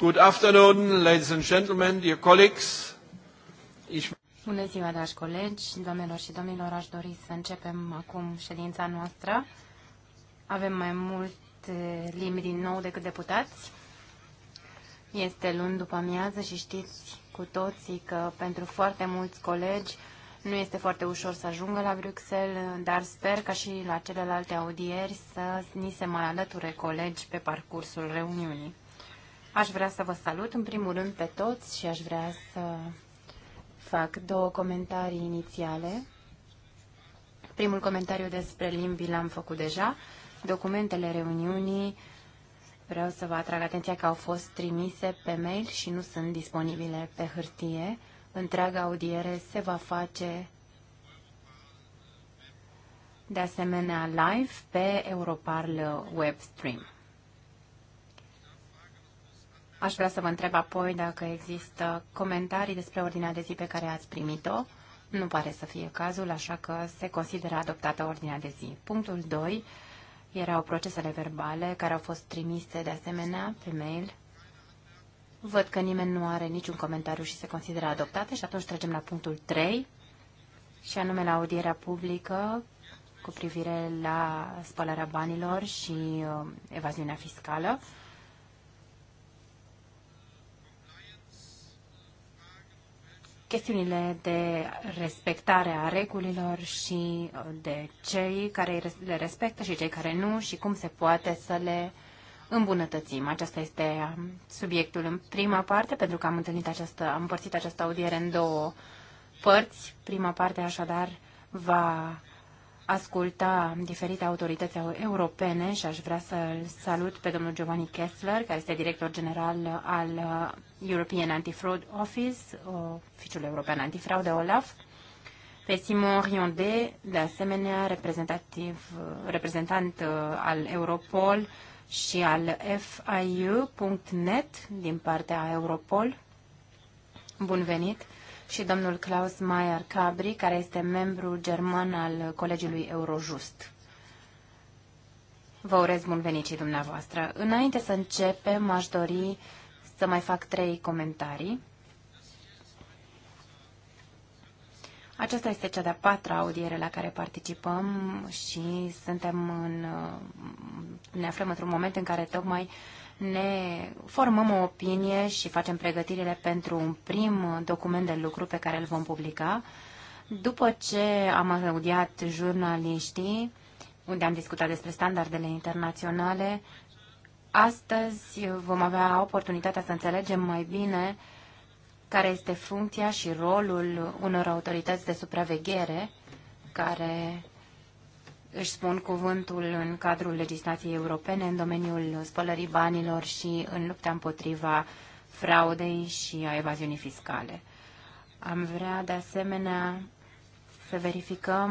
Good afternoon, ladies and gentlemen, dear colleagues. Bună ziua, dragi colegi, domnilor și domnilor, aș dori să începem acum ședința noastră. Avem mai mult limbi din nou decât deputați. Este luni după amiază și știți cu toții că pentru foarte mulți colegi nu este foarte ușor să ajungă la Bruxelles, dar sper ca și la celelalte audieri să ni se mai alăture colegi pe parcursul reuniunii. Aș vrea să vă salut în primul rând pe toți și aș vrea să fac două comentarii inițiale. Primul comentariu despre limbi l-am făcut deja. Documentele reuniunii vreau să vă atrag atenția că au fost trimise pe mail și nu sunt disponibile pe hârtie. Întreaga audiere se va face de asemenea live pe Europarl Webstream. Aș vrea să vă întreb apoi dacă există comentarii despre ordinea de zi pe care ați primit-o. Nu pare să fie cazul, așa că se consideră adoptată ordinea de zi. Punctul 2 erau procesele verbale care au fost trimise de asemenea pe mail. Văd că nimeni nu are niciun comentariu și se consideră adoptate și atunci trecem la punctul 3 și anume la audierea publică cu privire la spălarea banilor și uh, evaziunea fiscală. chestiunile de respectare a regulilor și uh, de cei care le respectă și cei care nu și cum se poate să le îmbunătățim. Acesta este um, subiectul în prima parte, pentru că am întâlnit această, am împărțit această audiere în două părți. Prima parte, așadar, va asculta diferite autorități europene și aș vrea să-l salut pe domnul Giovanni Kessler, care este director general al uh, European Anti-Fraud Office, oficiul european antifraude OLAF, pe Simon Rionde, de asemenea reprezentativ, reprezentant uh, al Europol și al FIU.net din partea Europol. Bun venit! și domnul Klaus Mayer Cabri, care este membru german al Colegiului Eurojust. Vă urez bun venit și dumneavoastră. Înainte să începem, aș dori să mai fac trei comentarii. Aceasta este cea de-a patra audiere la care participăm și suntem în, ne aflăm într-un moment în care tocmai uh, ne formăm o opinie și facem pregătirile pentru un prim document de lucru pe care îl vom publica. După ce am audiat jurnaliștii, unde am discutat despre standardele internaționale, astăzi vom avea oportunitatea să înțelegem mai bine care este funcția și rolul unor autorități de supraveghere care își spun cuvântul în cadrul legislației europene în domeniul spălării banilor și în lupta împotriva fraudei și a evaziunii fiscale. Am vrea de asemenea să verificăm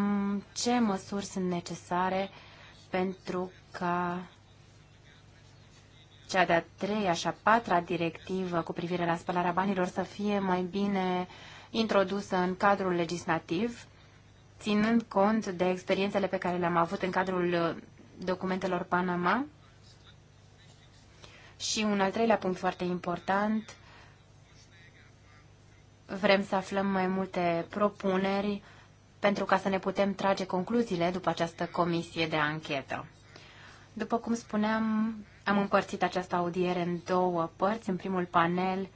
ce măsuri sunt necesare pentru ca cea de-a treia și a patra directivă cu privire la spălarea banilor să fie mai bine introdusă în cadrul legislativ ținând cont de experiențele pe care le-am avut în cadrul uh, documentelor Panama. Și un al treilea punct foarte important, vrem să aflăm mai multe propuneri pentru ca să ne putem trage concluziile după această comisie de anchetă. După cum spuneam, am împărțit această audiere în două părți. În primul panel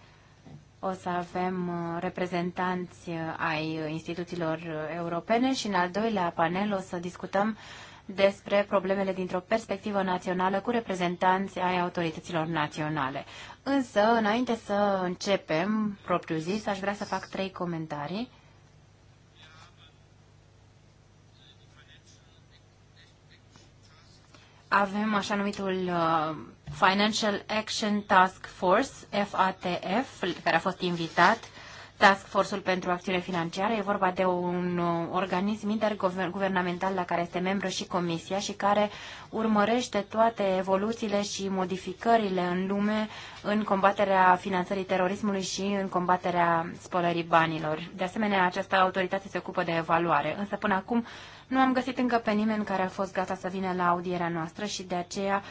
o să avem uh, reprezentanți uh, ai instituțiilor uh, europene și în al doilea panel o să discutăm despre problemele dintr-o perspectivă națională cu reprezentanți ai autorităților naționale. Însă, înainte să începem, propriu zis, aș vrea să fac trei comentarii. Avem așa numitul Financial Action Task Force, FATF, care a fost invitat, Task Force-ul pentru Acțiune Financiară. E vorba de un uh, organism interguvernamental la care este membru și Comisia și care urmărește toate evoluțiile și modificările în lume în combaterea finanțării terorismului și în combaterea spălării banilor. De asemenea, această autoritate se ocupă de evaluare. Însă, până acum, nu am găsit încă pe nimeni care a fost gata să vină la audierea noastră și de aceea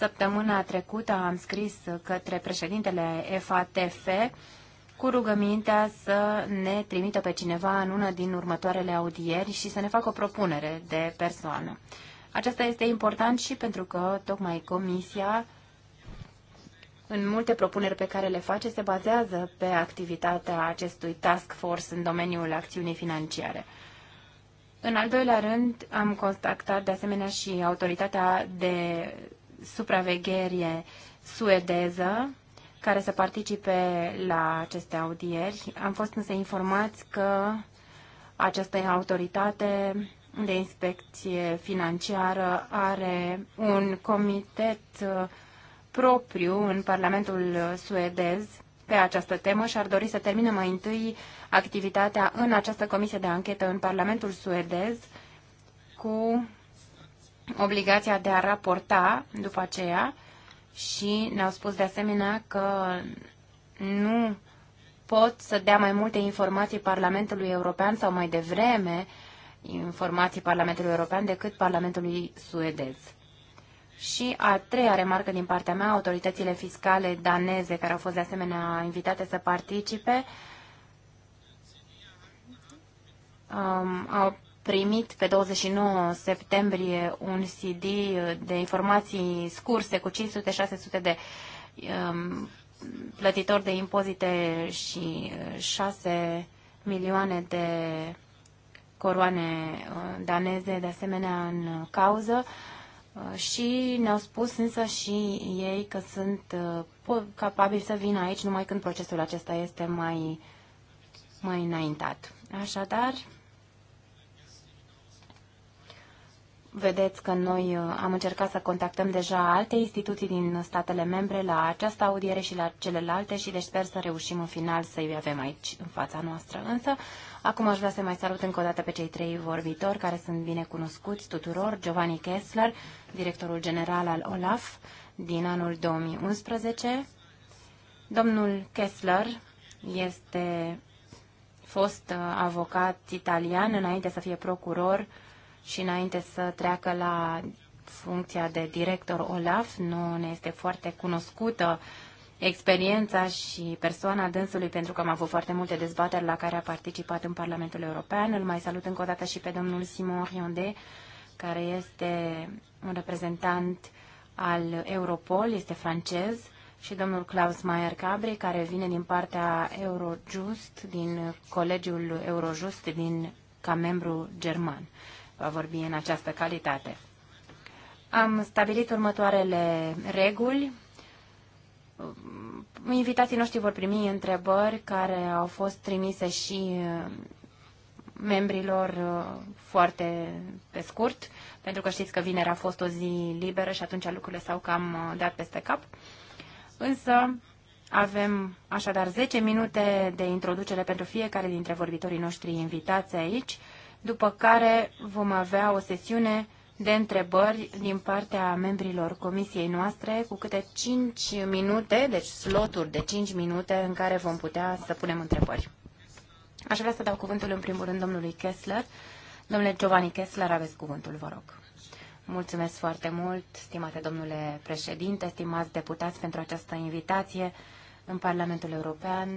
Săptămâna trecută am scris către președintele FATF cu rugămintea să ne trimită pe cineva în una din următoarele audieri și să ne facă o propunere de persoană. Aceasta este important și pentru că tocmai Comisia, în multe propuneri pe care le face, se bazează pe activitatea acestui task force în domeniul acțiunii financiare. În al doilea rând, am contactat de asemenea și autoritatea de supraveghere suedeză care să participe la aceste audieri. Am fost însă informați că această autoritate de inspecție financiară are un comitet uh, propriu în Parlamentul suedez pe această temă și ar dori să termine mai întâi activitatea în această comisie de anchetă în Parlamentul suedez cu obligația de a raporta după aceea și ne-au spus de asemenea că nu pot să dea mai multe informații Parlamentului European sau mai devreme informații Parlamentului European decât Parlamentului suedez. Și a treia remarcă din partea mea, autoritățile fiscale daneze care au fost de asemenea invitate să participe um, au primit pe 29 septembrie un CD de informații scurse cu 500-600 de um, plătitori de impozite și 6 uh, milioane de coroane uh, daneze de asemenea în cauză uh, și ne-au spus însă și ei că sunt capabili să vină aici numai când procesul acesta este mai, mai înaintat. Așadar, vedeți că noi uh, am încercat să contactăm deja alte instituții din statele membre la această audiere și la celelalte și deci sper să reușim în final să-i avem aici în fața noastră. Însă, acum aș vrea să mai salut încă o dată pe cei trei vorbitori care sunt bine cunoscuți tuturor. Giovanni Kessler, directorul general al OLAF din anul 2011. Domnul Kessler este fost uh, avocat italian înainte să fie procuror și înainte să treacă la funcția de director OLAF, nu ne este foarte cunoscută experiența și persoana dânsului, pentru că am avut foarte multe dezbateri la care a participat în Parlamentul European. Îl mai salut încă o dată și pe domnul Simon Rionde, care este un reprezentant al Europol, este francez, și domnul Klaus Mayer Cabri, care vine din partea Eurojust, din Colegiul Eurojust, din, ca membru german va vorbi în această calitate. Am stabilit următoarele reguli. Invitații noștri vor primi întrebări care au fost trimise și uh, membrilor uh, foarte pe scurt, pentru că știți că vinerea a fost o zi liberă și atunci lucrurile s-au cam uh, dat peste cap. Însă avem așadar 10 minute de introducere pentru fiecare dintre vorbitorii noștri invitați aici după care vom avea o sesiune de întrebări din partea membrilor comisiei noastre cu câte 5 minute, deci sloturi de 5 minute în care vom putea să punem întrebări. Aș vrea să dau cuvântul în primul rând domnului Kessler. Domnule Giovanni Kessler, aveți cuvântul, vă rog. Mulțumesc foarte mult, stimate domnule președinte, stimați deputați, pentru această invitație în Parlamentul European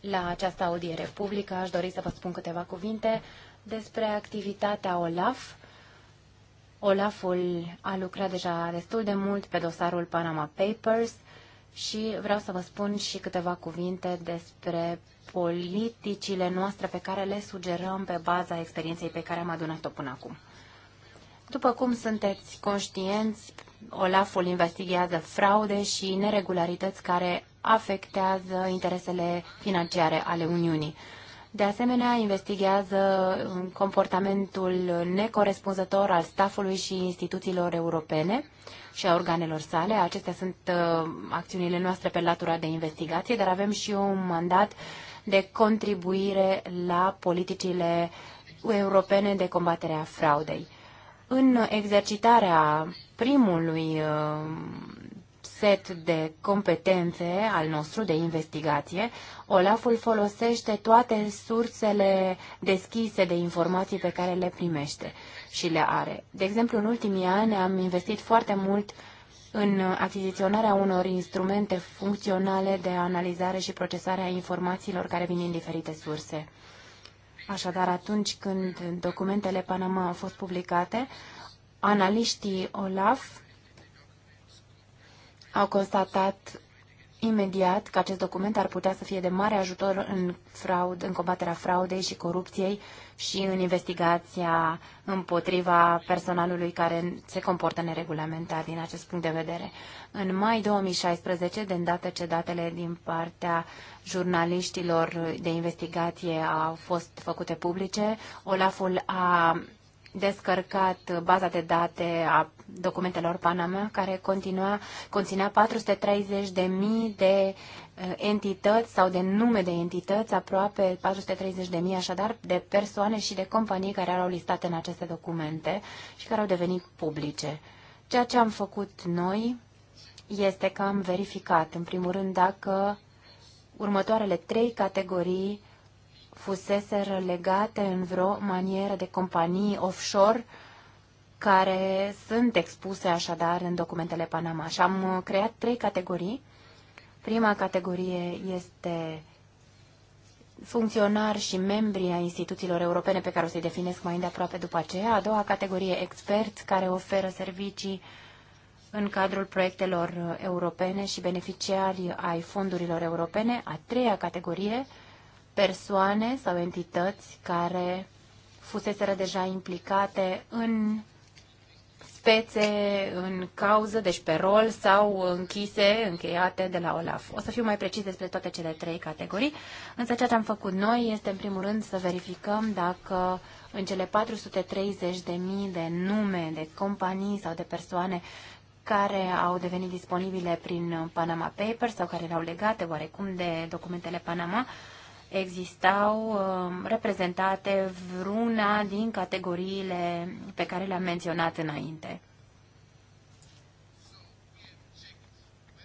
la această audiere publică. Aș dori să vă spun câteva cuvinte despre activitatea OLAF. OLAF-ul a lucrat deja destul de mult pe dosarul Panama Papers și vreau să vă spun și câteva cuvinte despre politicile noastre pe care le sugerăm pe baza experienței pe care am adunat-o până acum. După cum sunteți conștienți, Olaf OLAF-ul investigează fraude și neregularități care afectează interesele financiare ale Uniunii. De asemenea, investigează um, comportamentul necorespunzător al stafului și instituțiilor europene și a organelor sale. Acestea sunt uh, acțiunile noastre pe latura de investigație, dar avem și un mandat de contribuire la politicile europene de combatere a fraudei. În exercitarea primului uh, set de competențe al nostru de investigație, Olaful folosește toate sursele deschise de informații pe care le primește și le are. De exemplu, în ultimii ani am investit foarte mult în achiziționarea unor instrumente funcționale de analizare și procesare a informațiilor care vin din diferite surse. Așadar, atunci când documentele Panama au fost publicate, analiștii OLAF au constatat imediat că acest document ar putea să fie de mare ajutor în, fraud, în combaterea fraudei și corupției și în investigația împotriva personalului care se comportă neregulamentar din acest punct de vedere. În mai 2016, de îndată ce datele din partea jurnaliștilor de investigație au fost făcute publice, Olaful a descărcat baza de date a documentelor Panama, care continua, conținea 430.000 de eh, entități sau de nume de entități, aproape 430.000 așadar, de persoane și de companii care erau listate în aceste documente și care au devenit publice. Ceea ce am făcut noi este că am verificat, în primul rând, dacă următoarele trei categorii fuseseră legate în vreo manieră de companii offshore care sunt expuse așadar în documentele Panama. Și am uh, creat trei categorii. Prima categorie este funcționari și membri ai instituțiilor europene pe care o să-i definesc mai îndeaproape după aceea. A doua categorie, experți care oferă servicii în cadrul proiectelor uh, europene și beneficiari ai fondurilor europene. A treia categorie, persoane sau entități care fuseseră deja implicate în spețe, în cauză, deci pe rol sau închise, încheiate de la OLAF. O să fiu mai precis despre toate cele trei categorii, însă ceea ce am făcut noi este în primul rând să verificăm dacă în cele 430 de mii de nume, de companii sau de persoane care au devenit disponibile prin Panama Papers sau care erau legate oarecum de documentele Panama, uh, existau um, reprezentate vreuna din categoriile pe care le-am menționat înainte.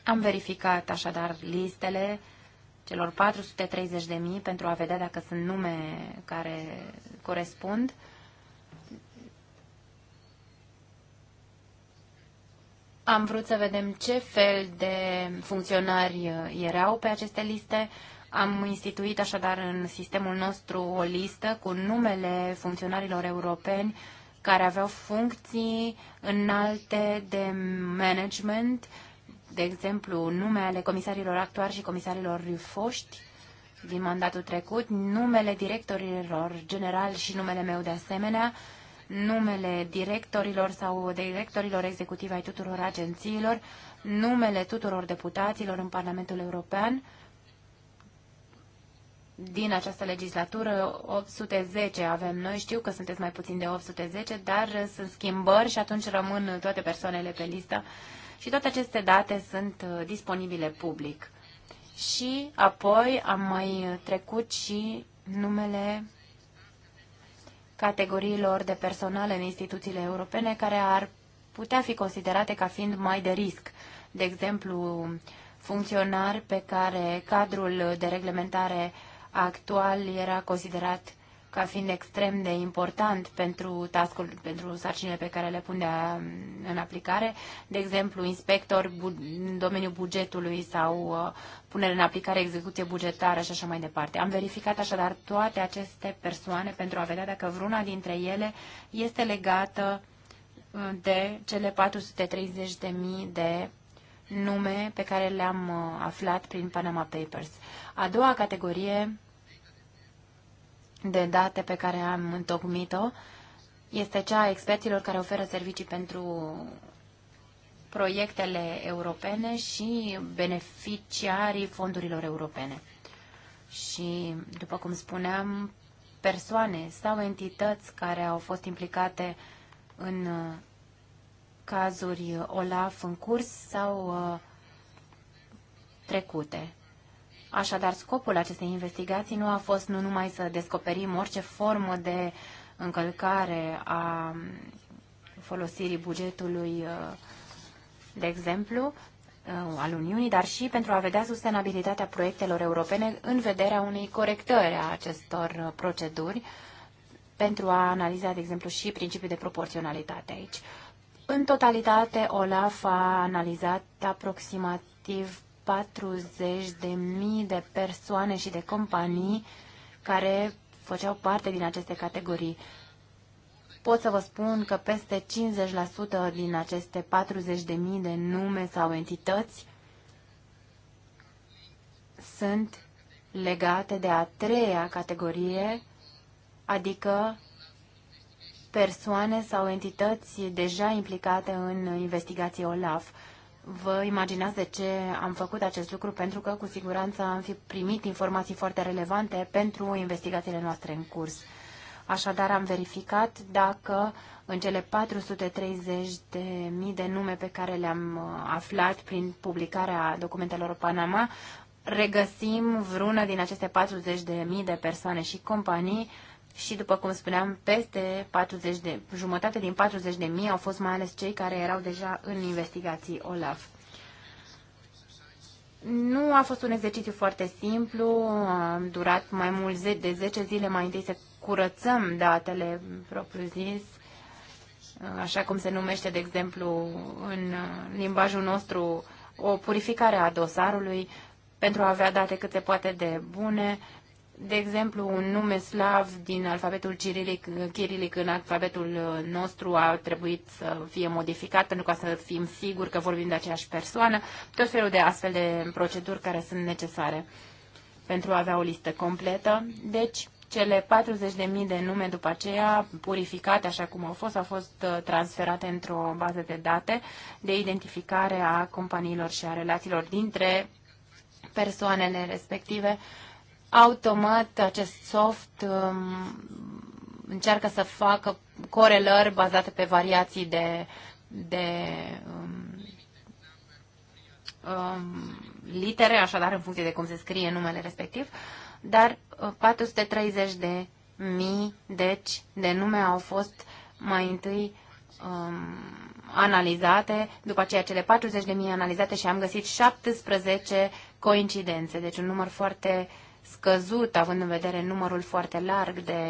Am verificat așadar listele celor 430.000 pentru a vedea dacă sunt nume care corespund Am vrut să vedem ce fel de funcționari uh, erau pe aceste liste. Am instituit așadar în sistemul nostru o listă cu numele funcționarilor europeni care aveau funcții înalte de management, de exemplu, nume ale comisarilor actuari și comisarilor foști din mandatul trecut, numele directorilor general și numele meu de asemenea, numele directorilor sau directorilor executive ai tuturor agențiilor, numele tuturor deputaților în Parlamentul European din această legislatură, 810 avem noi, știu că sunteți mai puțin de 810, dar sunt schimbări și atunci rămân toate persoanele pe listă și toate aceste date sunt uh, disponibile public. Și apoi am mai trecut și numele categoriilor de personal în instituțiile europene care ar putea fi considerate ca fiind mai de risc. De exemplu, funcționari pe care cadrul de reglementare actual era considerat ca fiind extrem de important pentru tascul, pentru sarcinile pe care le a, în aplicare, de exemplu, inspector în domeniul bugetului sau uh, punere în aplicare execuție bugetară și așa mai departe. Am verificat așadar toate aceste persoane pentru a vedea dacă vreuna dintre ele este legată uh, de cele 430.000 de nume pe care le-am uh, aflat prin Panama Papers. A doua categorie de date pe care am întocmit-o este cea a experților care oferă servicii pentru proiectele europene și beneficiarii fondurilor europene. Și, după cum spuneam, persoane sau entități care au fost implicate în uh, cazuri OLAF în curs sau uh, trecute. Așadar, scopul acestei investigații nu a fost nu numai să descoperim orice formă de încălcare a folosirii bugetului, uh, de exemplu, uh, al Uniunii, dar și pentru a vedea sustenabilitatea proiectelor europene în vederea unei corectări a acestor uh, proceduri, pentru a analiza, de exemplu, și principiul de proporționalitate aici. În totalitate, OLAF a analizat aproximativ 40 de mii de persoane și de companii care făceau parte din aceste categorii. Pot să vă spun că peste 50% din aceste 40 de mii de nume sau entități sunt legate de a treia categorie, adică persoane sau entități deja implicate în investigații OLAF vă imaginați de ce am făcut acest lucru, pentru că cu siguranță am fi primit informații foarte relevante pentru investigațiile noastre în curs. Așadar, am verificat dacă în cele 430 de mii de nume pe care le-am uh, aflat prin publicarea documentelor Panama, regăsim vreuna din aceste 40 de mii de persoane și companii și, după cum spuneam, peste 40 de, jumătate din 40 de mii au fost mai ales cei care erau deja în investigații OLAF. Nu a fost un exercițiu foarte simplu, a durat mai mult de 10 zile mai întâi să curățăm datele propriu-zis, așa cum se numește, de exemplu, în limbajul nostru, o purificare a dosarului pentru a avea date cât se poate de bune, de exemplu, un nume slav din alfabetul cirilic, chirilic în alfabetul uh, nostru a trebuit să fie modificat pentru ca să fim siguri că vorbim de aceeași persoană, tot felul de astfel de proceduri care sunt necesare pentru a avea o listă completă. Deci, cele 40.000 de nume după aceea, purificate așa cum au fost, au fost uh, transferate într-o bază de date de identificare a companiilor și a relațiilor dintre persoanele respective automat acest soft um, încearcă să facă corelări bazate pe variații de, de um, um, litere, așadar în funcție de cum se scrie numele respectiv, dar 430 uh, de mii, deci, de nume au fost mai întâi um, analizate, după aceea cele 40 de mii analizate și am găsit 17 coincidențe, deci un număr foarte uh, scăzut, având în vedere numărul foarte larg de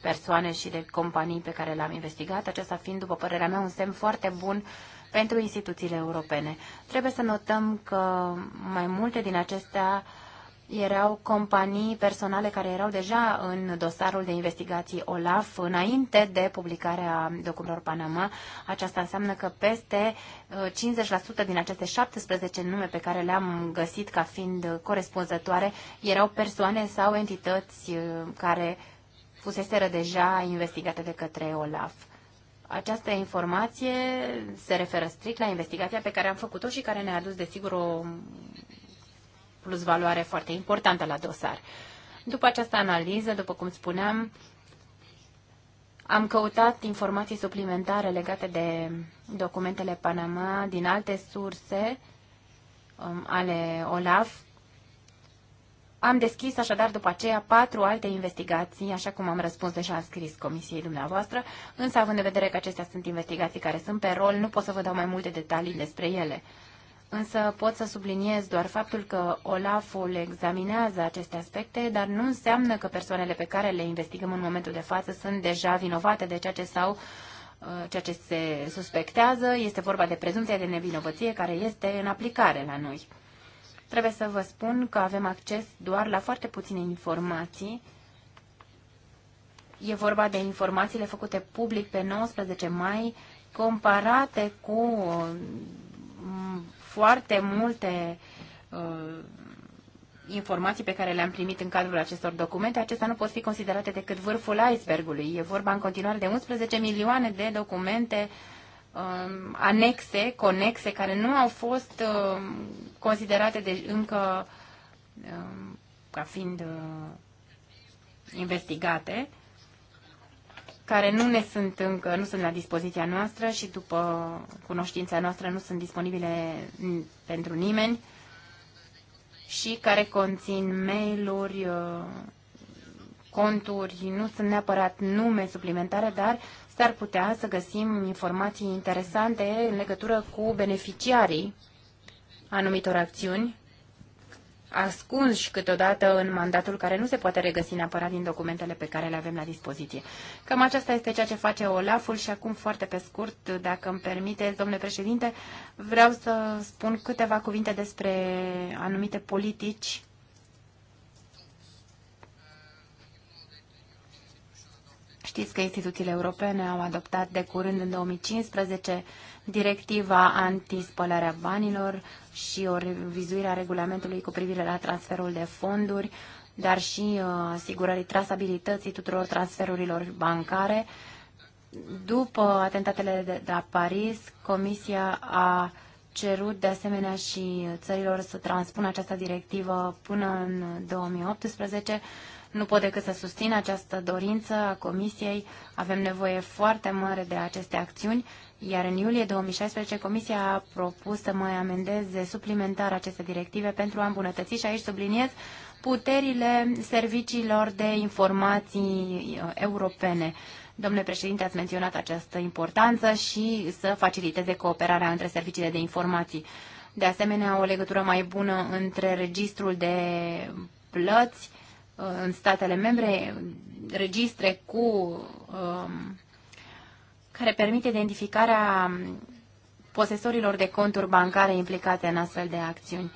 persoane și de companii pe care le-am investigat, acesta fiind, după părerea mea, un semn foarte bun pentru instituțiile europene. Trebuie să notăm că mai multe din acestea uh, erau companii personale care erau deja în dosarul de investigații OLAF înainte de publicarea documentelor Panama. Aceasta înseamnă că peste 50% din aceste 17 nume pe care le-am găsit ca fiind corespunzătoare erau persoane sau entități uh, care fuseseră deja investigate de către OLAF. Această informație se referă strict la investigația pe care am făcut-o și care ne-a adus, desigur, o plus valoare foarte importantă la dosar. După această analiză, după cum spuneam, am căutat informații suplimentare legate de documentele Panama din alte surse um, ale OLAF. Am deschis așadar după aceea patru alte investigații, așa cum am răspuns deja în scris comisiei dumneavoastră, însă având în vedere că acestea sunt investigații care sunt pe rol, nu pot să vă dau mai multe detalii despre ele însă pot să subliniez doar faptul că OLAF-ul examinează aceste aspecte, dar nu înseamnă că persoanele pe care le investigăm în momentul de față sunt deja vinovate de ceea ce sau uh, ceea ce se suspectează, este vorba de prezumția de nevinovăție care este în aplicare la noi. Trebuie să vă spun că avem acces doar la foarte puține informații. E vorba de informațiile făcute public pe 19 mai, comparate cu uh, foarte multe uh, informații pe care le-am primit în cadrul acestor documente, acestea nu pot fi considerate decât vârful icebergului. E vorba în continuare de 11 milioane de documente uh, anexe, conexe, care nu au fost uh, considerate de, încă uh, ca fiind uh, investigate care nu ne sunt încă, nu sunt la dispoziția noastră și după cunoștința noastră nu sunt disponibile pentru nimeni și care conțin mail-uri, uh, conturi, nu sunt neapărat nume suplimentare, dar s-ar putea să găsim informații interesante în legătură cu beneficiarii anumitor acțiuni ascunși câteodată în mandatul care nu se poate regăsi neapărat din documentele pe care le avem la dispoziție. Cam aceasta este ceea ce face Olaful și acum foarte pe scurt, dacă îmi permite domnule președinte, vreau să spun câteva cuvinte despre anumite politici Știți că instituțiile europene au adoptat de curând în 2015 directiva antispălarea banilor, și o revizuire a regulamentului cu privire la transferul de fonduri, dar și uh, asigurării trasabilității tuturor transferurilor bancare. După atentatele de la Paris, Comisia a cerut de asemenea și țărilor să transpună această directivă până în 2018. Nu pot decât să susțin această dorință a Comisiei. Avem nevoie foarte mare de aceste acțiuni iar în iulie 2016, Comisia a propus să mai amendeze suplimentar aceste directive pentru a îmbunătăți și aici subliniez puterile serviciilor de informații uh, europene. Domnule președinte, ați menționat această importanță și să faciliteze cooperarea între serviciile de informații. De asemenea, o legătură mai bună între registrul de plăți uh, în statele membre, registre cu um, care permite identificarea posesorilor de conturi bancare implicate în astfel de acțiuni.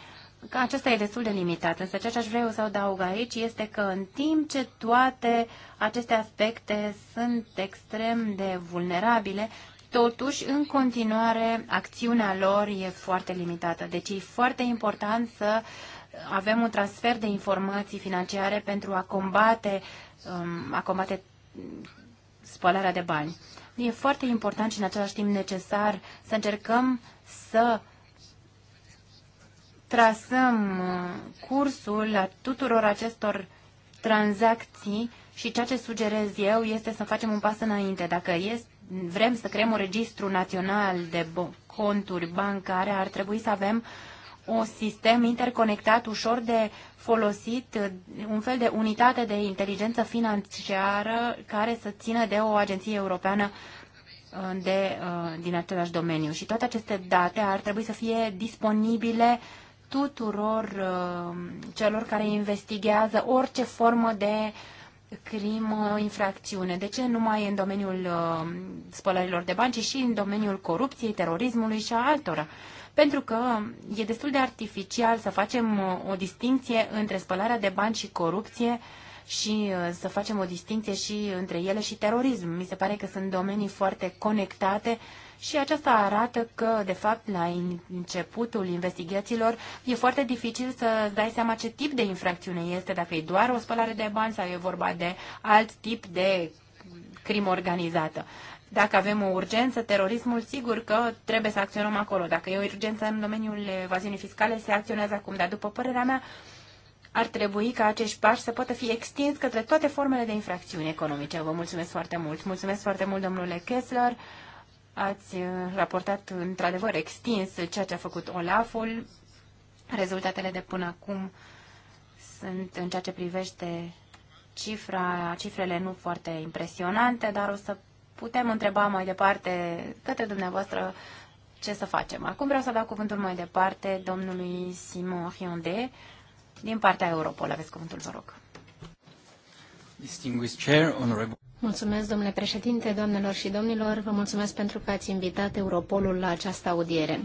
Că acesta e destul de limitat, însă ceea ce aș vrea eu să adaug aici este că în timp ce toate aceste aspecte sunt extrem de vulnerabile, totuși, în continuare, acțiunea lor e foarte limitată. Deci e foarte important să avem un transfer de informații financiare pentru a combate, um, a combate spălarea de bani. E foarte important și în același timp necesar să încercăm să trasăm uh, cursul a tuturor acestor tranzacții și ceea ce sugerez eu este să facem un pas înainte. Dacă vrem să creăm un registru național de conturi bancare, ar trebui să avem uh, un sistem interconectat, ușor de folosit, un fel de unitate de inteligență financiară care să țină de o agenție europeană uh, de, uh, din același domeniu. Și toate aceste date ar trebui să fie disponibile tuturor uh, celor care investigează orice formă de crimă, infracțiune. De ce numai în domeniul spălărilor de bani, ci și în domeniul corupției, terorismului și a altora pentru că e destul de artificial să facem uh, o distinție între spălarea de bani și corupție și uh, să facem o distinție și între ele și terorism. Mi se pare că sunt domenii foarte conectate și aceasta arată că, de fapt, la începutul investigațiilor e foarte dificil să dai seama ce tip de infracțiune este, dacă e doar o spălare de bani sau e vorba de alt tip de crimă organizată. Dacă avem o urgență, terorismul, sigur că trebuie să acționăm acolo. Dacă e o urgență în domeniul evaziunii fiscale, se acționează acum. Dar, după părerea mea, ar trebui ca acești pași să poată fi extins către toate formele de infracțiuni economice. Vă mulțumesc foarte mult. Mulțumesc foarte mult, domnule Kessler. Ați uh, raportat într-adevăr extins ceea ce a făcut Olaful. Rezultatele de până acum sunt în ceea ce privește cifra, cifrele nu foarte impresionante, dar o să putem întreba mai departe către dumneavoastră ce să facem. Acum vreau să dau cuvântul mai departe domnului Simon Hionde din partea Europol. Aveți cuvântul, vă rog. Distinguished Chair, Honorable Mulțumesc, domnule președinte, doamnelor și domnilor. Vă mulțumesc pentru că ați invitat Europolul la această audiere.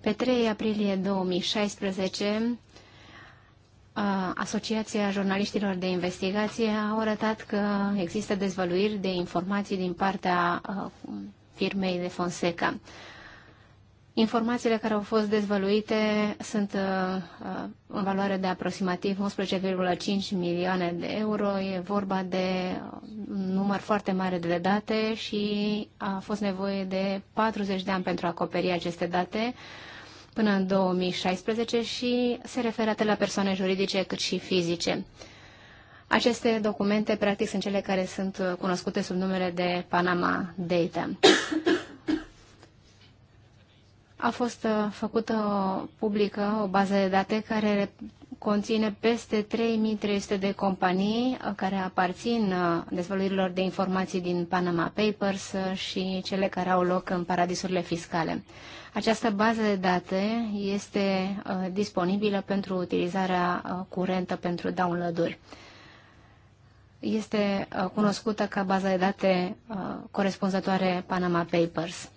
Pe 3 aprilie 2016, Asociația Jurnaliștilor de Investigație au arătat că există dezvăluiri de informații din partea firmei de Fonseca. Informațiile care au fost dezvăluite sunt în valoare de aproximativ 11,5 milioane de euro. E vorba de un număr foarte mare de date și a fost nevoie de 40 de ani pentru a acoperi aceste date până în 2016 și se referă atât la persoane juridice cât și fizice. Aceste documente, practic, sunt cele care sunt cunoscute sub numele de Panama Data. A fost făcută publică o bază de date care conține peste 3300 de companii uh, care aparțin uh, dezvăluirilor de informații din Panama Papers uh, și cele care au loc în paradisurile fiscale. Această bază de date este disponibilă pentru utilizarea curentă pentru downloaduri. Este cunoscută ca bază de date corespunzătoare Panama Papers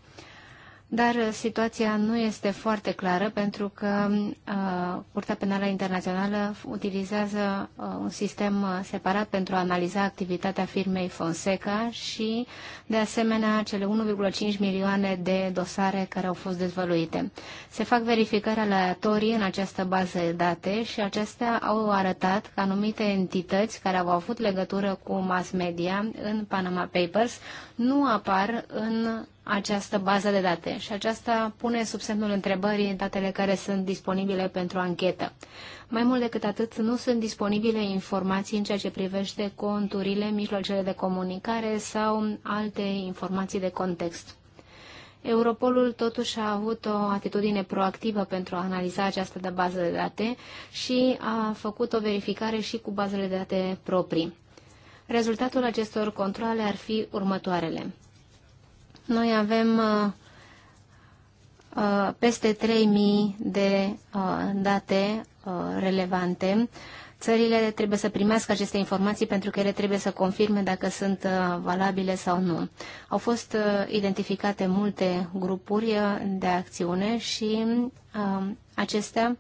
dar uh, situația nu este foarte clară pentru că uh, Curtea Penală Internațională utilizează uh, un sistem separat pentru a analiza activitatea firmei Fonseca și, de asemenea, cele 1,5 milioane de dosare care au fost dezvăluite. Se fac verificări aleatorii în această bază de date și acestea au arătat că anumite entități care au avut legătură cu mass media în Panama Papers nu apar în această bază de date și aceasta pune sub semnul întrebării datele care sunt disponibile pentru anchetă. Mai mult decât atât, nu sunt disponibile informații în ceea ce privește conturile, mijloacele de comunicare sau alte informații de context. Europolul totuși a avut o atitudine proactivă pentru a analiza această de bază de date și a făcut o verificare și cu bazele de date proprii. Rezultatul acestor controle ar fi următoarele. Noi avem uh, uh, peste 3.000 de uh, date relevante. Țările trebuie să primească aceste informații pentru că ele trebuie să confirme dacă sunt valabile sau nu. Au fost identificate multe grupuri de acțiune și acestea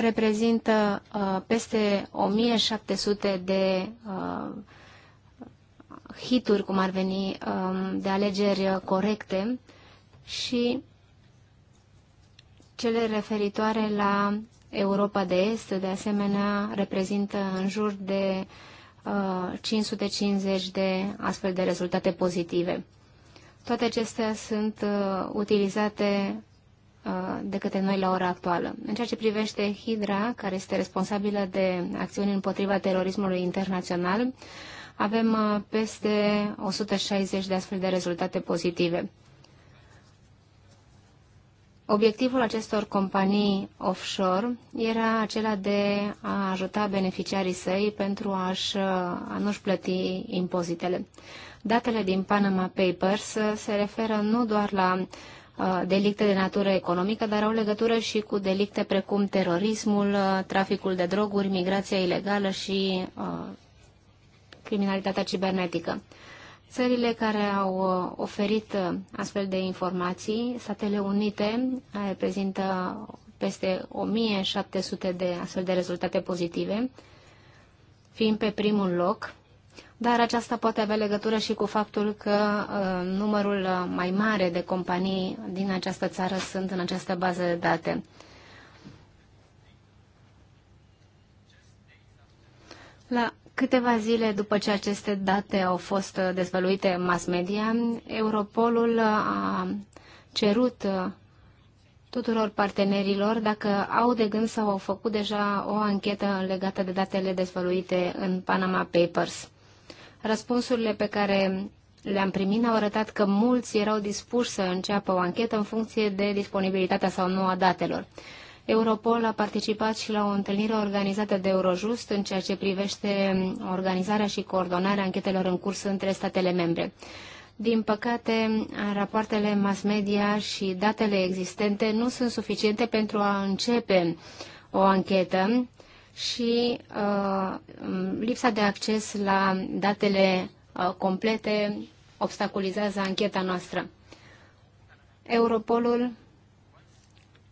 reprezintă uh, peste 1700 de uh, hituri, cum ar veni, um, de alegeri corecte și cele referitoare la Europa de Est, de asemenea, reprezintă în jur de uh, 550 de astfel de rezultate pozitive. Toate acestea sunt uh, utilizate Uh, de către noi la ora actuală. În ceea ce privește Hidra, care este responsabilă de acțiuni împotriva terorismului internațional, avem uh, peste 160 de astfel de rezultate pozitive. Obiectivul acestor companii offshore era acela de a ajuta beneficiarii săi pentru a-și, uh, a nu-și plăti impozitele. Datele din Panama Papers se referă nu doar la Uh, delicte de natură economică, dar au legătură și cu delicte precum terorismul, uh, traficul de droguri, migrația ilegală și uh, criminalitatea cibernetică. Țările care au oferit astfel de informații, Statele Unite reprezintă peste 1700 de astfel de rezultate pozitive, fiind pe primul loc dar aceasta poate avea legătură și cu faptul că uh, numărul uh, mai mare de companii din această țară sunt în această bază de date. La câteva zile după ce aceste date au fost uh, dezvăluite în mass media, Europolul uh, a cerut tuturor partenerilor dacă au de gând sau au făcut deja o anchetă legată de datele dezvăluite în Panama Papers. Răspunsurile pe care le-am primit au arătat că mulți erau dispuși să înceapă o anchetă în funcție de disponibilitatea sau nu a datelor. Europol a participat și la o întâlnire organizată de Eurojust în ceea ce privește organizarea și coordonarea anchetelor în curs între statele membre. Din păcate, rapoartele mass media și datele existente nu sunt suficiente pentru a începe o anchetă și uh, lipsa de acces la datele uh, complete obstaculizează ancheta noastră. Europolul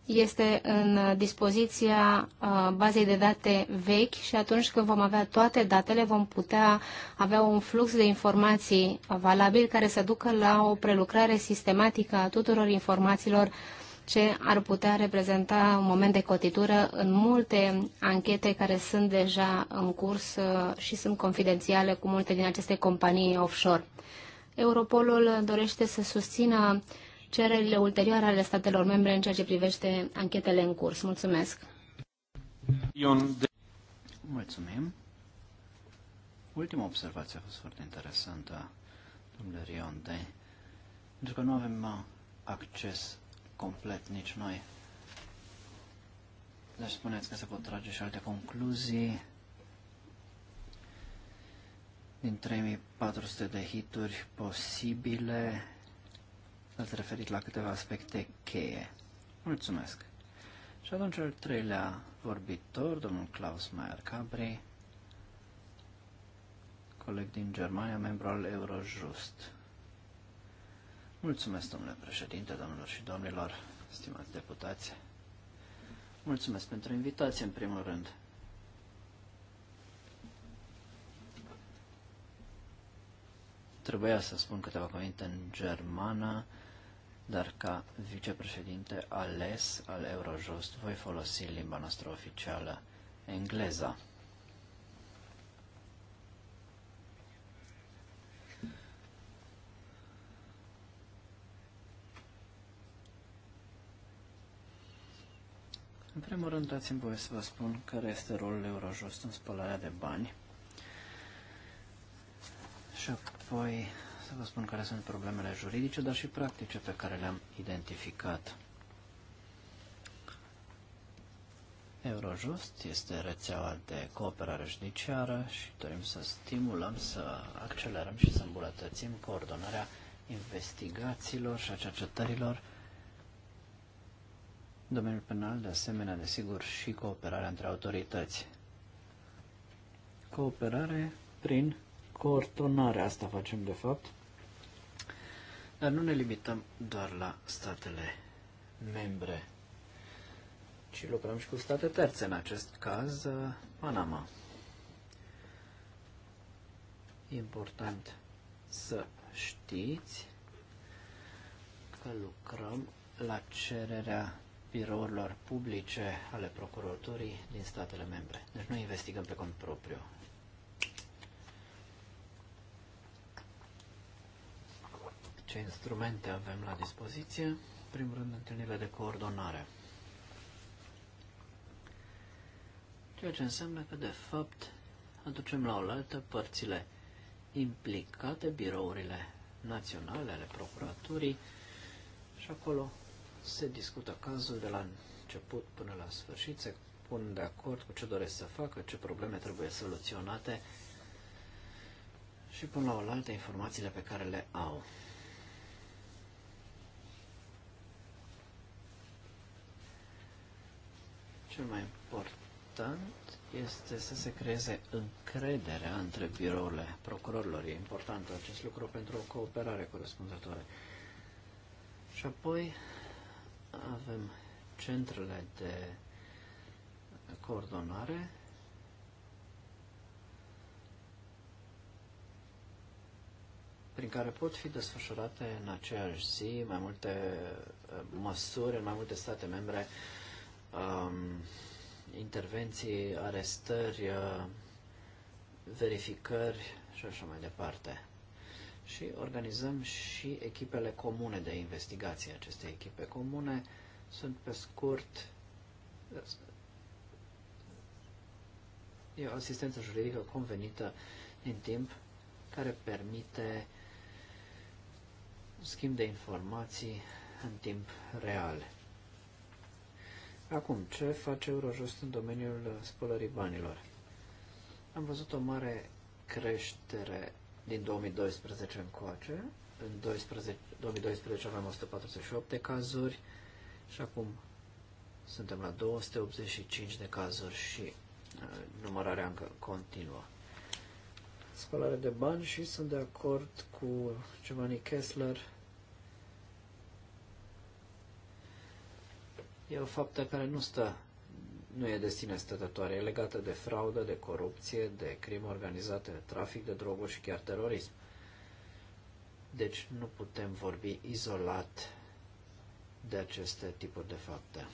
este în dispoziția uh, bazei de date vechi și atunci când vom avea toate datele, vom putea avea un flux de informații valabil care să ducă la o prelucrare sistematică a tuturor informațiilor ce ar putea reprezenta un moment de cotitură în multe anchete care sunt deja în curs uh, și sunt confidențiale cu multe din aceste companii offshore. Europolul dorește să susțină cererile ulterioare ale statelor membre în ceea ce privește anchetele în curs. Mulțumesc! Mulțumim! Ultima observație a fost foarte interesantă, domnule Rionde, pentru că nu avem uh, acces complet nici noi. Deci spuneți că se pot trage și alte concluzii. Din 3400 de hituri posibile, ați referit la câteva aspecte cheie. Mulțumesc! Și atunci al treilea vorbitor, domnul Klaus Mayer Cabri, coleg din Germania, membru al Eurojust. Mulțumesc, domnule președinte, domnilor și domnilor, stimați deputați. Mulțumesc pentru invitație, în primul rând. Trebuia să spun câteva cuvinte în germană, dar ca vicepreședinte ales al Eurojust voi folosi limba noastră oficială, engleza. În primul rând, dați-mi voie să vă spun care este rolul Eurojust în spălarea de bani și apoi să vă spun care sunt problemele juridice, dar și practice pe care le-am identificat. Eurojust este rețeaua de cooperare judiciară și dorim să stimulăm, să accelerăm și să îmbunătățim coordonarea investigațiilor și a cercetărilor domeniul penal, de asemenea, desigur, și cooperarea între autorități. Cooperare prin coordonare, asta facem de fapt, dar nu ne limităm doar la statele membre, ci lucrăm și cu state terțe, în acest caz Panama. E important să știți că lucrăm la cererea birourilor publice ale procuraturii din statele membre. Deci nu investigăm pe cont propriu. Ce instrumente avem la dispoziție? În primul rând, întâlnirile de coordonare. Ceea ce înseamnă că, de fapt, aducem la oaltă părțile implicate, birourile naționale ale procuraturii și acolo se discută cazul de la început până la sfârșit, se pun de acord cu ce doresc să facă, ce probleme trebuie soluționate și pun la oaltă informațiile pe care le au. Cel mai important este să se creeze încrederea între birourile procurorilor. E important acest lucru pentru o cooperare corespunzătoare. Și apoi avem centrele de coordonare prin care pot fi desfășurate în aceeași zi mai multe uh, măsuri în mai multe state membre, um, intervenții, arestări, uh, verificări și așa mai departe și organizăm și echipele comune de investigație. Aceste echipe comune sunt pe scurt e o asistență juridică convenită din timp care permite schimb de informații în timp real. Acum, ce face Eurojust în domeniul spălării banilor? Am văzut o mare creștere din 2012 încoace. În 12, 2012 aveam 148 de cazuri și acum suntem la 285 de cazuri și uh, numărarea încă continuă. Spălare de bani și sunt de acord cu Giovanni Kessler. E o faptă care nu stă nu e de sine stătătoare, e legată de fraudă, de corupție, de crimă organizată, de trafic de droguri și chiar terorism. Deci nu putem vorbi izolat de aceste tipuri de fapte.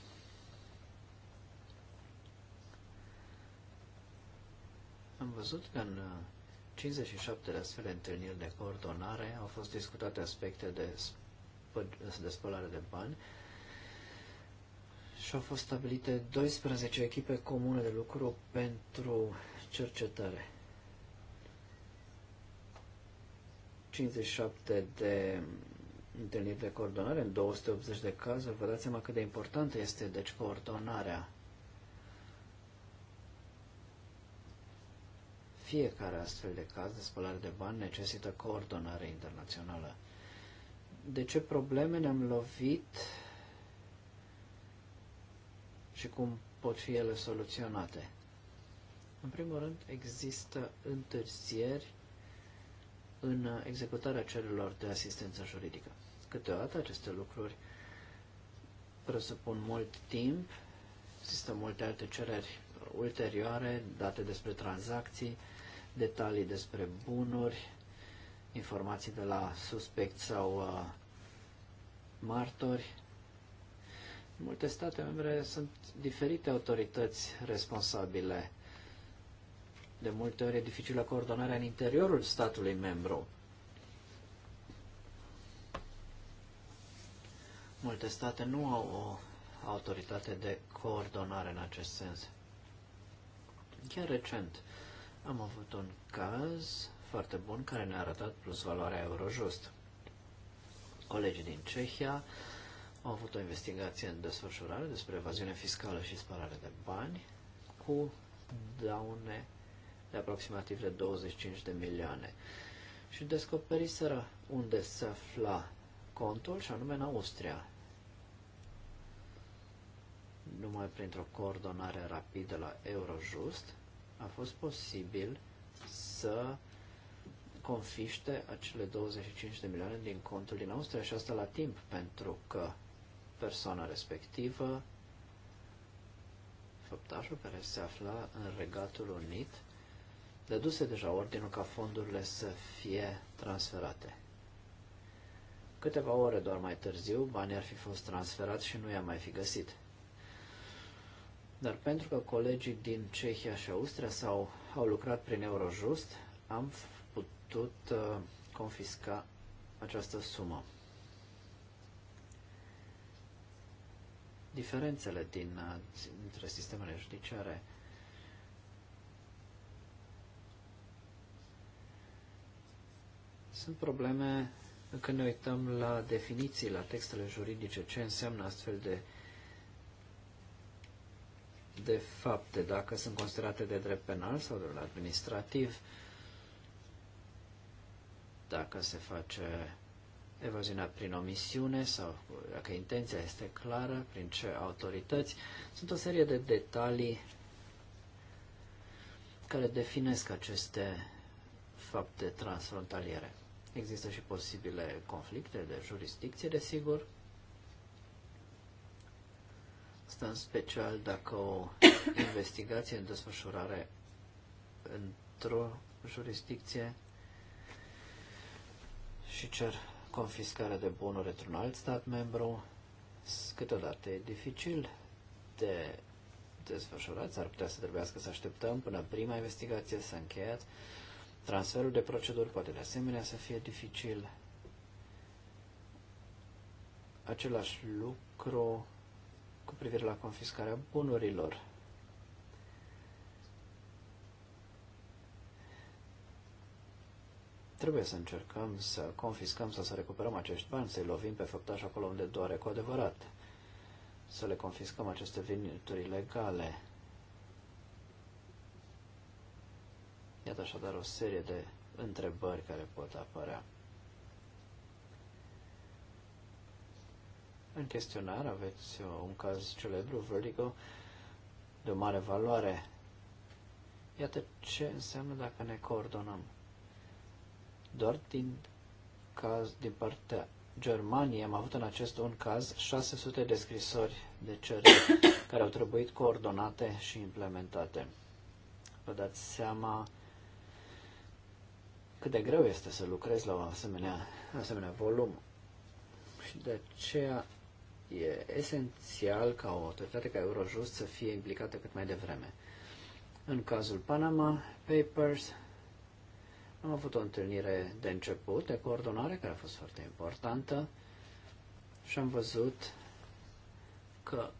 Am văzut că în 57 uh, de astfel de întâlniri de coordonare au fost discutate aspecte de, spă, de spălare de bani, și au fost stabilite 12 echipe comune de lucru pentru cercetare. 57 de întâlniri de coordonare în 280 de cazuri. Vă dați seama cât de importantă este, deci, coordonarea. Fiecare astfel de caz de spălare de bani necesită coordonare internațională. De ce probleme ne-am lovit? și cum pot fi ele soluționate. În primul rând, există întârzieri în executarea cererilor de asistență juridică. Câteodată aceste lucruri presupun mult timp, există multe alte cereri ulterioare, date despre tranzacții, detalii despre bunuri, informații de la suspect sau uh, martori multe state membre sunt diferite autorități responsabile. De multe ori e dificilă coordonarea în interiorul statului membru. Multe state nu au o autoritate de coordonare în acest sens. Chiar recent am avut un caz foarte bun care ne-a arătat plus valoarea Eurojust. Colegii din Cehia am avut o investigație în desfășurare despre evaziune fiscală și spălare de bani cu daune de aproximativ de 25 de milioane. Și descoperiseră unde se afla contul și anume în Austria. Numai printr-o coordonare rapidă la Eurojust a fost posibil să confiște acele 25 de milioane din contul din Austria și asta la timp, pentru că persoana respectivă, făptașul care se afla în Regatul Unit, dăduse deja ordinul ca fondurile să fie transferate. Câteva ore doar mai târziu, banii ar fi fost transferați și nu i-am mai fi găsit. Dar pentru că colegii din Cehia și Austria s-au, au lucrat prin Eurojust, am putut uh, confisca această sumă. diferențele din, uh, dintre sistemele judiciare. Sunt probleme când ne uităm la definiții, la textele juridice, ce înseamnă astfel de de fapte, dacă sunt considerate de drept penal sau de administrativ, dacă se face evaziunea prin omisiune sau dacă intenția este clară, prin ce autorități. Sunt o serie de detalii care definesc aceste fapte transfrontaliere. Există și posibile conflicte de jurisdicție, desigur. Asta în special dacă o investigație în desfășurare într-o jurisdicție și cer confiscarea de bunuri într-un alt stat membru. Câteodată e dificil de desfășurat, ar putea să trebuiască să așteptăm până prima investigație s-a încheiat. Transferul de proceduri poate de asemenea să fie dificil. Același lucru cu privire la confiscarea bunurilor. Trebuie să încercăm să confiscăm sau să recuperăm acești bani, să-i lovim pe făptași acolo unde doare cu adevărat, să le confiscăm aceste venituri ilegale. Iată așadar o serie de întrebări care pot apărea. În chestionar aveți un caz celebru, Vertigo, de o mare valoare. Iată ce înseamnă dacă ne coordonăm. Doar din caz din partea Germaniei am avut în acest un caz 600 de scrisori de cereri care au trebuit coordonate și implementate. Vă dați seama cât de greu este să lucrezi la o asemenea, asemenea volum. Și de aceea e esențial ca o autoritate ca Eurojust să fie implicată cât mai devreme. În cazul Panama Papers, am avut o întâlnire de început, de coordonare, care a fost foarte importantă și am văzut că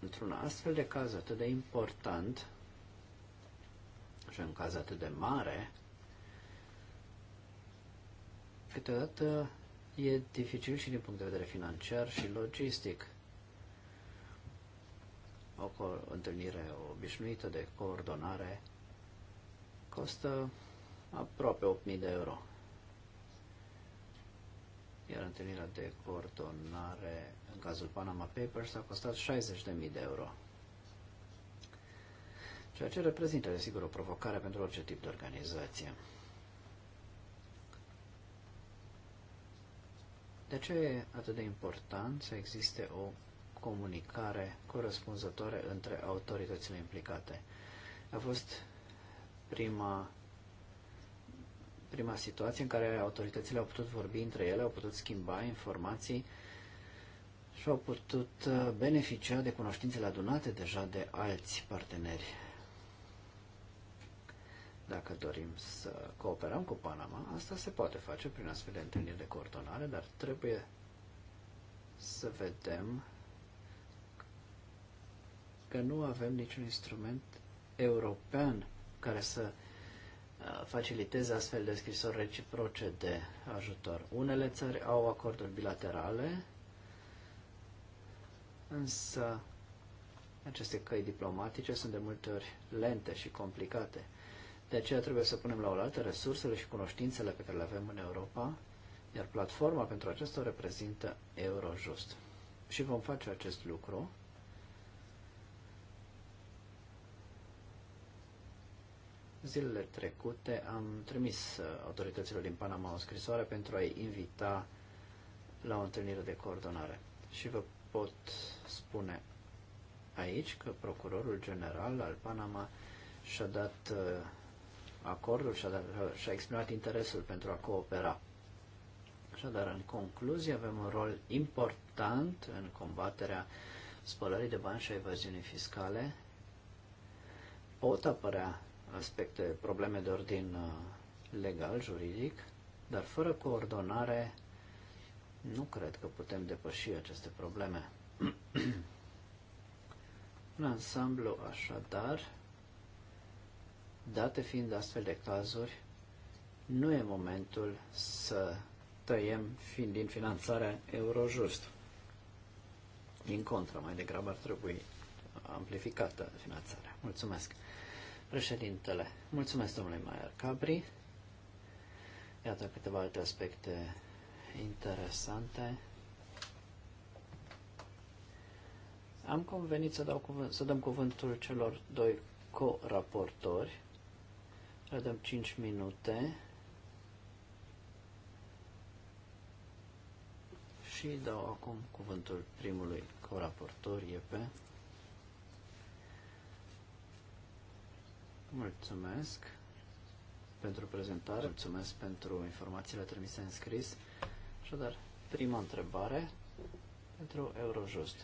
într-un astfel de caz atât de important și în caz atât de mare, câteodată e dificil și din punct de vedere financiar și logistic. O întâlnire obișnuită de coordonare costă aproape 8.000 de euro. Iar întâlnirea de coordonare în cazul Panama Papers a costat 60.000 de euro. Ceea ce reprezintă, desigur, o provocare pentru orice tip de organizație. De ce e atât de important să existe o comunicare corespunzătoare între autoritățile implicate? A fost prima, prima situație în care autoritățile au putut vorbi între ele, au putut schimba informații și au putut uh, beneficia de cunoștințele adunate deja de alți parteneri. Dacă dorim să cooperăm cu Panama, asta se poate face prin astfel de întâlniri de coordonare, dar trebuie să vedem că nu avem niciun instrument european care să uh, faciliteze astfel de scrisori reciproce de ajutor. Unele țări au acorduri bilaterale, însă aceste căi diplomatice sunt de multe ori lente și complicate. De aceea trebuie să punem la oaltă resursele și cunoștințele pe care le avem în Europa, iar platforma pentru acesta o reprezintă Eurojust. Și vom face acest lucru Zilele trecute am trimis uh, autorităților din Panama o scrisoare pentru a-i invita la o întâlnire de coordonare. Și vă pot spune aici că Procurorul General al Panama și-a dat uh, acordul, și-a, dat, uh, și-a exprimat interesul pentru a coopera. Așadar, în concluzie, avem un rol important în combaterea spălării de bani și a evaziunii fiscale. Pot apărea aspecte, probleme de ordin uh, legal, juridic, dar fără coordonare nu cred că putem depăși aceste probleme. În ansamblu, așadar, date fiind astfel de cazuri, nu e momentul să tăiem fiind din finanțarea Eurojust. Din contră, mai degrabă ar trebui amplificată finanțarea. Mulțumesc! Președintele, mulțumesc domnule Maier Cabri. Iată câteva alte aspecte interesante. Am convenit să, dau cuvânt, să dăm cuvântul celor doi co-raportori. Le dăm 5 minute. Și dau acum cuvântul primului co-raportor, Iepe. Mulțumesc pentru prezentare, mulțumesc pentru informațiile trimise în scris. Așadar, prima întrebare pentru Eurojust.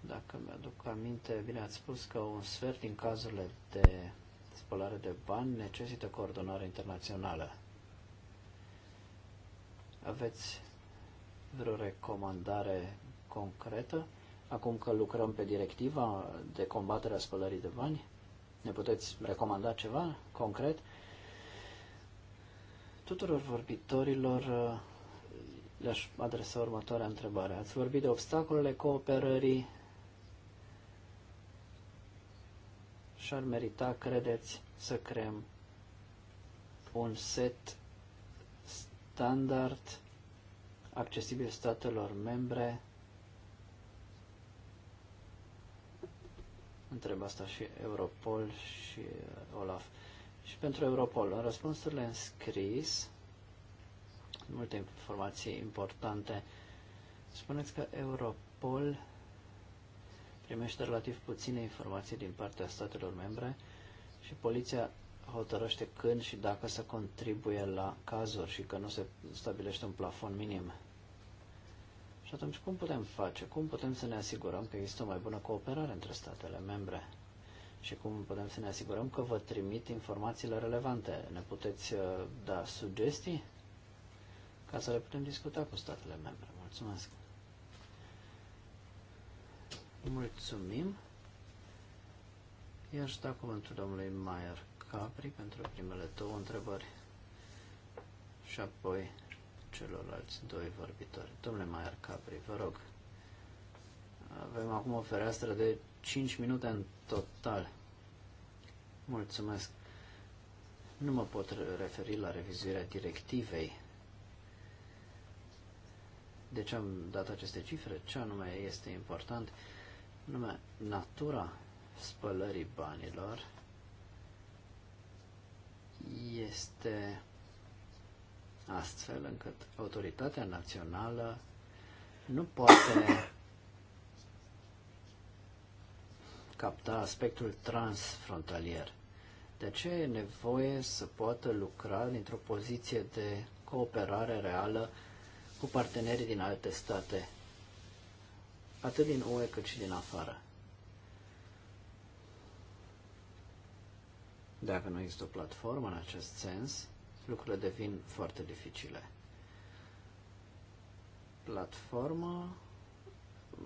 Dacă mi-aduc aminte, bine ați spus că un sfert din cazurile de spălare de bani necesită coordonare internațională. Aveți vreo recomandare concretă acum că lucrăm pe directiva de combatere a spălării de bani? Ne puteți recomanda ceva concret? Tuturor vorbitorilor uh, le-aș adresa următoarea întrebare. Ați vorbit de obstacolele cooperării și ar merita, credeți, să creăm un set standard accesibil statelor membre întreb asta și Europol și uh, Olaf. Și pentru Europol, în răspunsurile în scris, multe informații importante, spuneți că Europol primește relativ puține informații din partea statelor membre și poliția hotărăște când și dacă să contribuie la cazuri și că nu se stabilește un plafon minim. Și atunci cum putem face? Cum putem să ne asigurăm că există o mai bună cooperare între statele membre? Și cum putem să ne asigurăm că vă trimit informațiile relevante? Ne puteți uh, da sugestii ca să le putem discuta cu statele membre? Mulțumesc! Mulțumim! I-aș da cuvântul domnului Maier Capri pentru primele două întrebări și apoi celorlalți doi vorbitori. Domnule Maier Capri, vă rog, avem acum o fereastră de 5 minute în total. Mulțumesc. Nu mă pot referi la revizuirea directivei. De ce am dat aceste cifre? Ce anume este important? Nume, natura spălării banilor este astfel încât autoritatea națională nu poate capta aspectul transfrontalier. De ce e nevoie să poată lucra dintr-o poziție de cooperare reală cu partenerii din alte state, atât din UE cât și din afară. Dacă nu există o platformă în acest sens, lucrurile devin foarte dificile. Platforma,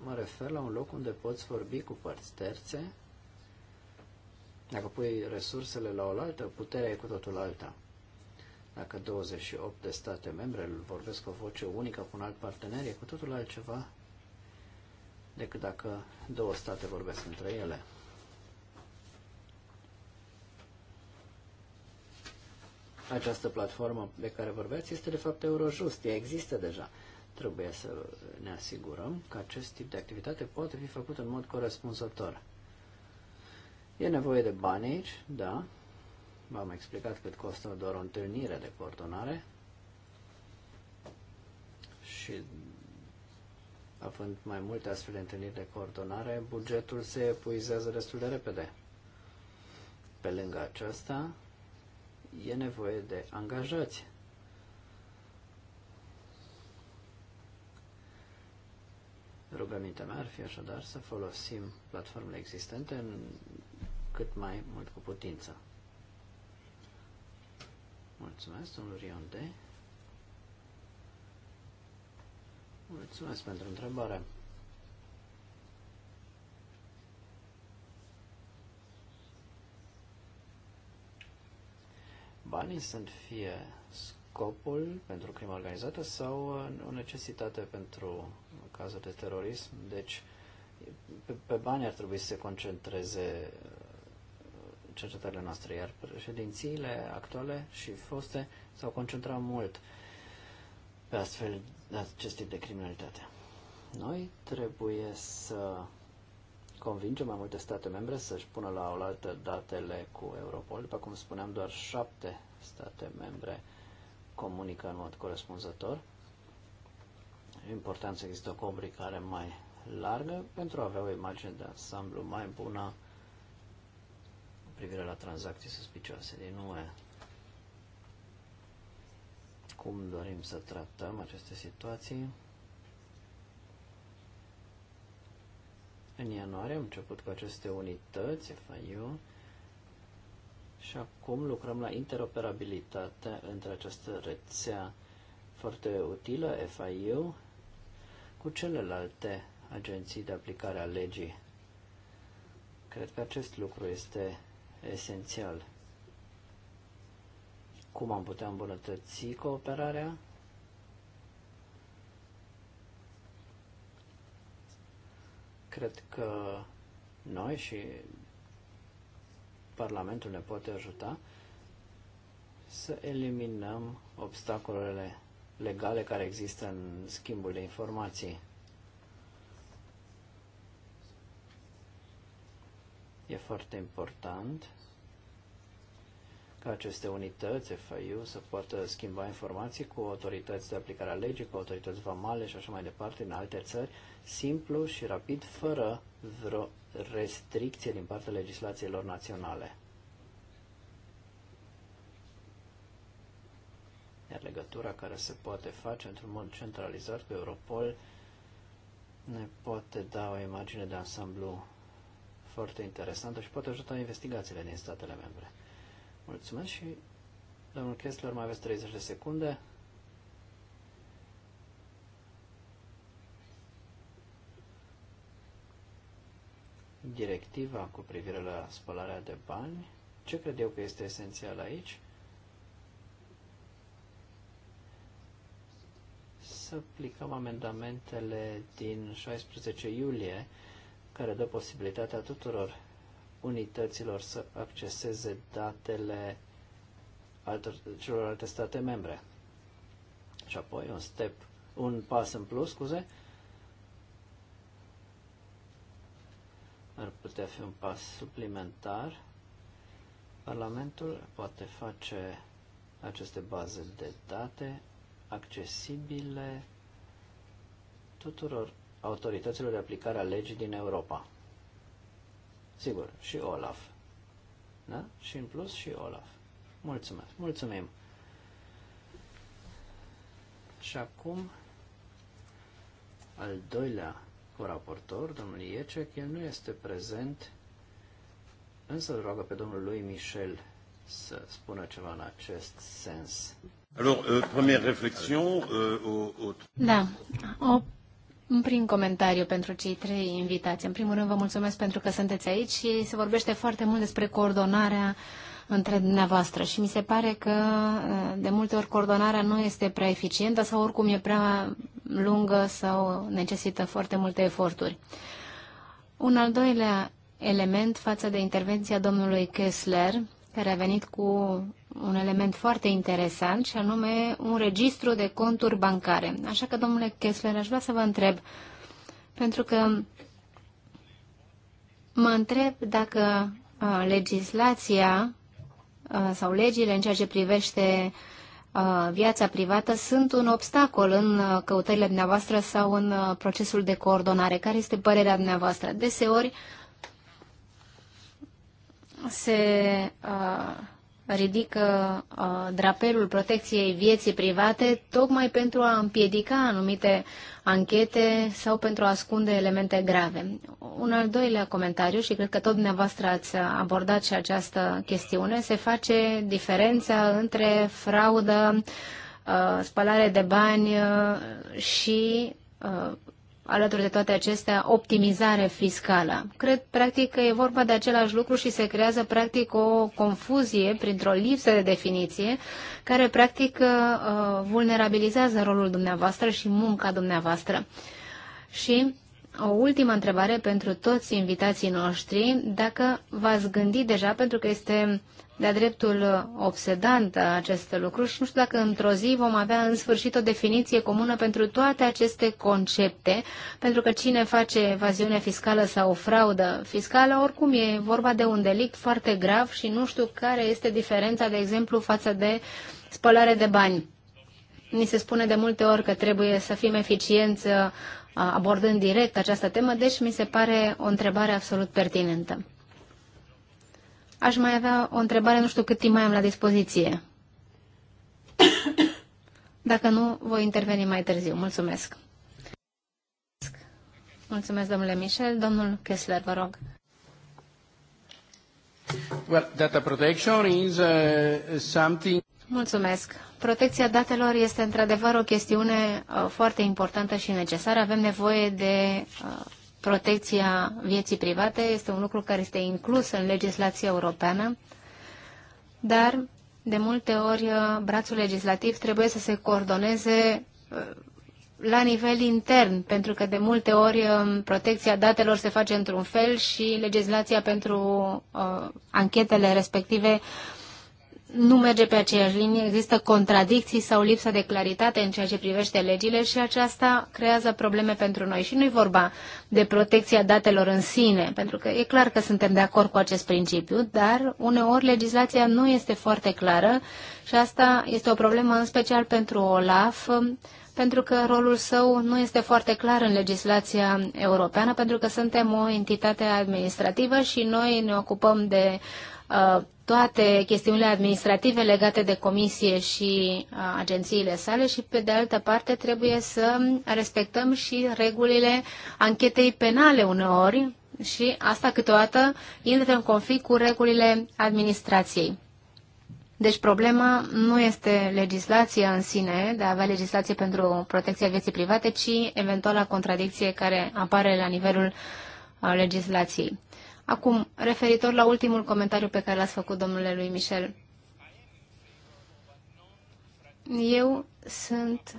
mă refer la un loc unde poți vorbi cu părți terțe. Dacă pui resursele la oaltă, puterea e cu totul alta. Dacă 28 de state membre îl vorbesc cu o voce unică cu un alt partener, e cu totul altceva decât dacă două state vorbesc între ele. Această platformă de care vorbeați este de fapt Eurojust, ea există deja. Trebuie să ne asigurăm că acest tip de activitate poate fi făcut în mod corespunzător. E nevoie de bani aici, da. V-am explicat cât costă doar o întâlnire de coordonare și având mai multe astfel de întâlniri de coordonare, bugetul se epuizează destul de repede. Pe lângă aceasta, e nevoie de angajați. Rugămintea mea ar fi așadar să folosim platformele existente în cât mai mult cu putință. Mulțumesc, domnul Rionde. Mulțumesc pentru întrebare. Banii sunt fie scopul pentru crimă organizată sau uh, o necesitate pentru cazul de terorism. Deci, pe, pe bani ar trebui să se concentreze uh, cercetările noastre, iar președințiile actuale și foste s-au concentrat mult pe astfel acest tip de criminalitate. Noi trebuie să convinge mai multe state membre să-și pună la oaltă datele cu Europol. După cum spuneam, doar șapte state membre comunică în mod corespunzător. E important să există o comunicare mai largă pentru a avea o imagine de ansamblu mai bună cu privire la tranzacții suspicioase din UE. Cum dorim să tratăm aceste situații? În ianuarie am început cu aceste unități, FIU, și acum lucrăm la interoperabilitate între această rețea foarte utilă, FIU, cu celelalte agenții de aplicare a legii. Cred că acest lucru este esențial. Cum am putea îmbunătăți cooperarea? Cred că noi și Parlamentul ne poate ajuta să eliminăm obstacolele legale care există în schimbul de informații. E foarte important ca aceste unități, FIU, să poată schimba informații cu autorități de aplicare a legii, cu autorități vamale și așa mai departe în alte țări, simplu și rapid, fără vreo restricție din partea legislațiilor naționale. Iar legătura care se poate face într-un mod centralizat cu Europol ne poate da o imagine de ansamblu foarte interesantă și poate ajuta investigațiile din statele membre. Mulțumesc și domnul Kessler, mai aveți 30 de secunde. Directiva cu privire la spălarea de bani, ce cred eu că este esențial aici? Să aplicăm amendamentele din 16 iulie, care dă posibilitatea tuturor unităților să acceseze datele altor, celorlalte state membre. Și apoi un step, un pas în plus, scuze, ar putea fi un pas suplimentar. Parlamentul poate face aceste baze de date accesibile tuturor autorităților de aplicare a legii din Europa. Sigur, și Olaf. Da? Și în plus și Olaf. Mulțumesc, mulțumim. Și acum, al doilea coraportor, domnul Iecek, el nu este prezent, însă îl roagă pe domnul lui Michel să spună ceva în acest sens. Alors, euh, première réflexion, euh, au, au... Da, o un prim comentariu pentru cei trei invitați. În primul rând, vă mulțumesc pentru că sunteți aici și se vorbește foarte mult despre coordonarea între dumneavoastră și mi se pare că de multe ori coordonarea nu este prea eficientă sau oricum e prea lungă sau necesită foarte multe eforturi. Un al doilea element față de intervenția domnului Kessler, care a venit cu un element foarte interesant și anume un registru de conturi bancare. Așa că, domnule Kessler, aș vrea să vă întreb, pentru că mă întreb dacă a, uh, legislația a, uh, sau legile în ceea ce privește a, uh, viața privată sunt un obstacol în căutările dumneavoastră sau în procesul de coordonare. Care este părerea dumneavoastră? Deseori se A, ridică uh, drapelul protecției vieții private tocmai pentru a împiedica anumite anchete sau pentru a ascunde elemente grave. Un al doilea comentariu, și cred că tot dumneavoastră ați abordat și această chestiune, se face diferența între fraudă, uh, spălare de bani uh, și uh, alături de toate acestea, optimizare fiscală. Cred, practic, că e vorba de același lucru și se creează, practic, o confuzie printr-o lipsă de definiție, care, practic, uh, vulnerabilizează rolul dumneavoastră și munca dumneavoastră. Și o ultimă întrebare pentru toți invitații noștri, dacă v-ați gândit deja, pentru că este de-a dreptul obsedant acest lucru și nu știu dacă într-o zi vom avea în sfârșit o definiție comună pentru toate aceste concepte, pentru că cine face evaziune fiscală sau fraudă fiscală, oricum e vorba de un delict foarte grav și nu știu care este diferența, de exemplu, față de spălare de bani. Ni se spune de multe ori că trebuie să fim eficienți abordând direct această temă, deci mi se pare o întrebare absolut pertinentă. Aș mai avea o întrebare, nu știu cât timp mai am la dispoziție. Dacă nu, voi interveni mai târziu. Mulțumesc. Mulțumesc, domnule Michel. Domnul Kessler, vă rog. Well, data protection is uh, something Mulțumesc. Protecția datelor este într-adevăr o chestiune uh, foarte importantă și necesară. Avem nevoie de uh, protecția vieții private. Este un lucru care este inclus în legislația europeană, dar de multe ori uh, brațul legislativ trebuie să se coordoneze la nivel intern, pentru că de multe ori protecția datelor se face într-un fel și legislația pentru uh, anchetele respective nu merge pe aceeași linie, există contradicții sau lipsa de claritate în ceea ce privește legile și aceasta creează probleme pentru noi. Și nu-i vorba de protecția datelor în sine, pentru că e clar că suntem de acord cu acest principiu, dar uneori legislația nu este foarte clară și asta este o problemă în special pentru OLAF, pentru că rolul său nu este foarte clar în legislația europeană, pentru că suntem o entitate administrativă și noi ne ocupăm de uh, toate chestiunile administrative legate de comisie și agențiile sale și, pe de altă parte, trebuie să respectăm și regulile anchetei penale uneori și asta câteodată intră în conflict cu regulile administrației. Deci problema nu este legislația în sine, de a avea legislație pentru protecția vieții private, ci eventuala contradicție care apare la nivelul legislației. Acum, referitor la ultimul comentariu pe care l-ați făcut, domnule lui Michel. Eu sunt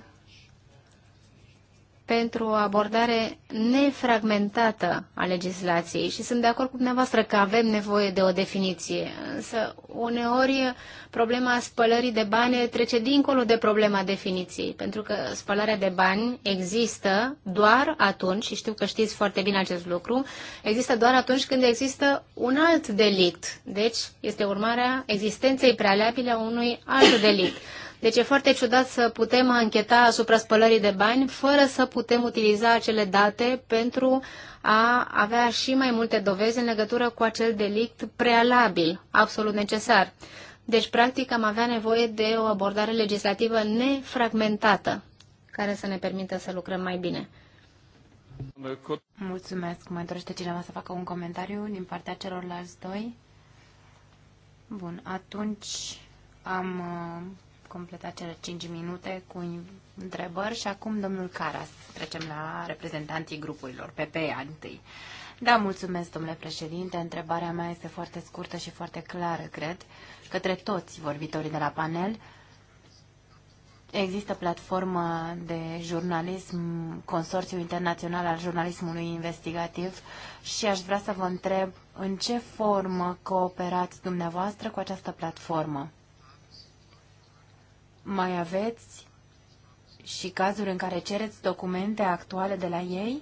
pentru o abordare nefragmentată a legislației și sunt de acord cu dumneavoastră că avem nevoie de o definiție, însă uneori problema spălării de bani trece dincolo de problema definiției, pentru că spălarea de bani există doar atunci, și știu că știți foarte bine acest lucru, există doar atunci când există un alt delict, deci este urmarea existenței prealabile a unui alt delict. Deci e foarte ciudat să putem încheta asupra spălării de bani fără să putem utiliza acele date pentru a avea și mai multe dovezi în legătură cu acel delict prealabil, absolut necesar. Deci, practic, am avea nevoie de o abordare legislativă nefragmentată, care să ne permită să lucrăm mai bine. Mulțumesc. Mai dorește cineva să facă un comentariu din partea celorlalți doi? Bun, atunci am uh, completat cele 5 minute cu întrebări și acum domnul Caras. Trecem la reprezentanții grupurilor, PP întâi. Da, mulțumesc, domnule președinte. Întrebarea mea este foarte scurtă și foarte clară, cred, către toți vorbitorii de la panel. Există platformă de jurnalism, Consorțiul Internațional al Jurnalismului Investigativ și aș vrea să vă întreb în ce formă cooperați dumneavoastră cu această platformă mai aveți și cazuri în care cereți documente actuale de la ei?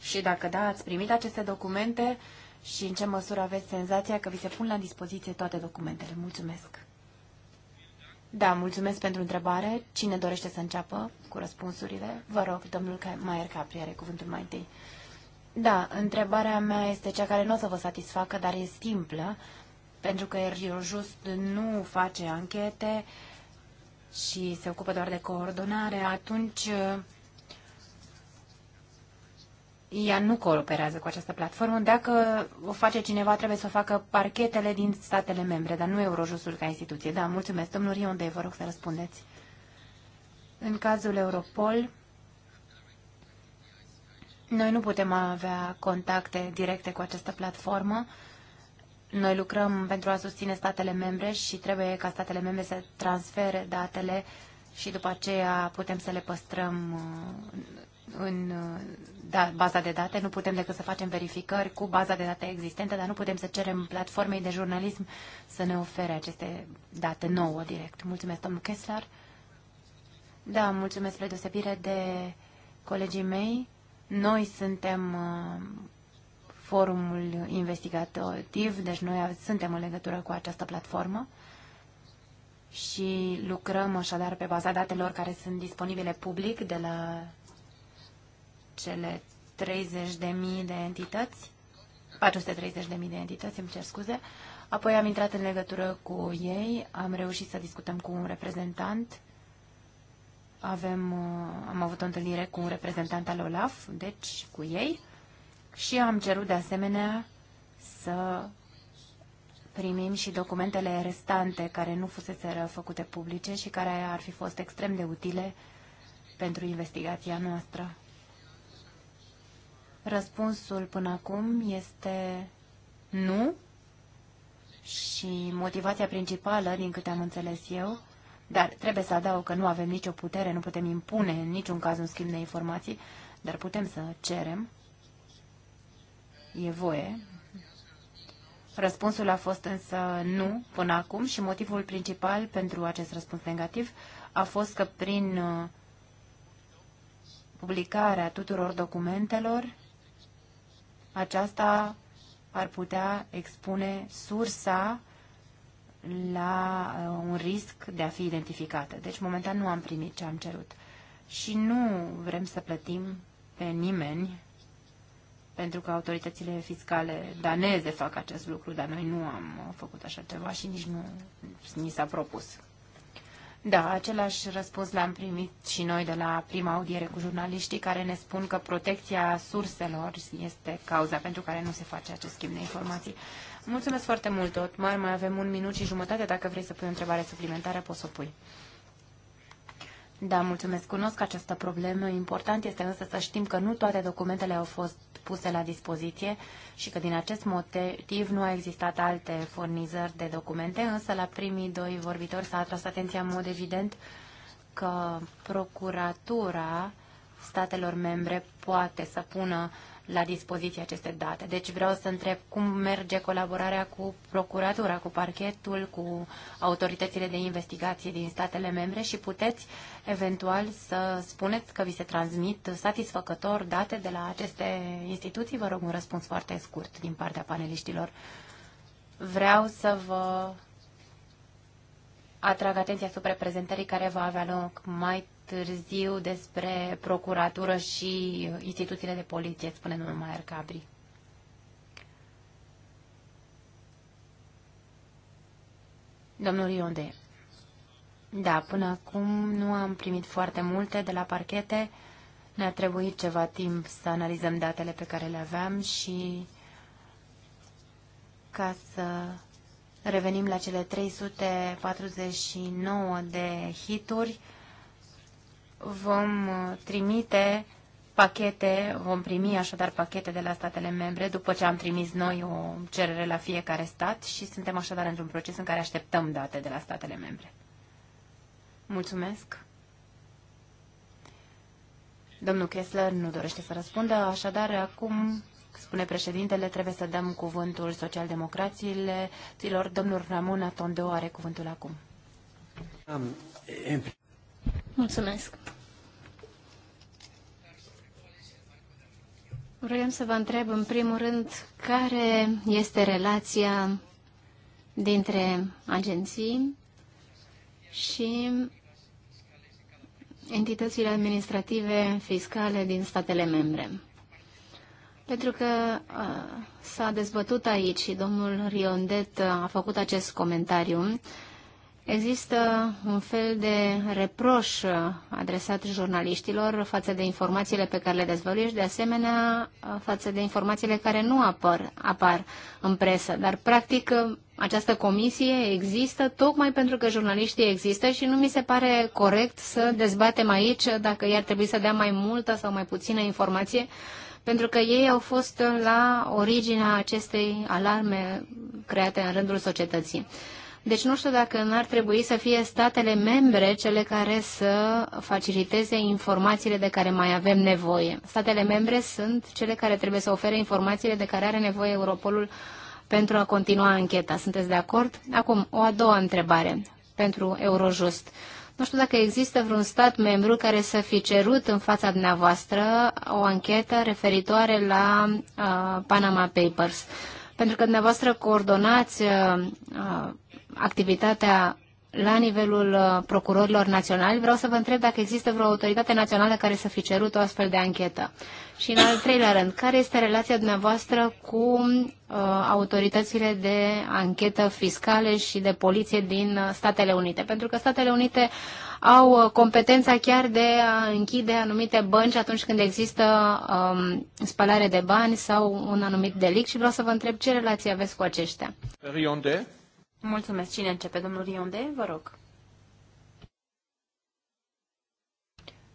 Și dacă da, ați primit aceste documente și în ce măsură aveți senzația că vi se pun la dispoziție toate documentele? Mulțumesc! Da, mulțumesc pentru întrebare. Cine dorește să înceapă cu răspunsurile? Vă rog, domnul Maier Capri are cuvântul mai întâi. Da, întrebarea mea este cea care nu o să vă satisfacă, dar e simplă, pentru că just nu face anchete, uh, și se ocupă doar de coordonare, atunci uh, ea nu cooperează cu această platformă. Dacă o face cineva, trebuie să o facă parchetele din statele membre, dar nu Eurojustul ca instituție. Da, mulțumesc. Domnul Rionde, vă rog să răspundeți. În cazul Europol, noi nu putem avea contacte directe cu această platformă, noi lucrăm pentru a susține statele membre și trebuie ca statele membre să transfere datele și după aceea putem să le păstrăm uh, în uh, da, baza de date. Nu putem decât să facem verificări cu baza de date existentă, dar nu putem să cerem platformei de jurnalism să ne ofere aceste date nouă direct. Mulțumesc, domnul Kessler. Da, mulțumesc spre deosebire de colegii mei. Noi suntem uh, forumul investigativ, deci noi suntem în legătură cu această platformă și lucrăm așadar pe baza datelor care sunt disponibile public de la cele 30.000 de entități, 430.000 de entități, îmi cer scuze. Apoi am intrat în legătură cu ei, am reușit să discutăm cu un reprezentant, avem, uh, am avut o întâlnire cu un reprezentant al OLAF, deci cu ei. Și am cerut de asemenea să primim și documentele restante care nu fusese făcute publice și care ar fi fost extrem de utile pentru investigația noastră. Răspunsul până acum este nu și motivația principală, din câte am înțeles eu, dar trebuie să adaug că nu avem nicio putere, nu putem impune în niciun caz un schimb de informații, dar putem să cerem e voie. Răspunsul a fost însă nu până acum și motivul principal pentru acest răspuns negativ a fost că prin uh, publicarea tuturor documentelor aceasta ar putea expune sursa la uh, un risc de a fi identificată. Deci, momentan, nu am primit ce am cerut. Și nu vrem să plătim pe nimeni pentru că autoritățile fiscale daneze fac acest lucru, dar noi nu am făcut așa ceva și nici nu ni s-a propus. Da, același răspuns l-am primit și noi de la prima audiere cu jurnaliștii care ne spun că protecția surselor este cauza pentru care nu se face acest schimb de informații. Mulțumesc foarte mult, Otmar. Mai avem un minut și jumătate. Dacă vrei să pui o întrebare suplimentară, poți să o pui. Da, mulțumesc. Cunosc această problemă. Important este însă să știm că nu toate documentele au fost puse la dispoziție și că din acest motiv nu a existat alte furnizări de documente, însă la primii doi vorbitori s-a atras atenția în mod evident că procuratura statelor membre poate să pună uh, la dispoziție aceste date. Deci vreau să întreb cum merge colaborarea cu procuratura, cu parchetul, cu autoritățile de investigație din statele membre și puteți eventual să spuneți că vi se transmit satisfăcător date de la aceste instituții? Vă rog un răspuns foarte scurt din partea paneliștilor. Vreau să vă atrag atenția asupra prezentării care va avea loc mai târziu despre procuratură și instituțiile de poliție, spune domnul Maier Capri. Domnul Ionde. Da, până acum nu am primit foarte multe de la parchete. Ne-a trebuit ceva timp să analizăm datele pe care le aveam și ca să revenim la cele 349 de hituri vom uh, trimite pachete, vom primi așadar pachete de la statele membre după ce am trimis noi o cerere la fiecare stat și suntem așadar într-un proces în care așteptăm date de la statele membre. Mulțumesc. Domnul Kessler nu dorește să răspundă, așadar acum, spune președintele, trebuie să dăm cuvântul socialdemocraților. Domnul Ramon Atondeu are cuvântul acum. Mulțumesc. Vreau să vă întreb, în primul rând, care este relația dintre agenții și entitățile administrative fiscale din statele membre. Pentru că s-a dezbătut aici și domnul Riondet a făcut acest comentariu Există un fel de reproș adresat jurnaliștilor față de informațiile pe care le și de asemenea față de informațiile care nu apar, apar în presă. Dar, practic, această comisie există tocmai pentru că jurnaliștii există și nu mi se pare corect să dezbatem aici dacă ei ar trebui să dea mai multă sau mai puțină informație, pentru că ei au fost la originea acestei alarme create în rândul societății. Deci nu știu dacă n-ar trebui să fie statele membre cele care să faciliteze informațiile de care mai avem nevoie. Statele membre sunt cele care trebuie să ofere informațiile de care are nevoie Europolul pentru a continua ancheta. Sunteți de acord? Acum, o a doua întrebare pentru Eurojust. Nu știu dacă există vreun stat membru care să fi cerut în fața dumneavoastră o anchetă referitoare la uh, Panama Papers. Pentru că dumneavoastră coordonați uh, uh, activitatea la nivelul uh, procurorilor naționali, vreau să vă întreb dacă există vreo autoritate națională care să fi cerut o astfel de anchetă. Și în al treilea rând, care este relația dumneavoastră cu uh, autoritățile de anchetă fiscale și de poliție din uh, Statele Unite? Pentru că Statele Unite au uh, competența chiar de a închide anumite bănci atunci când există um, spălare de bani sau un anumit delict și vreau să vă întreb ce relație aveți cu aceștia. Rionde. Mulțumesc. Cine începe? Domnul Rionde, vă rog.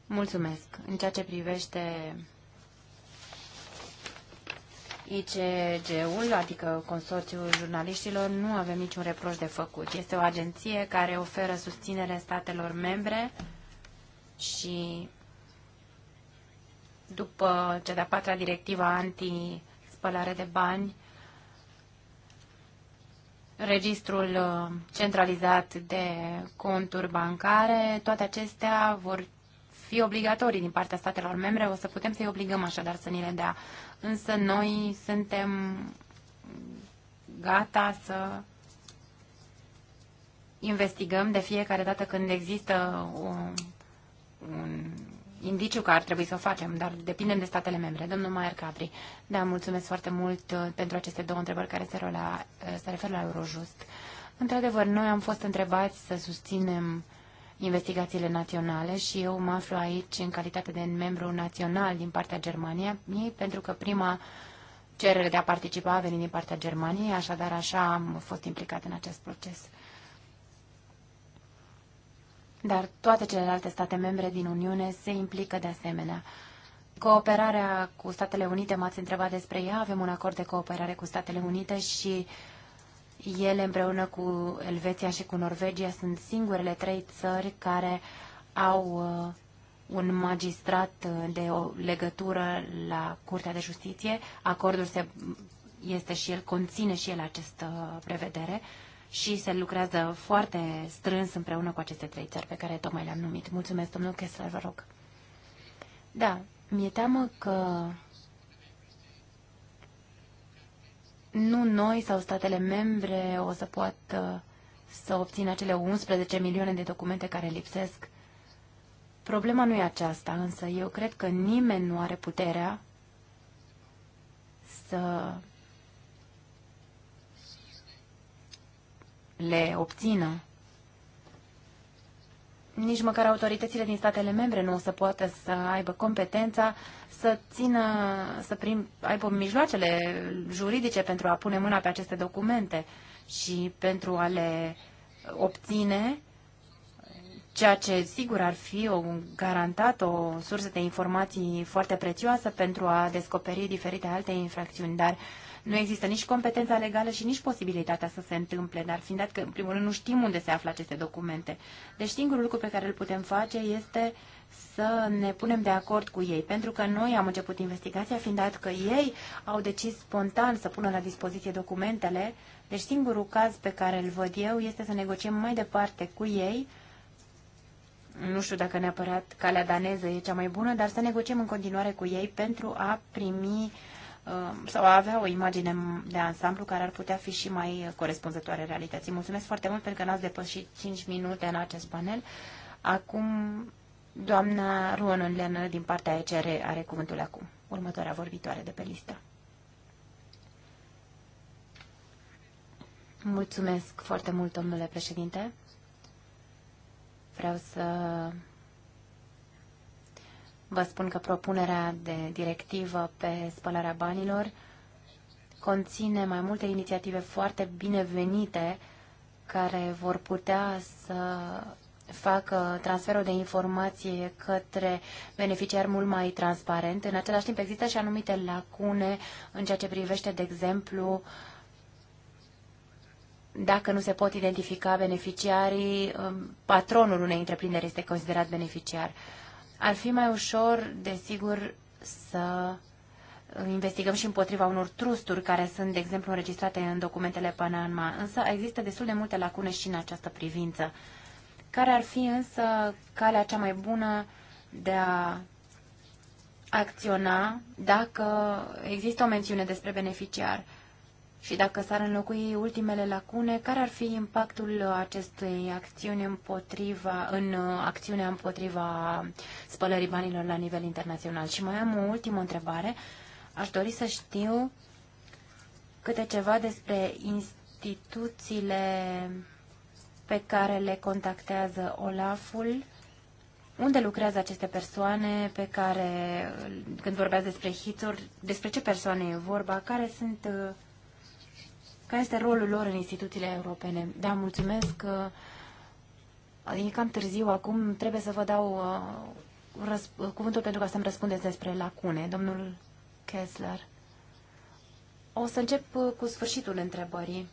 Mulțumesc. În ceea ce privește ICG-ul, adică Consorțiul Jurnaliștilor, nu avem niciun reproș de făcut. Este o agenție care oferă susținere statelor membre și după cea de-a patra directivă anti-spălare de bani, registrul uh, centralizat de conturi bancare, toate acestea vor fi obligatorii din partea statelor membre, o să putem să-i obligăm așadar să ni le dea. Însă noi suntem gata să investigăm de fiecare dată când există un, un indiciu că ar trebui să o facem, dar depindem de statele membre. Domnul Maier Capri, da, mulțumesc foarte mult uh, pentru aceste două întrebări care se, la, uh, se referă la Eurojust. Într-adevăr, noi am fost întrebați să susținem investigațiile naționale și eu mă aflu aici în calitate de membru național din partea Germaniei, pentru că prima cerere de a participa a venit din partea Germaniei, așadar așa am fost implicat în acest proces dar toate celelalte state membre din Uniune se implică de asemenea. Cooperarea cu Statele Unite, m-ați întrebat despre ea, avem un acord de cooperare cu Statele Unite și ele împreună cu Elveția și cu Norvegia sunt singurele trei țări care au uh, un magistrat uh, de o legătură la Curtea de Justiție. Acordul se, este și el, conține și el această uh, prevedere și se lucrează foarte strâns împreună cu aceste trei țări pe care tocmai le-am numit. Mulțumesc, domnul Kessler, vă rog. Da, mi-e teamă că nu noi sau statele membre o să poată să obțină acele 11 milioane de documente care lipsesc. Problema nu e aceasta, însă eu cred că nimeni nu are puterea să le obțină. Nici măcar autoritățile din statele membre nu o să poată să aibă competența să țină, să prim, aibă mijloacele juridice pentru a pune mâna pe aceste documente și pentru a le obține ceea ce sigur ar fi o, garantat o sursă de informații foarte prețioasă pentru a descoperi diferite alte infracțiuni, dar nu există nici competența legală și nici posibilitatea să se întâmple, dar fiind dat că, în primul rând, nu știm unde se află aceste documente. Deci singurul lucru pe care îl putem face este să ne punem de acord cu ei, pentru că noi am început investigația, fiind dat că ei au decis spontan să pună la dispoziție documentele, deci singurul caz pe care îl văd eu este să negociem mai departe cu ei, nu știu dacă neapărat calea daneză e cea mai bună, dar să negociem în continuare cu ei pentru a primi Um, sau a avea o imagine de ansamblu care ar putea fi și mai corespunzătoare realității. Mulțumesc foarte mult pentru că n-ați depășit 5 minute în acest panel. Acum, doamna Ruonen Lenă din partea ECR are cuvântul acum, următoarea vorbitoare de pe listă. Mulțumesc foarte mult, domnule președinte. Vreau să Vă spun că propunerea de directivă pe spălarea banilor conține mai multe inițiative foarte binevenite care vor putea să facă transferul de informație către beneficiari mult mai transparent. În același timp există și anumite lacune în ceea ce privește, de exemplu, dacă nu se pot identifica beneficiarii, patronul unei întreprinderi este considerat beneficiar. Ar fi mai ușor, desigur, să investigăm și împotriva unor trusturi care sunt, de exemplu, înregistrate în documentele Panama, însă există destul de multe lacune și în această privință. Care ar fi însă calea cea mai bună de a acționa dacă există o mențiune despre beneficiar? Și dacă s-ar înlocui ultimele lacune, care ar fi impactul acestei acțiuni împotriva, în uh, acțiunea împotriva spălării banilor la nivel internațional? Și mai am o ultimă întrebare. Aș dori să știu câte ceva despre instituțiile pe care le contactează Olaful unde lucrează aceste persoane pe care, când vorbeați despre hituri, despre ce persoane e vorba, care sunt uh, care este rolul lor în instituțiile europene. Da, mulțumesc. Uh, e cam târziu acum, trebuie să vă dau uh, uh, cuvântul pentru ca să-mi răspundeți despre lacune. Domnul Kessler. O să încep cu sfârșitul întrebării.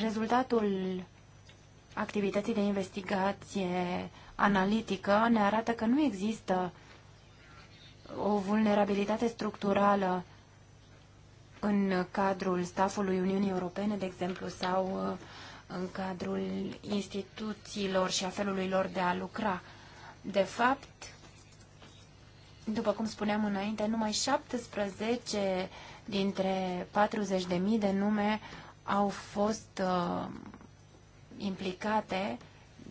Rezultatul activității de investigație analitică ne arată că nu există o vulnerabilitate structurală în cadrul stafului Uniunii Europene, de exemplu, sau uh, în cadrul instituțiilor și a felului lor de a lucra. De fapt, după cum spuneam înainte, numai 17 dintre 40.000 de nume au fost uh, implicate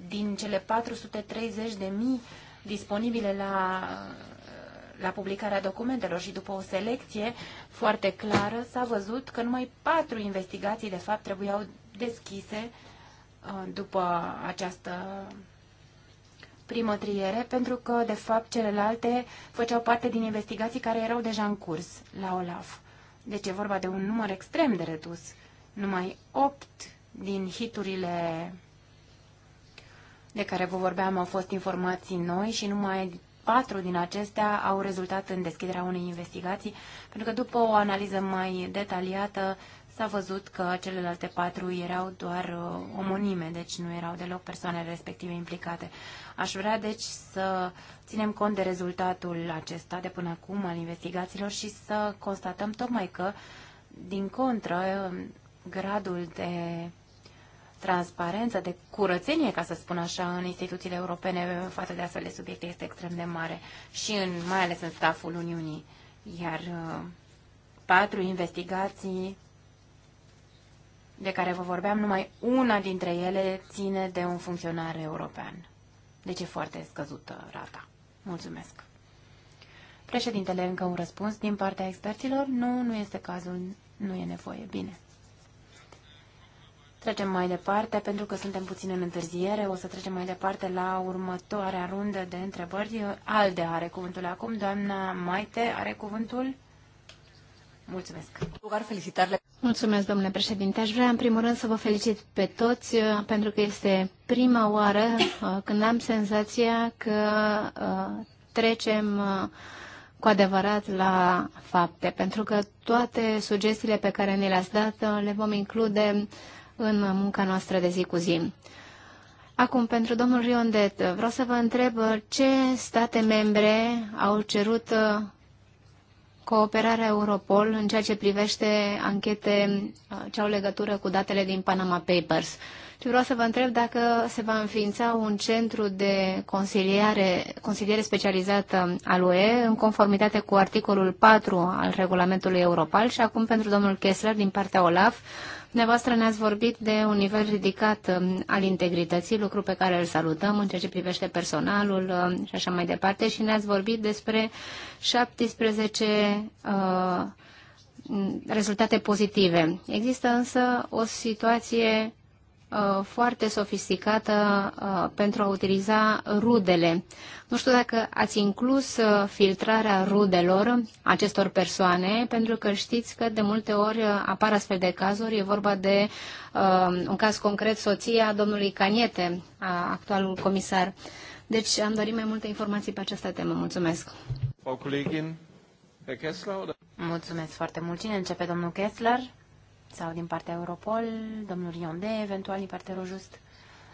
din cele 430.000 disponibile la uh, la publicarea documentelor și după o selecție foarte clară s-a văzut că numai patru investigații de fapt trebuiau deschise uh, după această primă triere, pentru că de fapt celelalte făceau parte din investigații care erau deja în curs la OLAF. Deci e vorba de un număr extrem de redus. Numai opt din hiturile de care vă vorbeam au fost informații noi și numai patru din acestea au rezultat în deschiderea unei investigații, pentru că după o analiză mai detaliată s-a văzut că celelalte patru erau doar uh, omonime, deci nu erau deloc persoanele respective implicate. Aș vrea deci să ținem cont de rezultatul acesta de până acum al investigațiilor și să constatăm tocmai că, din contră, um, gradul de transparență, de curățenie, ca să spun așa, în instituțiile europene față de astfel de subiecte este extrem de mare și în, mai ales în staful Uniunii. Iar uh, patru investigații de care vă vorbeam, numai una dintre ele ține de un funcționar european. Deci e foarte scăzută rata. Mulțumesc. Președintele, încă un răspuns din partea experților? Nu, nu este cazul, nu e nevoie. Bine. Trecem mai departe, pentru că suntem puțin în întârziere, o să trecem mai departe la următoarea rundă de întrebări. Alde are cuvântul acum, doamna Maite are cuvântul. Mulțumesc. Mulțumesc, domnule președinte. Aș vrea, în primul rând, să vă felicit pe toți, uh, pentru că este prima oară uh, când am senzația că uh, trecem cu adevărat la fapte, pentru că toate sugestiile pe care ne le-ați dat le vom include în munca noastră de zi cu zi. Acum, pentru domnul Riondet, vreau să vă întreb ce state membre au cerut uh, cooperarea Europol în ceea ce privește anchete uh, ce au legătură cu datele din Panama Papers. Și vreau să vă întreb dacă se va înființa un centru de consiliere, consiliere specializată al UE în conformitate cu articolul 4 al regulamentului Europol și acum pentru domnul Kessler din partea OLAF Dumneavoastră ne-ați vorbit de un nivel ridicat um, al integrității, lucru pe care îl salutăm în ceea ce privește personalul um, și așa mai departe, și ne-ați vorbit despre 17 uh, rezultate pozitive. Există însă o situație Uh, foarte sofisticată uh, pentru a utiliza rudele. Nu știu dacă ați inclus uh, filtrarea rudelor acestor persoane, pentru că știți că de multe ori apar astfel de cazuri. E vorba de un caz concret, soția domnului Caniete, actualul comisar. Deci am dorit mai multe informații pe această temă. Mulțumesc. Mulțumesc foarte mult. Cine începe, domnul Kessler? sau din partea Europol, domnul Rionde, eventual din partea Rojust?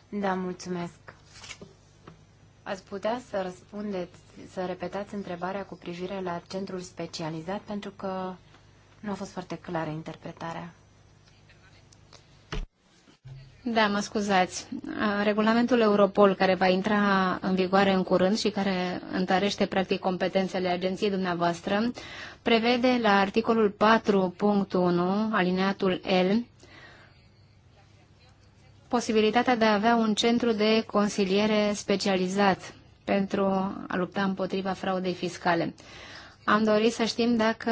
Da, mulțumesc. Ați putea să răspundeți, să repetați întrebarea cu privire la centrul specializat, pentru că nu a fost foarte clară interpretarea. Da, mă scuzați. Regulamentul Europol, care va intra în vigoare în curând și care întărește practic competențele agenției dumneavoastră, prevede la articolul 4.1, alineatul L, posibilitatea de a avea un centru de consiliere specializat pentru a lupta împotriva fraudei fiscale. Am dorit să știm dacă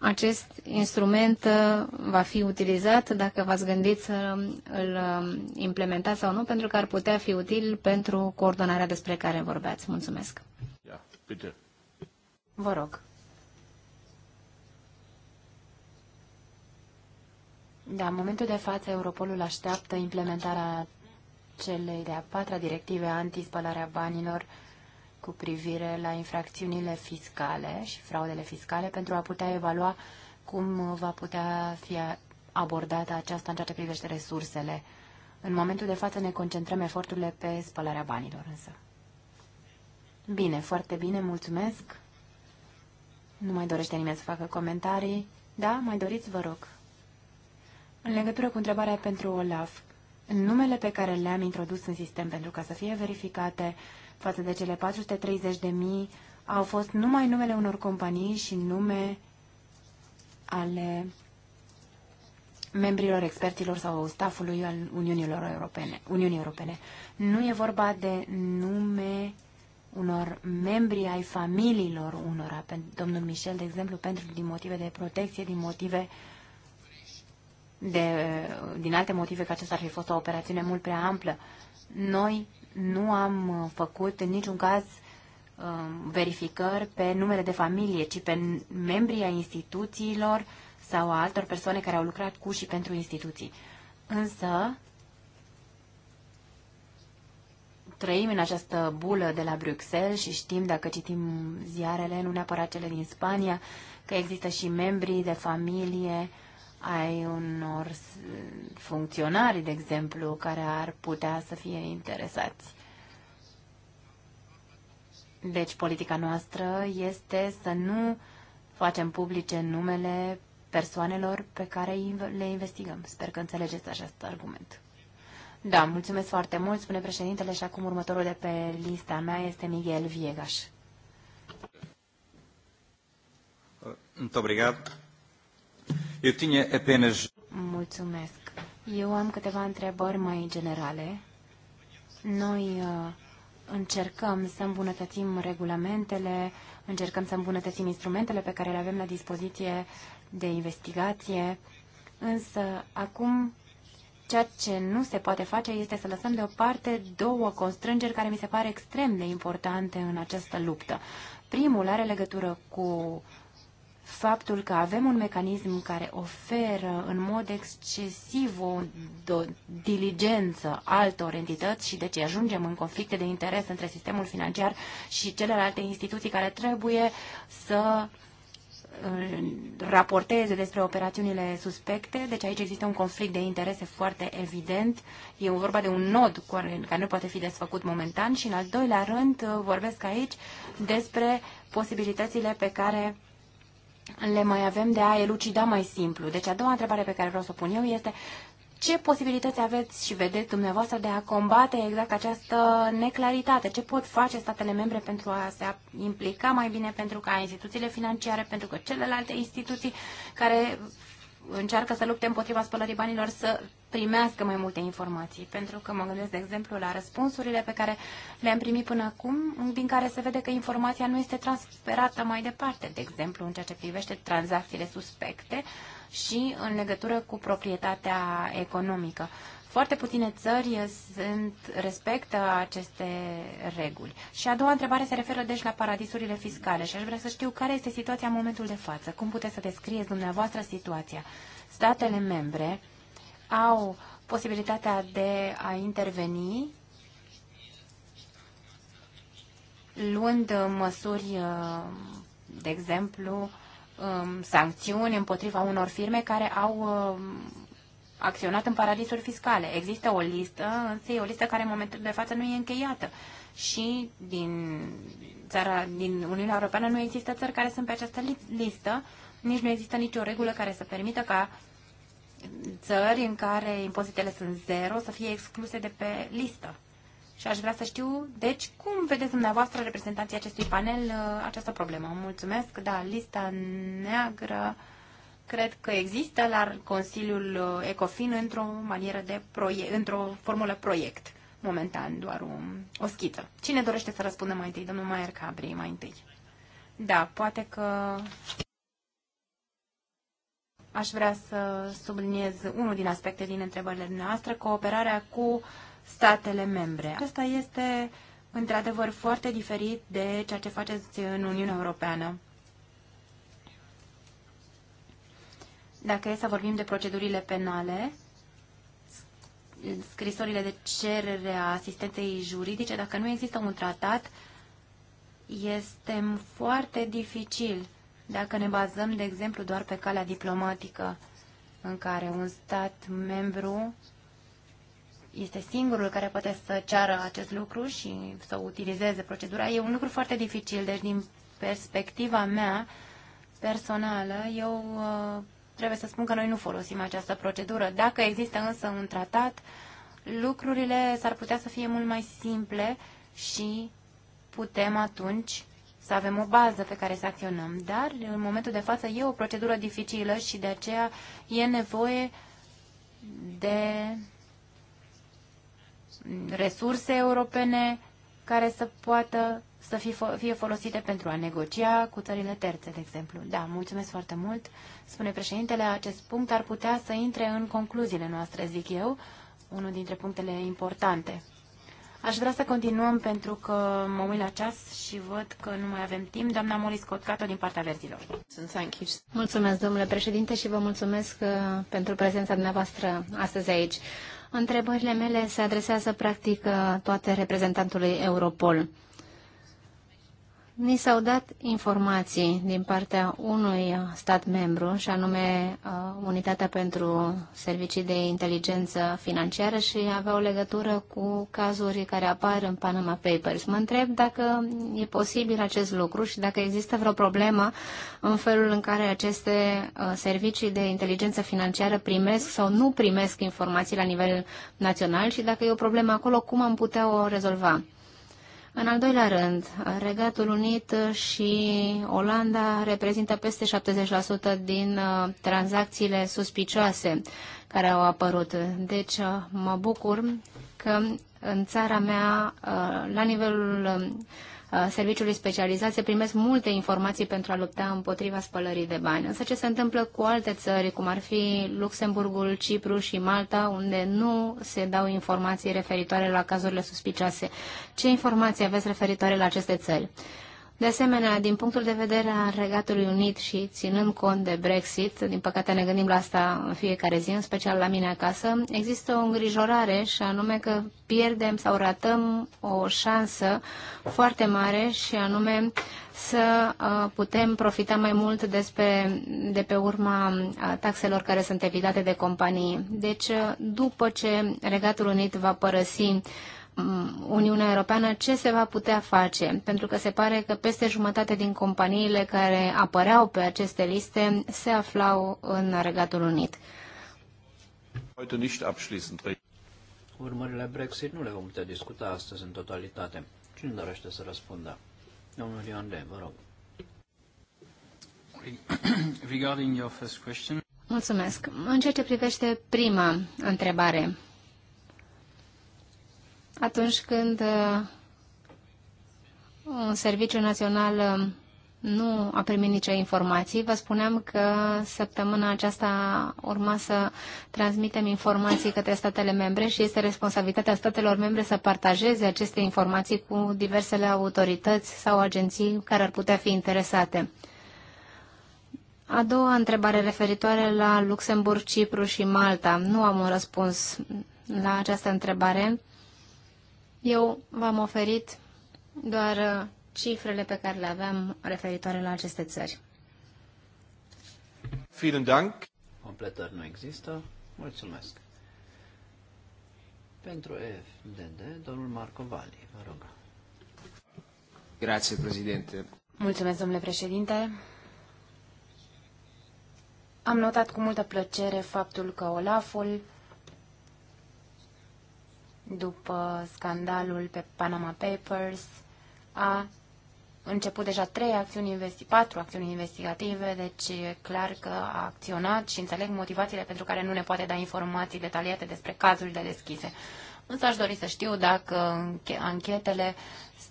acest instrument uh, va fi utilizat dacă v-ați gândit să îl um, implementați sau nu, pentru că ar putea fi util pentru coordonarea despre care vorbeați. Mulțumesc. Vă rog. Da, în momentul de față, Europolul așteaptă implementarea celei de-a patra directive antispălarea banilor cu privire la infracțiunile fiscale și fraudele fiscale pentru a putea evalua cum va putea fi abordată aceasta în ceea ce privește resursele. În momentul de față ne concentrăm eforturile pe spălarea banilor însă. Bine, foarte bine, mulțumesc. Nu mai dorește nimeni să facă comentarii. Da, mai doriți, vă rog. În legătură cu întrebarea pentru Olaf, numele pe care le-am introdus în sistem pentru ca să fie verificate față de cele 430 de mii au fost numai numele unor companii și nume ale membrilor, experților sau stafului al Uniunilor Europene, Uniunii Europene. Nu e vorba de nume unor membri ai familiilor unora. Domnul Michel, de exemplu, pentru din motive de protecție, din motive de, din alte motive că acesta ar fi fost o operațiune mult prea amplă. Noi nu am uh, făcut în niciun caz uh, verificări pe numele de familie, ci pe membrii a instituțiilor sau a altor persoane care au lucrat cu și pentru instituții. Însă, trăim în această bulă de la Bruxelles și știm, dacă citim ziarele, nu neapărat cele din Spania, că există și membrii de familie ai unor funcționari, de exemplu, care ar putea să fie interesați. Deci, politica noastră este să nu facem publice numele persoanelor pe care le investigăm. Sper că înțelegeți acest argument. Da, mulțumesc foarte mult, spune președintele și acum următorul de pe lista mea este Miguel Viegas. Muito obrigado. Eu Mulțumesc. Eu am câteva întrebări mai generale. Noi uh, încercăm să îmbunătățim regulamentele, încercăm să îmbunătățim instrumentele pe care le avem la dispoziție de investigație, însă acum ceea ce nu se poate face este să lăsăm deoparte două constrângeri care mi se pare extrem de importante în această luptă. Primul are legătură cu faptul că avem un mecanism care oferă în mod excesiv o diligență altor entități și deci ajungem în conflicte de interes între sistemul financiar și celelalte instituții care trebuie să uh, raporteze despre operațiunile suspecte, deci aici există un conflict de interese foarte evident. E vorba de un nod care nu poate fi desfăcut momentan și, în al doilea rând, uh, vorbesc aici despre posibilitățile pe care le mai avem de a elucida mai simplu. Deci a doua întrebare pe care vreau să o pun eu este ce posibilități aveți și vedeți dumneavoastră de a combate exact această neclaritate? Ce pot face statele membre pentru a se implica mai bine pentru ca instituțiile financiare, pentru că celelalte instituții care încearcă să lupte împotriva spălării banilor să primească mai multe informații. Pentru că mă gândesc, de exemplu, la răspunsurile pe care le-am primit până acum, din care se vede că informația nu este transferată mai departe, de exemplu, în ceea ce privește tranzacțiile suspecte și în legătură cu proprietatea economică. Foarte puține țări sunt, respectă aceste reguli. Și a doua întrebare se referă deci la paradisurile fiscale și aș vrea să știu care este situația în momentul de față. Cum puteți să descrieți dumneavoastră situația? Statele membre au posibilitatea de a interveni luând măsuri, de exemplu, um, sancțiuni împotriva unor firme care au um, acționat în paradisuri fiscale. Există o listă, însă e o listă care în momentul de față nu e încheiată. Și din, țara, din Uniunea Europeană nu există țări care sunt pe această listă, nici nu există nicio regulă care să permită ca țări în care impozitele sunt zero să fie excluse de pe listă. Și aș vrea să știu, deci, cum vedeți dumneavoastră, reprezentanții acestui panel, uh, această problemă. Mulțumesc, da, lista neagră cred că există la Consiliul uh, Ecofin într-o manieră de proiect, într-o formulă proiect, momentan doar o, o schiță. Cine dorește să răspundă mai întâi? Domnul Maier Cabri, mai întâi. Da, poate că aș vrea să subliniez unul din aspecte din întrebările noastre, cooperarea cu statele membre. Asta este într-adevăr foarte diferit de ceea ce faceți în Uniunea Europeană. Dacă e să vorbim de procedurile penale, scrisorile de cerere a asistenței juridice, dacă nu există un tratat, este foarte dificil dacă ne bazăm, de exemplu, doar pe calea diplomatică, în care un stat membru este singurul care poate să ceară acest lucru și să utilizeze procedura, e un lucru foarte dificil. Deci, din perspectiva mea personală, eu uh, trebuie să spun că noi nu folosim această procedură. Dacă există însă un tratat, lucrurile s-ar putea să fie mult mai simple și putem atunci să avem o bază pe care să acționăm. Dar, în momentul de față, e o procedură dificilă și de aceea e nevoie de resurse europene care să poată să fie folosite pentru a negocia cu țările terțe, de exemplu. Da, mulțumesc foarte mult. Spune președintele, acest punct ar putea să intre în concluziile noastre, zic eu, unul dintre punctele importante. Aș vrea să continuăm pentru că mă uit la ceas și văd că nu mai avem timp. Doamna Moris Cotcato din partea verzilor. Mulțumesc, domnule președinte, și vă mulțumesc uh, pentru prezența dumneavoastră astăzi aici. Întrebările mele se adresează practic uh, toate reprezentantului Europol. Ni s-au dat informații din partea unui stat membru, și anume uh, Unitatea pentru Servicii de Inteligență Financiară și aveau legătură cu cazuri care apar în Panama Papers. Mă întreb dacă e posibil acest lucru și dacă există vreo problemă în felul în care aceste uh, servicii de inteligență financiară primesc sau nu primesc informații la nivel național și dacă e o problemă acolo, cum am putea o rezolva. În al doilea rând, Regatul Unit și Olanda reprezintă peste 70% din uh, tranzacțiile suspicioase care au apărut. Deci uh, mă bucur că în țara mea, uh, la nivelul um, Uh, serviciului specializat se primesc multe informații pentru a lupta împotriva spălării de bani. Însă ce se întâmplă cu alte țări, cum ar fi Luxemburgul, Cipru și Malta, unde nu se dau informații referitoare la cazurile suspicioase? Ce informații aveți referitoare la aceste țări? De asemenea, din punctul de vedere al Regatului Unit și ținând cont de Brexit, din păcate ne gândim la asta în fiecare zi, în special la mine acasă, există o îngrijorare și anume că pierdem sau ratăm o șansă foarte mare și anume să uh, putem profita mai mult despre, de pe urma uh, taxelor care sunt evitate de companii. Deci, uh, după ce Regatul Unit va părăsi Uh, Uniunea Europeană ce se va putea face, pentru că se pare că peste jumătate din companiile care apăreau pe aceste liste se aflau în Regatul Unit. Urmările Brexit nu le vom putea discuta astăzi în totalitate. Cine dorește să răspundă? Domnul Ion De, vă rog. Regarding your first question. Mulțumesc. În ceea ce privește prima întrebare, atunci când uh, un serviciu național um, nu a primit nicio informație. Vă spuneam că săptămâna aceasta urma să transmitem informații către statele membre și este responsabilitatea statelor membre să partajeze aceste informații cu diversele autorități sau agenții care ar putea fi interesate. A doua întrebare referitoare la Luxemburg, Cipru și Malta. Nu am un răspuns la această întrebare eu v-am oferit doar uh, cifrele pe care le aveam referitoare la aceste țări. Vielen Dank. Completări nu există. Mulțumesc. Pentru FDD, domnul Marco Vali, vă rog. Grazie, președinte. Mulțumesc, domnule președinte. Am notat cu multă plăcere faptul că Olaful după scandalul pe Panama Papers, a început deja trei acțiuni, investi- patru acțiuni investigative, deci e clar că a acționat și înțeleg motivațiile pentru care nu ne poate da informații detaliate despre cazurile deschise. Însă aș dori să știu dacă anchetele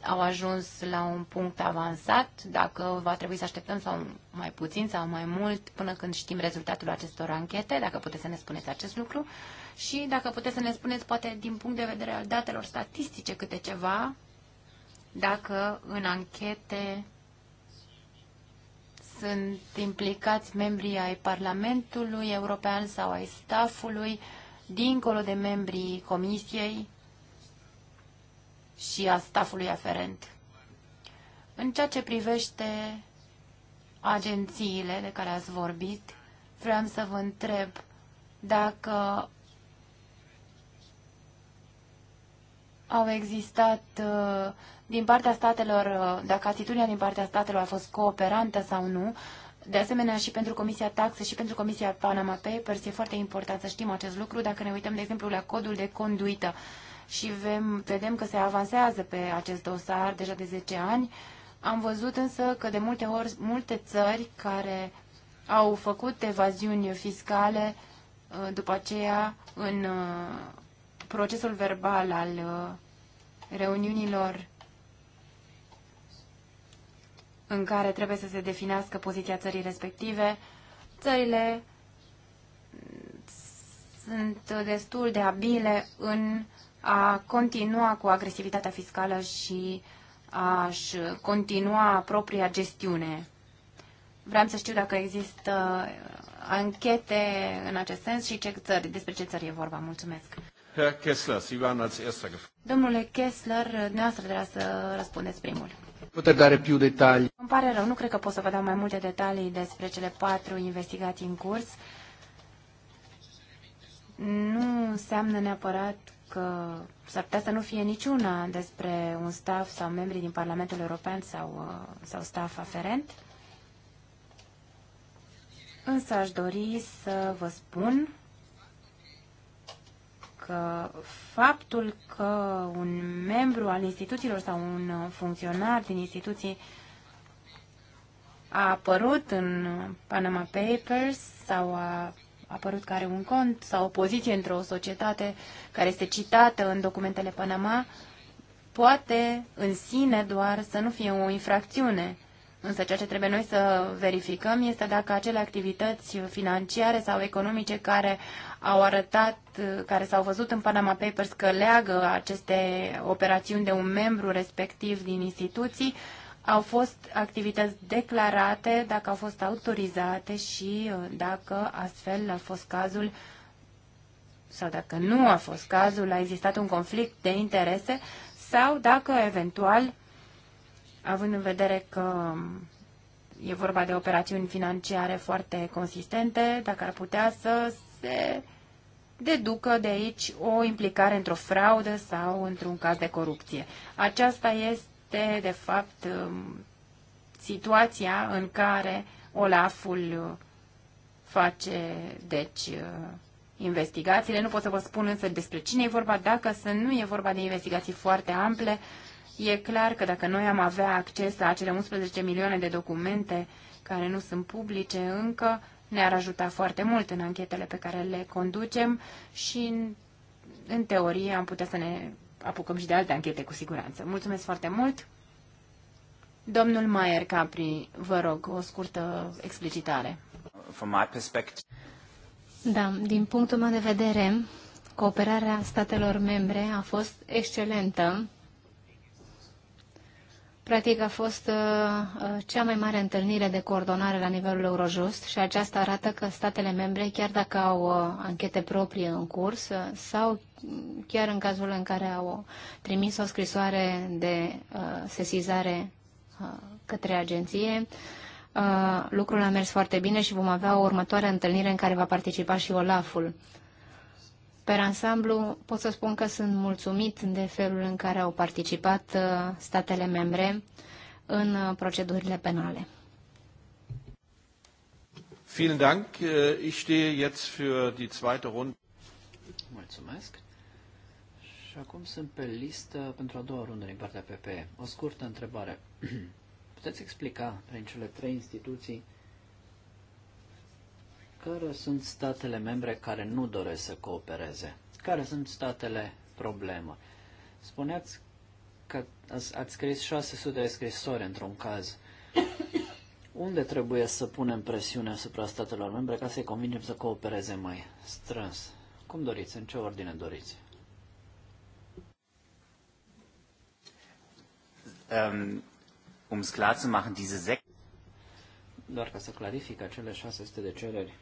au ajuns la un punct avansat, dacă va trebui să așteptăm sau mai puțin sau mai mult până când știm rezultatul acestor anchete, dacă puteți să ne spuneți acest lucru și dacă puteți să ne spuneți poate din punct de vedere al datelor statistice câte ceva, dacă în anchete sunt implicați membrii ai Parlamentului European sau ai staffului dincolo de membrii Comisiei, și a stafului aferent. În ceea ce privește agențiile de care ați vorbit, vreau să vă întreb dacă au existat uh, din partea statelor, uh, dacă atitudinea din partea statelor a fost cooperantă sau nu, de asemenea, și pentru Comisia Taxe și pentru Comisia Panama Papers e foarte important să știm acest lucru dacă ne uităm, de exemplu, la codul de conduită. Uh, și vedem că se avansează pe acest dosar deja de 10 ani. Am văzut însă că de multe ori multe țări care au făcut evaziuni fiscale uh, după aceea în uh, procesul verbal al uh, reuniunilor în care trebuie să se definească poziția țării respective, țările sunt destul de abile în a continua cu agresivitatea fiscală și a-și continua propria gestiune. Vreau să știu dacă există uh, anchete în acest sens și ce țări, despre ce țări e vorba. Mulțumesc. Herr Kessler, Sie waren als erster Domnule Kessler, dumneavoastră trebuie să răspundeți primul. Puteți da più detalii. Îmi pare rău, nu cred că pot să vă dau mai multe detalii despre cele patru investigații în curs. Nu înseamnă neapărat că s-ar putea să nu fie niciuna despre un staff sau membrii din Parlamentul European sau, uh, sau staff aferent. Însă aș dori să vă spun că faptul că un membru al instituțiilor sau un funcționar din instituții a apărut în Panama Papers sau a apărut că are un cont sau o poziție într-o societate care este citată în documentele Panama, poate în sine doar să nu fie o infracțiune. Însă ceea ce trebuie noi să verificăm este dacă acele activități financiare sau economice care au arătat, care s-au văzut în Panama Papers că leagă aceste operațiuni de un membru respectiv din instituții, au fost activități declarate, dacă au fost autorizate și uh, dacă astfel a fost cazul sau dacă nu a fost cazul, a existat un conflict de interese sau dacă eventual, având în vedere că e vorba de operațiuni financiare foarte consistente, dacă ar putea să se deducă de aici o implicare într-o fraudă sau într-un caz de corupție. Aceasta este este, de fapt, um, situația în care Olaful uh, face, deci, uh, investigațiile. Nu pot să vă spun însă despre cine e vorba, dacă să nu e vorba de investigații foarte ample, E clar că dacă noi am avea acces la acele 11 milioane de documente care nu sunt publice încă, ne-ar ajuta foarte mult în anchetele pe care le conducem și, în, în teorie, am putea să ne apucăm și de alte anchete, cu siguranță. Mulțumesc foarte mult! Domnul Maier Capri, vă rog, o scurtă explicitare. From my Da, din punctul meu de vedere, cooperarea statelor membre a fost excelentă Practic a fost uh, uh, cea mai mare întâlnire de coordonare la nivelul Eurojust și aceasta arată că statele membre, chiar dacă au uh, anchete proprie în curs sau chiar în cazul în care au trimis o scrisoare de sesizare către agenție, lucrul a mers foarte bine și vom avea o următoare întâlnire în care va participa și Olaful. Pe ansamblu, pot să spun că sunt mulțumit de felul în care au participat uh, statele membre în uh, procedurile penale. Vielen Dank. Äh, ich stehe jetzt für die zweite Runde. Mulțumesc. Și acum sunt pe listă pentru a doua rundă din partea PP. O scurtă întrebare. Puteți explica prin cele trei instituții care sunt statele membre care nu doresc să coopereze? Care sunt statele problemă? Spuneați că ați scris 600 de scrisori într-un caz. Unde trebuie să punem presiune asupra statelor membre ca să-i convingem să coopereze mai strâns? Cum doriți? În ce ordine doriți? Um, um klar zu machen, diese sechs doar ca să clarific acele 600 de cereri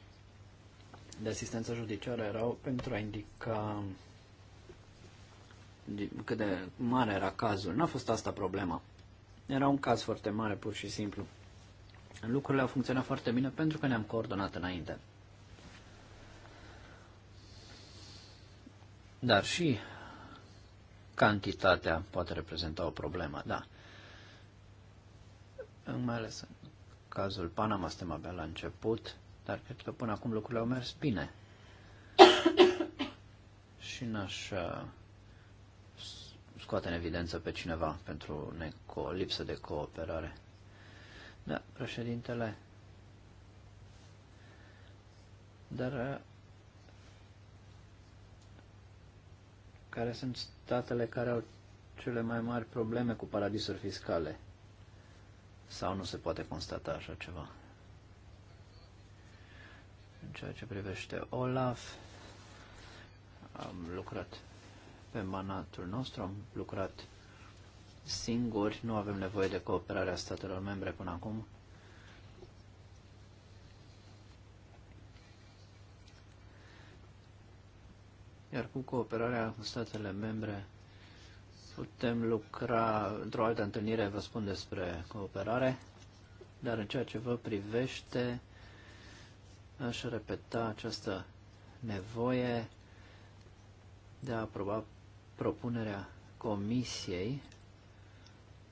de asistență judiciară erau pentru a indica cât de mare era cazul. N-a fost asta problema. Era un caz foarte mare, pur și simplu. Lucrurile au funcționat foarte bine pentru că ne-am coordonat înainte. Dar și cantitatea poate reprezenta o problemă, da. Mai ales în cazul Panama, suntem abia la început dar cred că până acum lucrurile au mers bine. și n-aș uh, scoate în evidență pe cineva pentru neco, lipsă de cooperare. Da, președintele. Dar uh, care sunt statele care au cele mai mari probleme cu paradisuri fiscale? Sau nu se poate constata așa ceva? ceea ce privește Olaf, am lucrat pe manatul nostru, am lucrat singuri, nu avem nevoie de cooperarea statelor membre până acum. Iar cu cooperarea cu statele membre putem lucra într-o altă întâlnire, vă spun despre cooperare, dar în ceea ce vă privește, aș repeta această nevoie de a aproba propunerea Comisiei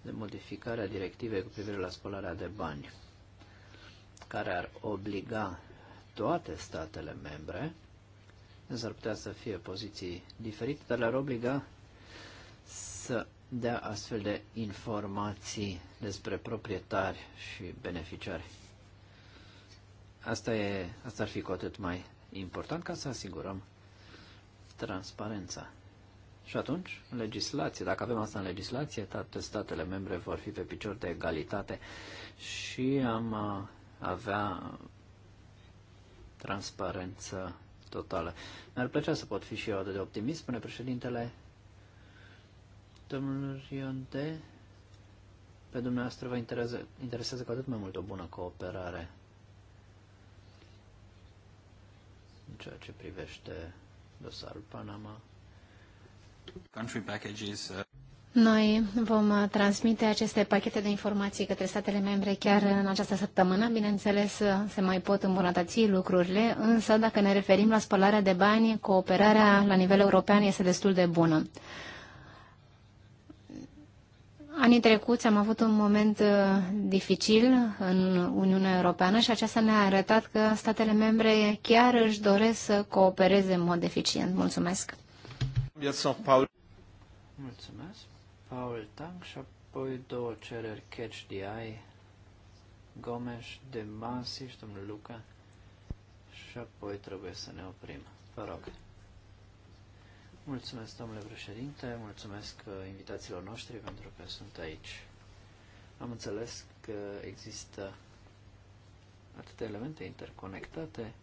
de modificare a directivei cu privire la spălarea de bani, care ar obliga toate statele membre, s-ar putea să fie poziții diferite, dar le-ar obliga să dea astfel de informații despre proprietari și beneficiari. Asta, e, asta ar fi cu atât mai important ca să asigurăm transparența. Și atunci, în legislație, dacă avem asta în legislație, toate statele membre vor fi pe picior de egalitate și am uh, avea transparență totală. Mi-ar plăcea să pot fi și eu atât de optimist, spune președintele domnul Rionde. Pe dumneavoastră vă interesează, interesează cu atât mai mult o bună cooperare în ceea ce privește dosarul Panama. Country packages, uh... Noi vom uh, transmite aceste pachete de informații către statele membre chiar în această săptămână. Bineînțeles, uh, se mai pot îmbunătăți lucrurile, însă dacă ne referim la spălarea de bani, cooperarea la nivel european este destul de bună. Anii trecuți am avut un moment uh, dificil în Uniunea Europeană și aceasta ne-a arătat că statele membre chiar își doresc să coopereze în mod eficient. Mulțumesc! Mulțumesc! Paul Tang și apoi două cereri catch the eye, Gomes, de Masi și domnul Luca și apoi trebuie să ne oprim. Vă rog! Mulțumesc, domnule președinte, mulțumesc uh, invitațiilor noștri pentru că sunt aici. Am înțeles că există atâtea elemente interconectate.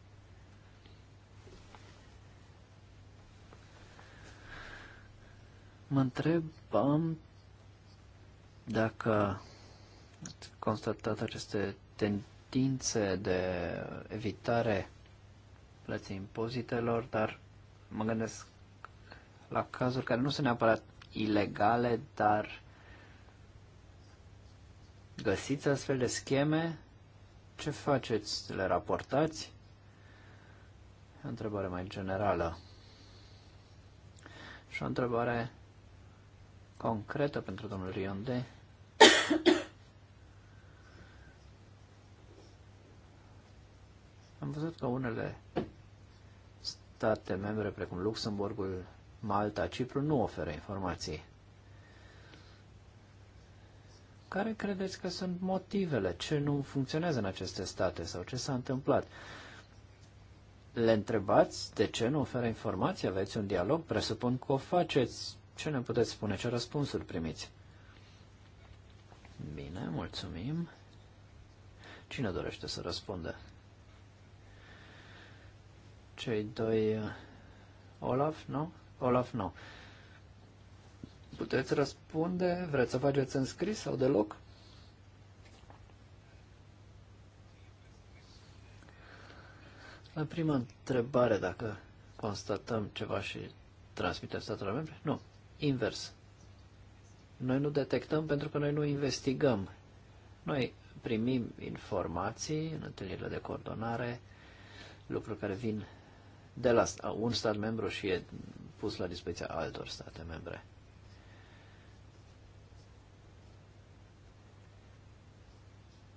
Mă întrebam dacă ați constatat aceste tendințe de evitare plății impozitelor, dar mă gândesc la cazuri care nu sunt neapărat ilegale, dar găsiți astfel de scheme? Ce faceți? Le raportați? E o întrebare mai generală. Și o întrebare concretă pentru domnul Rionde. Am văzut că unele state membre, precum Luxemburgul, Malta, Cipru nu oferă informații. Care credeți că sunt motivele? Ce nu funcționează în aceste state sau ce s-a întâmplat? Le întrebați de ce nu oferă informații? Aveți un dialog? Presupun că o faceți. Ce ne puteți spune? Ce răspunsuri primiți? Bine, mulțumim. Cine dorește să răspundă? Cei doi... Uh, Olaf, nu? Olaf nu. Puteți răspunde? Vreți să faceți în scris sau deloc? La prima întrebare, dacă constatăm ceva și transmitem statelor membre? Nu. Invers. Noi nu detectăm pentru că noi nu investigăm. Noi primim informații în întâlnirile de coordonare, lucruri care vin de la un stat membru și e pus la dispoziția altor state membre.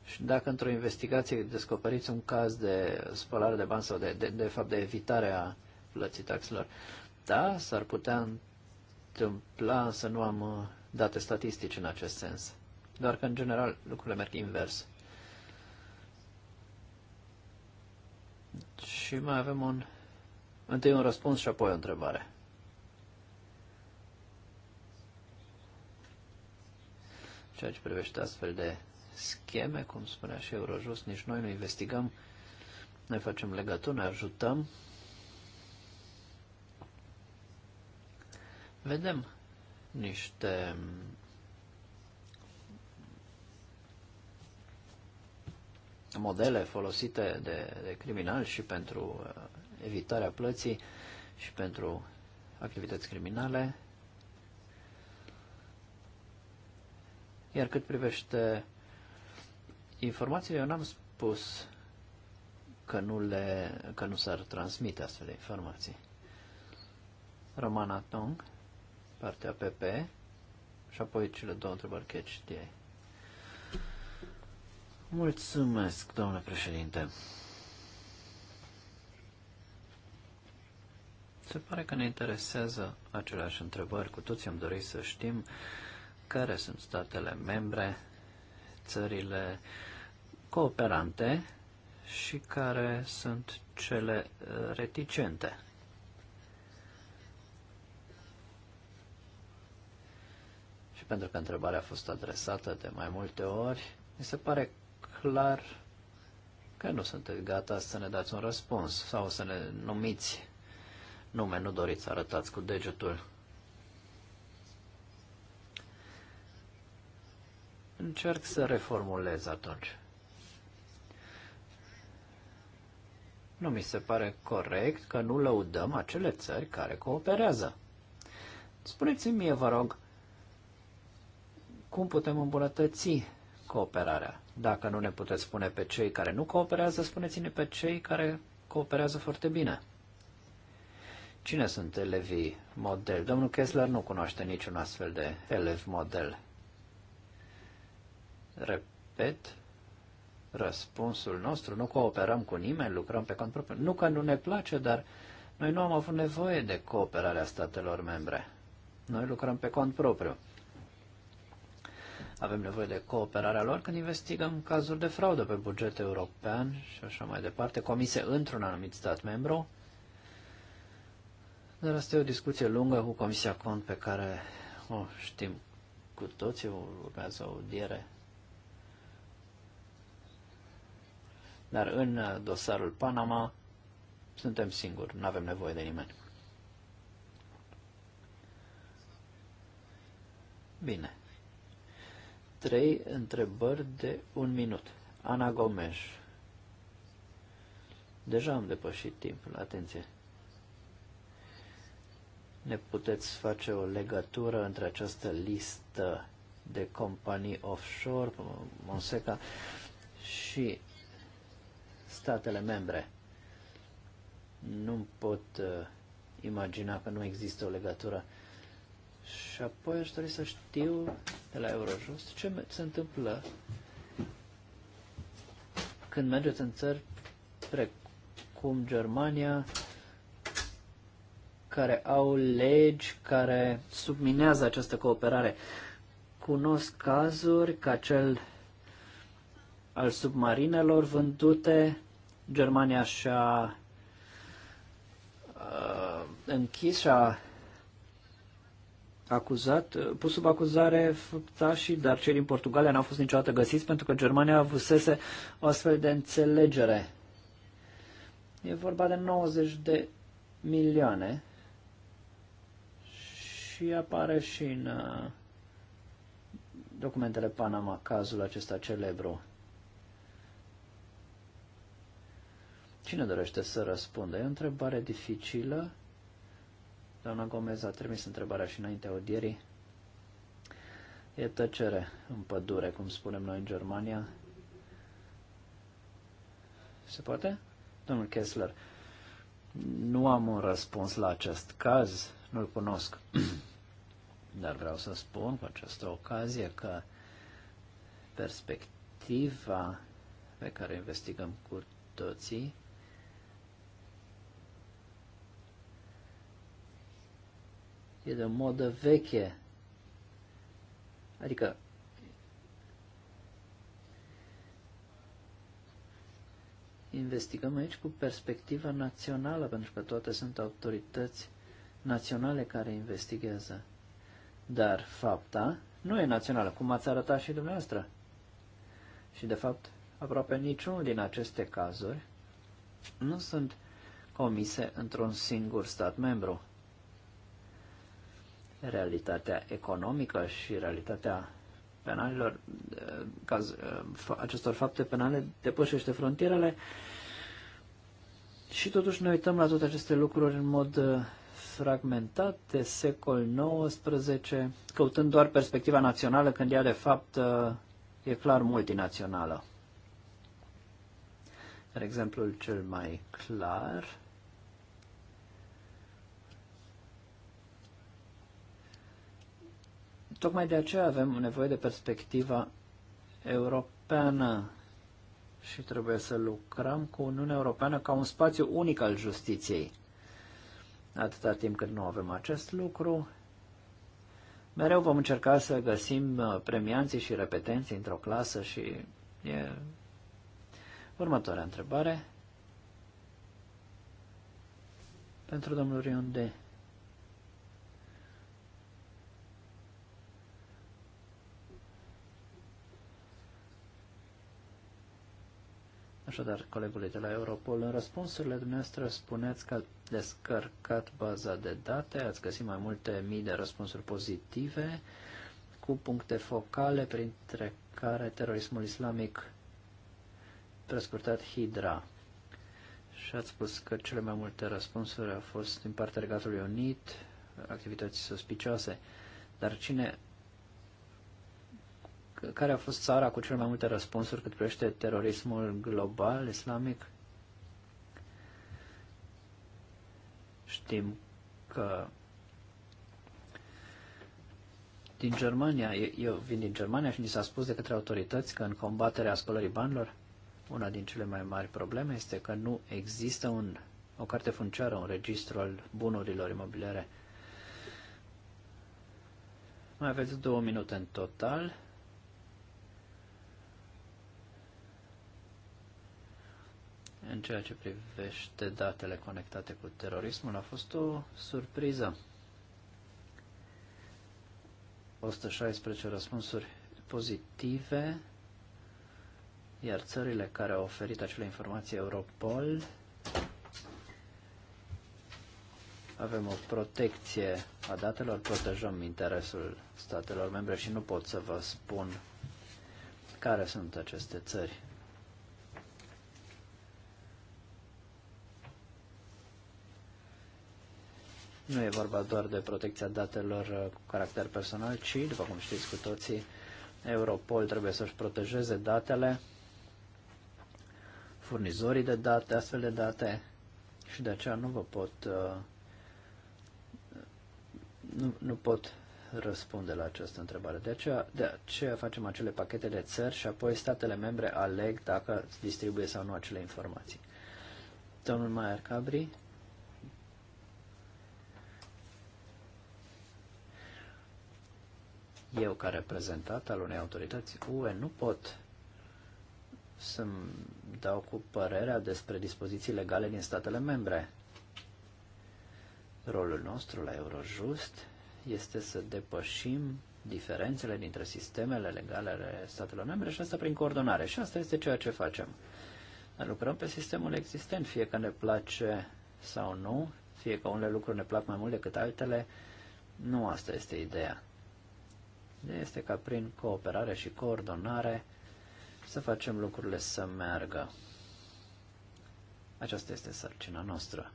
Și dacă într-o investigație descoperiți un caz de spălare de bani sau de, de, de fapt de evitare a plății taxelor, da, s-ar putea întâmpla, să nu am uh, date statistici în acest sens. Doar că, în general, lucrurile merg invers. Și mai avem un... Întâi un răspuns și apoi o întrebare. ceea ce privește astfel de scheme, cum spunea și Eurojust, nici noi nu investigăm, noi facem legături, ne ajutăm. Vedem niște modele folosite de, de criminali și pentru uh, evitarea plății și pentru activități criminale. Iar cât privește informațiile, eu n-am spus că nu, le, că nu s-ar transmite astfel de informații. Romana Tong, partea PP, și apoi cele două întrebări catch de ei. Mulțumesc, domnule președinte. Se pare că ne interesează aceleași întrebări. Cu toții am dorit să știm care sunt statele membre, țările cooperante și care sunt cele uh, reticente. Și pentru că întrebarea a fost adresată de mai multe ori, mi se pare clar că nu sunteți gata să ne dați un răspuns sau să ne numiți nume, nu doriți să arătați cu degetul. Încerc să reformulez atunci. Nu mi se pare corect că nu lăudăm acele țări care cooperează. Spuneți-mi mie, vă rog, cum putem îmbunătăți cooperarea? Dacă nu ne puteți spune pe cei care nu cooperează, spuneți-ne pe cei care cooperează foarte bine. Cine sunt elevii model? Domnul Kessler nu cunoaște niciun astfel de elev model. Repet, răspunsul nostru, nu cooperăm cu nimeni, lucrăm pe cont propriu. Nu că nu ne place, dar noi nu am avut nevoie de cooperarea statelor membre. Noi lucrăm pe cont propriu. Avem nevoie de cooperarea lor când investigăm cazuri de fraudă pe buget european și așa mai departe, comise într-un anumit stat membru. Dar asta e o discuție lungă cu Comisia Cont pe care o știm cu toții, urmează o audiere Dar în uh, dosarul Panama suntem singuri, nu avem nevoie de nimeni. Bine. Trei întrebări de un minut. Ana Gomes. Deja am depășit timpul, atenție. Ne puteți face o legătură între această listă de companii offshore, Monseca, și statele membre. Nu pot uh, imagina că nu există o legătură. Și apoi aș dori să știu de la Eurojust ce se întâmplă când mergeți în țări precum Germania, care au legi care subminează această cooperare. Cunosc cazuri ca cel al submarinelor vândute Germania și-a uh, închis și a acuzat, pus sub acuzare și dar cei din Portugalia n-au fost niciodată găsiți pentru că Germania avusese o astfel de înțelegere. E vorba de 90 de milioane și apare și în uh, documentele Panama cazul acesta celebru. Cine dorește să răspundă? E o întrebare dificilă. Doamna Gomez a trimis întrebarea și înainte audierii. E tăcere în pădure, cum spunem noi în Germania. Se poate? Domnul Kessler, nu am un răspuns la acest caz, nu-l cunosc. Dar vreau să spun cu această ocazie că perspectiva pe care o investigăm cu toții e de modă veche. Adică investigăm aici cu perspectiva națională, pentru că toate sunt autorități naționale care investigează. Dar fapta nu e națională, cum ați arătat și dumneavoastră. Și, de fapt, aproape niciunul din aceste cazuri nu sunt comise într-un singur stat membru realitatea economică și realitatea penalilor, eh, caz, eh, acestor fapte penale depășește frontierele și totuși ne uităm la toate aceste lucruri în mod eh, fragmentat de secol XIX, căutând doar perspectiva națională când ea de fapt e clar multinațională. Dar exemplul cel mai clar Tocmai de aceea avem nevoie de perspectiva europeană și trebuie să lucrăm cu Uniunea Europeană ca un spațiu unic al justiției. Atâta timp cât nu avem acest lucru, mereu vom încerca să găsim uh, premianții și repetenții într-o clasă și e... Următoarea întrebare pentru domnul Rionde. de Așadar, colegului de la Europol, în răspunsurile dumneavoastră spuneți că ați descărcat baza de date, ați găsit mai multe mii de răspunsuri pozitive cu puncte focale, printre care terorismul islamic prescurtat Hidra. Și ați spus că cele mai multe răspunsuri au fost din partea Regatului Unit, activități suspicioase. Dar cine care a fost țara cu cel mai multe răspunsuri cât privește terorismul global islamic? Știm că din Germania, eu vin din Germania și ni s-a spus de către autorități că în combaterea spălării banilor, una din cele mai mari probleme este că nu există un, o carte funciară, un registru al bunurilor imobiliare. Mai aveți două minute în total. în ceea ce privește datele conectate cu terorismul a fost o surpriză. 116 răspunsuri pozitive, iar țările care au oferit acele informații Europol avem o protecție a datelor, protejăm interesul statelor membre și nu pot să vă spun care sunt aceste țări. Nu e vorba doar de protecția datelor uh, cu caracter personal, ci, după cum știți cu toții, Europol trebuie să-și protejeze datele, furnizorii de date, astfel de date și de aceea nu vă pot uh, nu, nu pot răspunde la această întrebare. De aceea, de aceea facem acele pachete de țări și apoi statele membre aleg dacă distribuie sau nu acele informații. Domnul Maier Cabri. eu ca reprezentant al unei autorități UE nu pot să-mi dau cu părerea despre dispoziții legale din statele membre. Rolul nostru la Eurojust este să depășim diferențele dintre sistemele legale ale statelor membre și asta prin coordonare. Și asta este ceea ce facem. lucrăm pe sistemul existent, fie că ne place sau nu, fie că unele lucruri ne plac mai mult decât altele, nu asta este ideea. Ideea este ca prin cooperare și coordonare să facem lucrurile să meargă. Aceasta este sarcina noastră.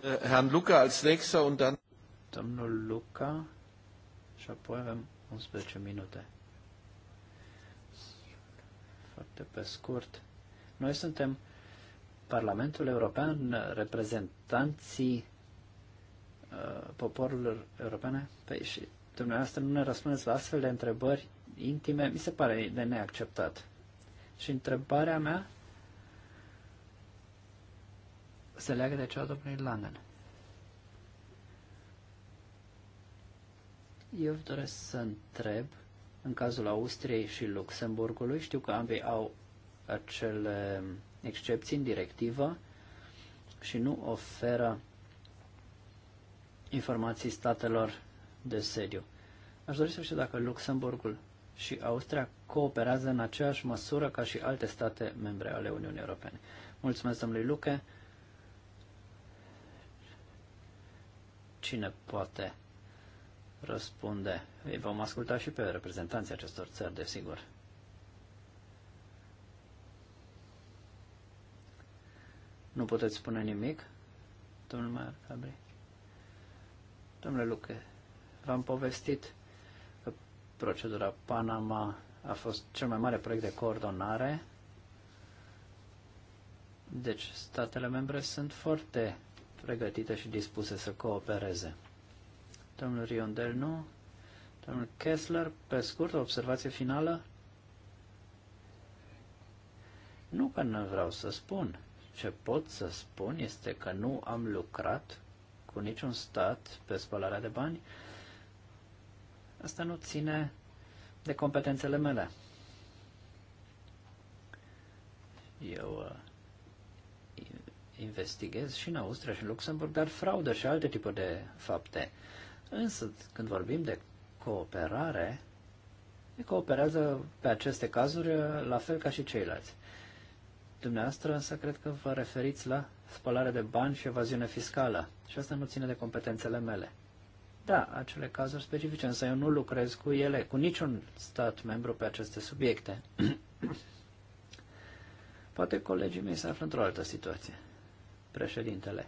Äh, Herrn Luca als nächster und dann Domnul Luca și apoi avem 11 minute. Foarte pe scurt. Noi suntem Parlamentul European, reprezentanții Uh, poporilor europene? Păi și dumneavoastră nu ne răspundeți la astfel de întrebări intime, mi se pare de neacceptat. Și întrebarea mea se leagă de cea a domnului Langen. Eu doresc să întreb, în cazul Austriei și Luxemburgului, știu că ambii au acele excepții în directivă și nu oferă informații statelor de sediu. Aș dori să știu dacă Luxemburgul și Austria cooperează în aceeași măsură ca și alte state membre ale Uniunii Europene. Mulțumesc domnului Luche. Cine poate răspunde? Ei vom asculta și pe reprezentanții acestor țări, desigur. Nu puteți spune nimic, domnul Maier Cabri? Domnule Luche, v-am povestit că procedura Panama a fost cel mai mare proiect de coordonare. Deci statele membre sunt foarte pregătite și dispuse să coopereze. Domnul Riondel nu. Domnul Kessler, pe scurt, o observație finală? Nu că nu vreau să spun. Ce pot să spun este că nu am lucrat cu niciun stat pe spălarea de bani, asta nu ține de competențele mele. Eu uh, investighez și în Austria și în Luxemburg, dar fraudă și alte tipuri de fapte. Însă, când vorbim de cooperare, cooperează pe aceste cazuri uh, la fel ca și ceilalți. Dumneavoastră însă cred că vă referiți la spălare de bani și evaziune fiscală. Și asta nu ține de competențele mele. Da, acele cazuri specifice, însă eu nu lucrez cu ele, cu niciun stat membru pe aceste subiecte. Poate colegii mei se află într-o altă situație. Președintele,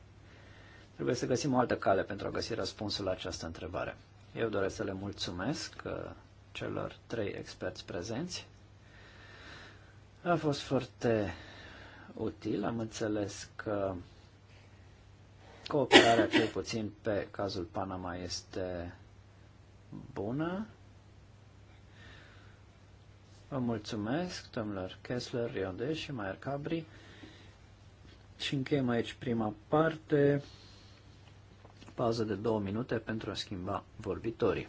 trebuie să găsim o altă cale pentru a găsi răspunsul la această întrebare. Eu doresc să le mulțumesc uh, celor trei experți prezenți. A fost foarte util. Am înțeles că cooperarea cel puțin pe cazul Panama este bună. Vă mulțumesc, domnilor Kessler, Riode și Maier Cabri. Și încheiem aici prima parte. Pauză de două minute pentru a schimba vorbitorii.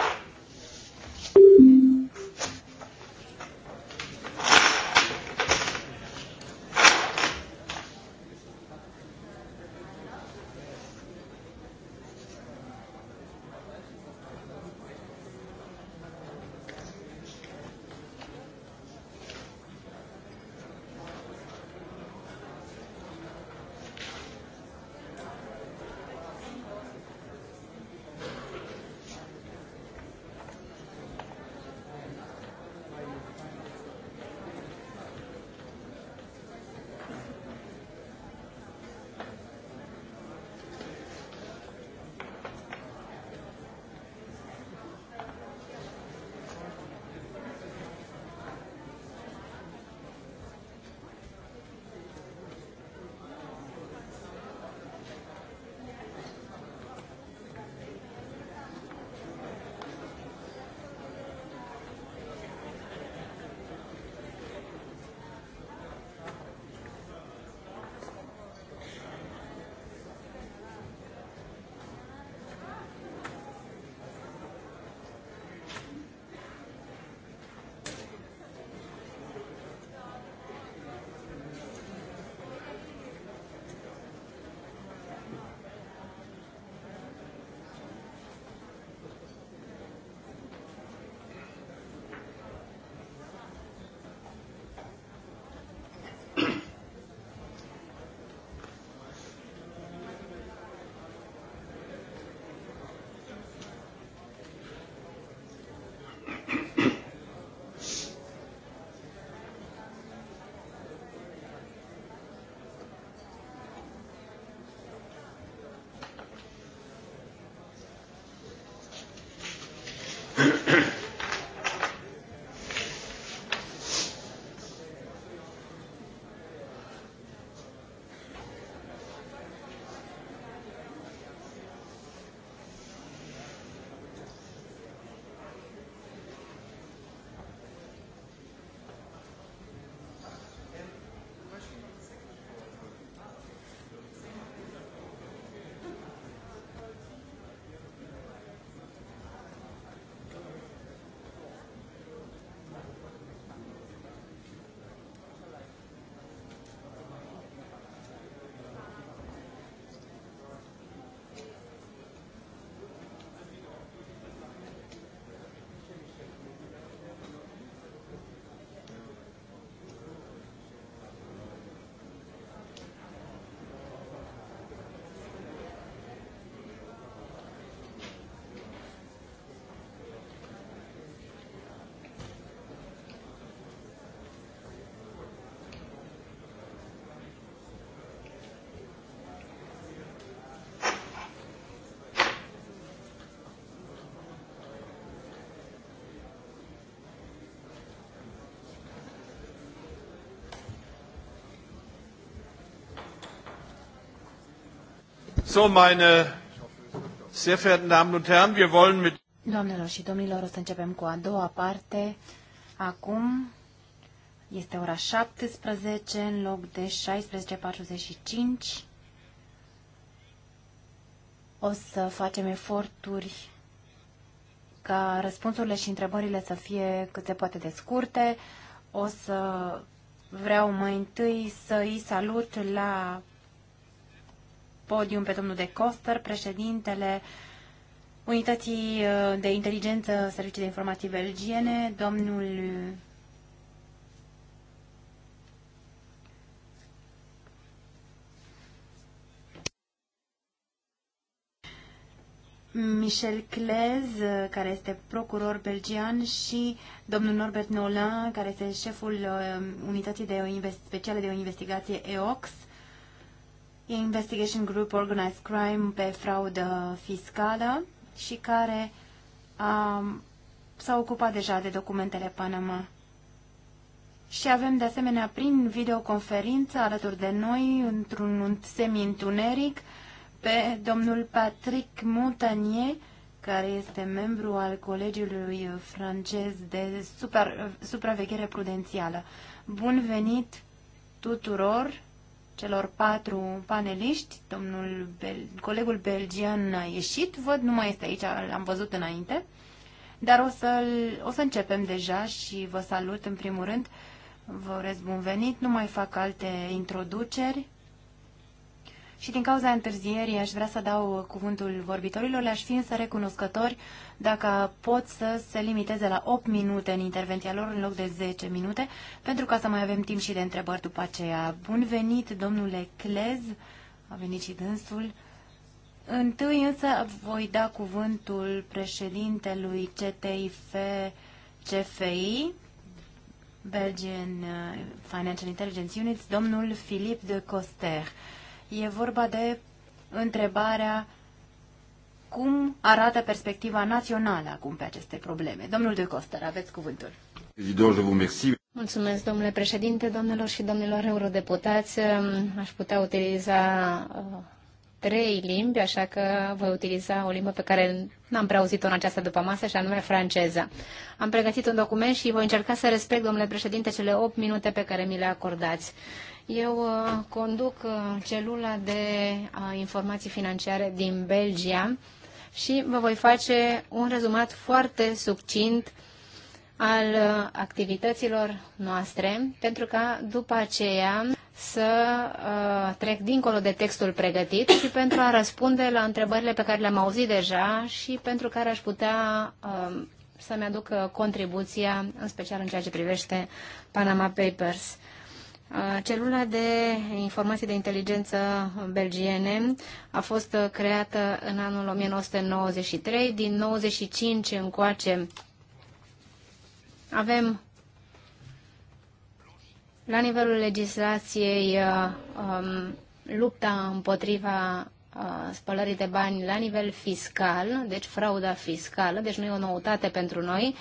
So, meine sehr verehrten Damen und Herren, wir wollen mit... Doamnelor și domnilor, o să începem cu a doua parte. Acum este ora 17 în loc de 16.45. O să facem eforturi ca răspunsurile și întrebările să fie cât se poate de scurte. O să vreau mai întâi să îi salut la podium pe domnul De Coster, președintele Unității uh, de Inteligență Servicii de Informații Belgiene, domnul Michel Clez, uh, care este procuror belgian, și domnul Norbert Nolan, care este șeful uh, Unității de Speciale de Investigație EOX. Investigation Group Organized Crime pe fraudă fiscală și care s-a ocupat deja de documentele Panama. Și avem de asemenea prin videoconferință alături de noi, într-un semi-întuneric, pe domnul Patrick Montagnier, care este membru al Colegiului francez de super, supraveghere prudențială. Bun venit tuturor! celor patru paneliști. Domnul Bel, colegul belgian a ieșit, văd, nu mai este aici, l-am văzut înainte, dar o să, o să începem deja și vă salut în primul rând. Vă urez bun venit, nu mai fac alte introduceri și din cauza întârzierii aș vrea să dau cuvântul vorbitorilor. Le-aș fi însă recunoscători dacă pot să se limiteze la 8 minute în intervenția lor în loc de 10 minute, pentru ca să mai avem timp și de întrebări după aceea. Bun venit, domnule Clez, a venit și dânsul. Întâi însă voi da cuvântul președintelui CTIF CFI, Belgian uh, Financial Intelligence Units, domnul Philippe de Coster. E vorba de întrebarea cum arată perspectiva națională acum pe aceste probleme. Domnul de Coster, aveți cuvântul. Mulțumesc, domnule președinte, domnilor și domnilor eurodeputați. Aș putea utiliza uh, trei limbi, așa că voi utiliza o limbă pe care n-am prea auzit-o în această după masă, și anume franceza. Am pregătit un document și voi încerca să respect, domnule președinte, cele 8 minute pe care mi le acordați. Eu uh, conduc uh, celula de uh, informații financiare din Belgia și vă voi face un rezumat foarte succint al activităților noastre, pentru ca după aceea să trec dincolo de textul pregătit și pentru a răspunde la întrebările pe care le-am auzit deja și pentru care aș putea um, să-mi aduc contribuția, în special în ceea ce privește Panama Papers. Uh, celula de informații de inteligență belgiene a fost uh, creată în anul 1993. Din 95 încoace avem la nivelul legislației uh, um, lupta împotriva spălării de bani la nivel fiscal, deci frauda fiscală, deci nu e o noutate pentru noi,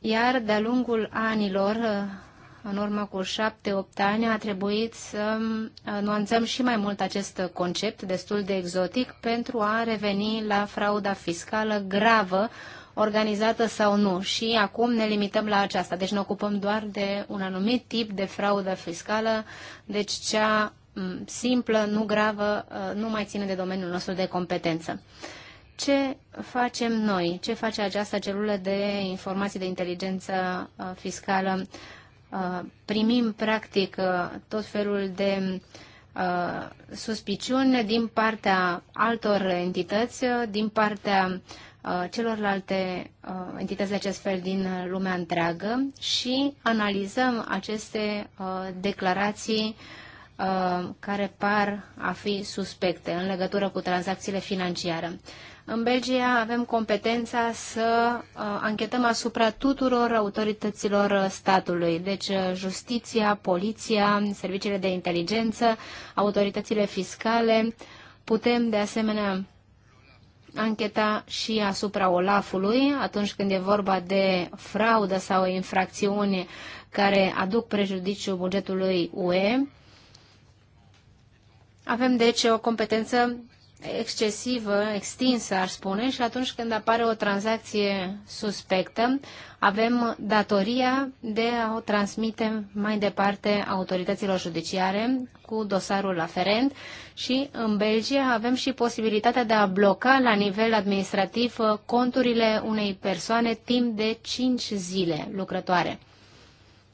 iar de-a lungul anilor în urmă cu șapte-opt ani, a trebuit să uh, nuanțăm și mai mult acest concept destul de exotic pentru a reveni la frauda fiscală gravă, organizată sau nu. Și acum ne limităm la aceasta. Deci ne ocupăm doar de un anumit tip de fraudă fiscală, deci cea mm, simplă, nu gravă, uh, nu mai ține de domeniul nostru de competență. Ce facem noi? Ce face această celulă de informații de inteligență uh, fiscală Uh, primim practic uh, tot felul de uh, suspiciune din partea altor entități, din partea celorlalte entități de acest fel din lumea întreagă și analizăm aceste declarații care par a fi suspecte în legătură cu tranzacțiile financiare. În Belgia avem competența să uh, anchetăm asupra tuturor autorităților uh, statului, deci uh, justiția, poliția, serviciile de inteligență, autoritățile fiscale. Putem, de asemenea, ancheta și asupra Olafului atunci când e vorba de fraudă sau infracțiune care aduc prejudiciu bugetului UE. Avem deci o competență excesivă, extinsă, ar spune, și atunci când apare o tranzacție suspectă, avem datoria de a o transmite mai departe autorităților judiciare cu dosarul aferent și în Belgia avem și posibilitatea de a bloca la nivel administrativ conturile unei persoane timp de 5 zile lucrătoare.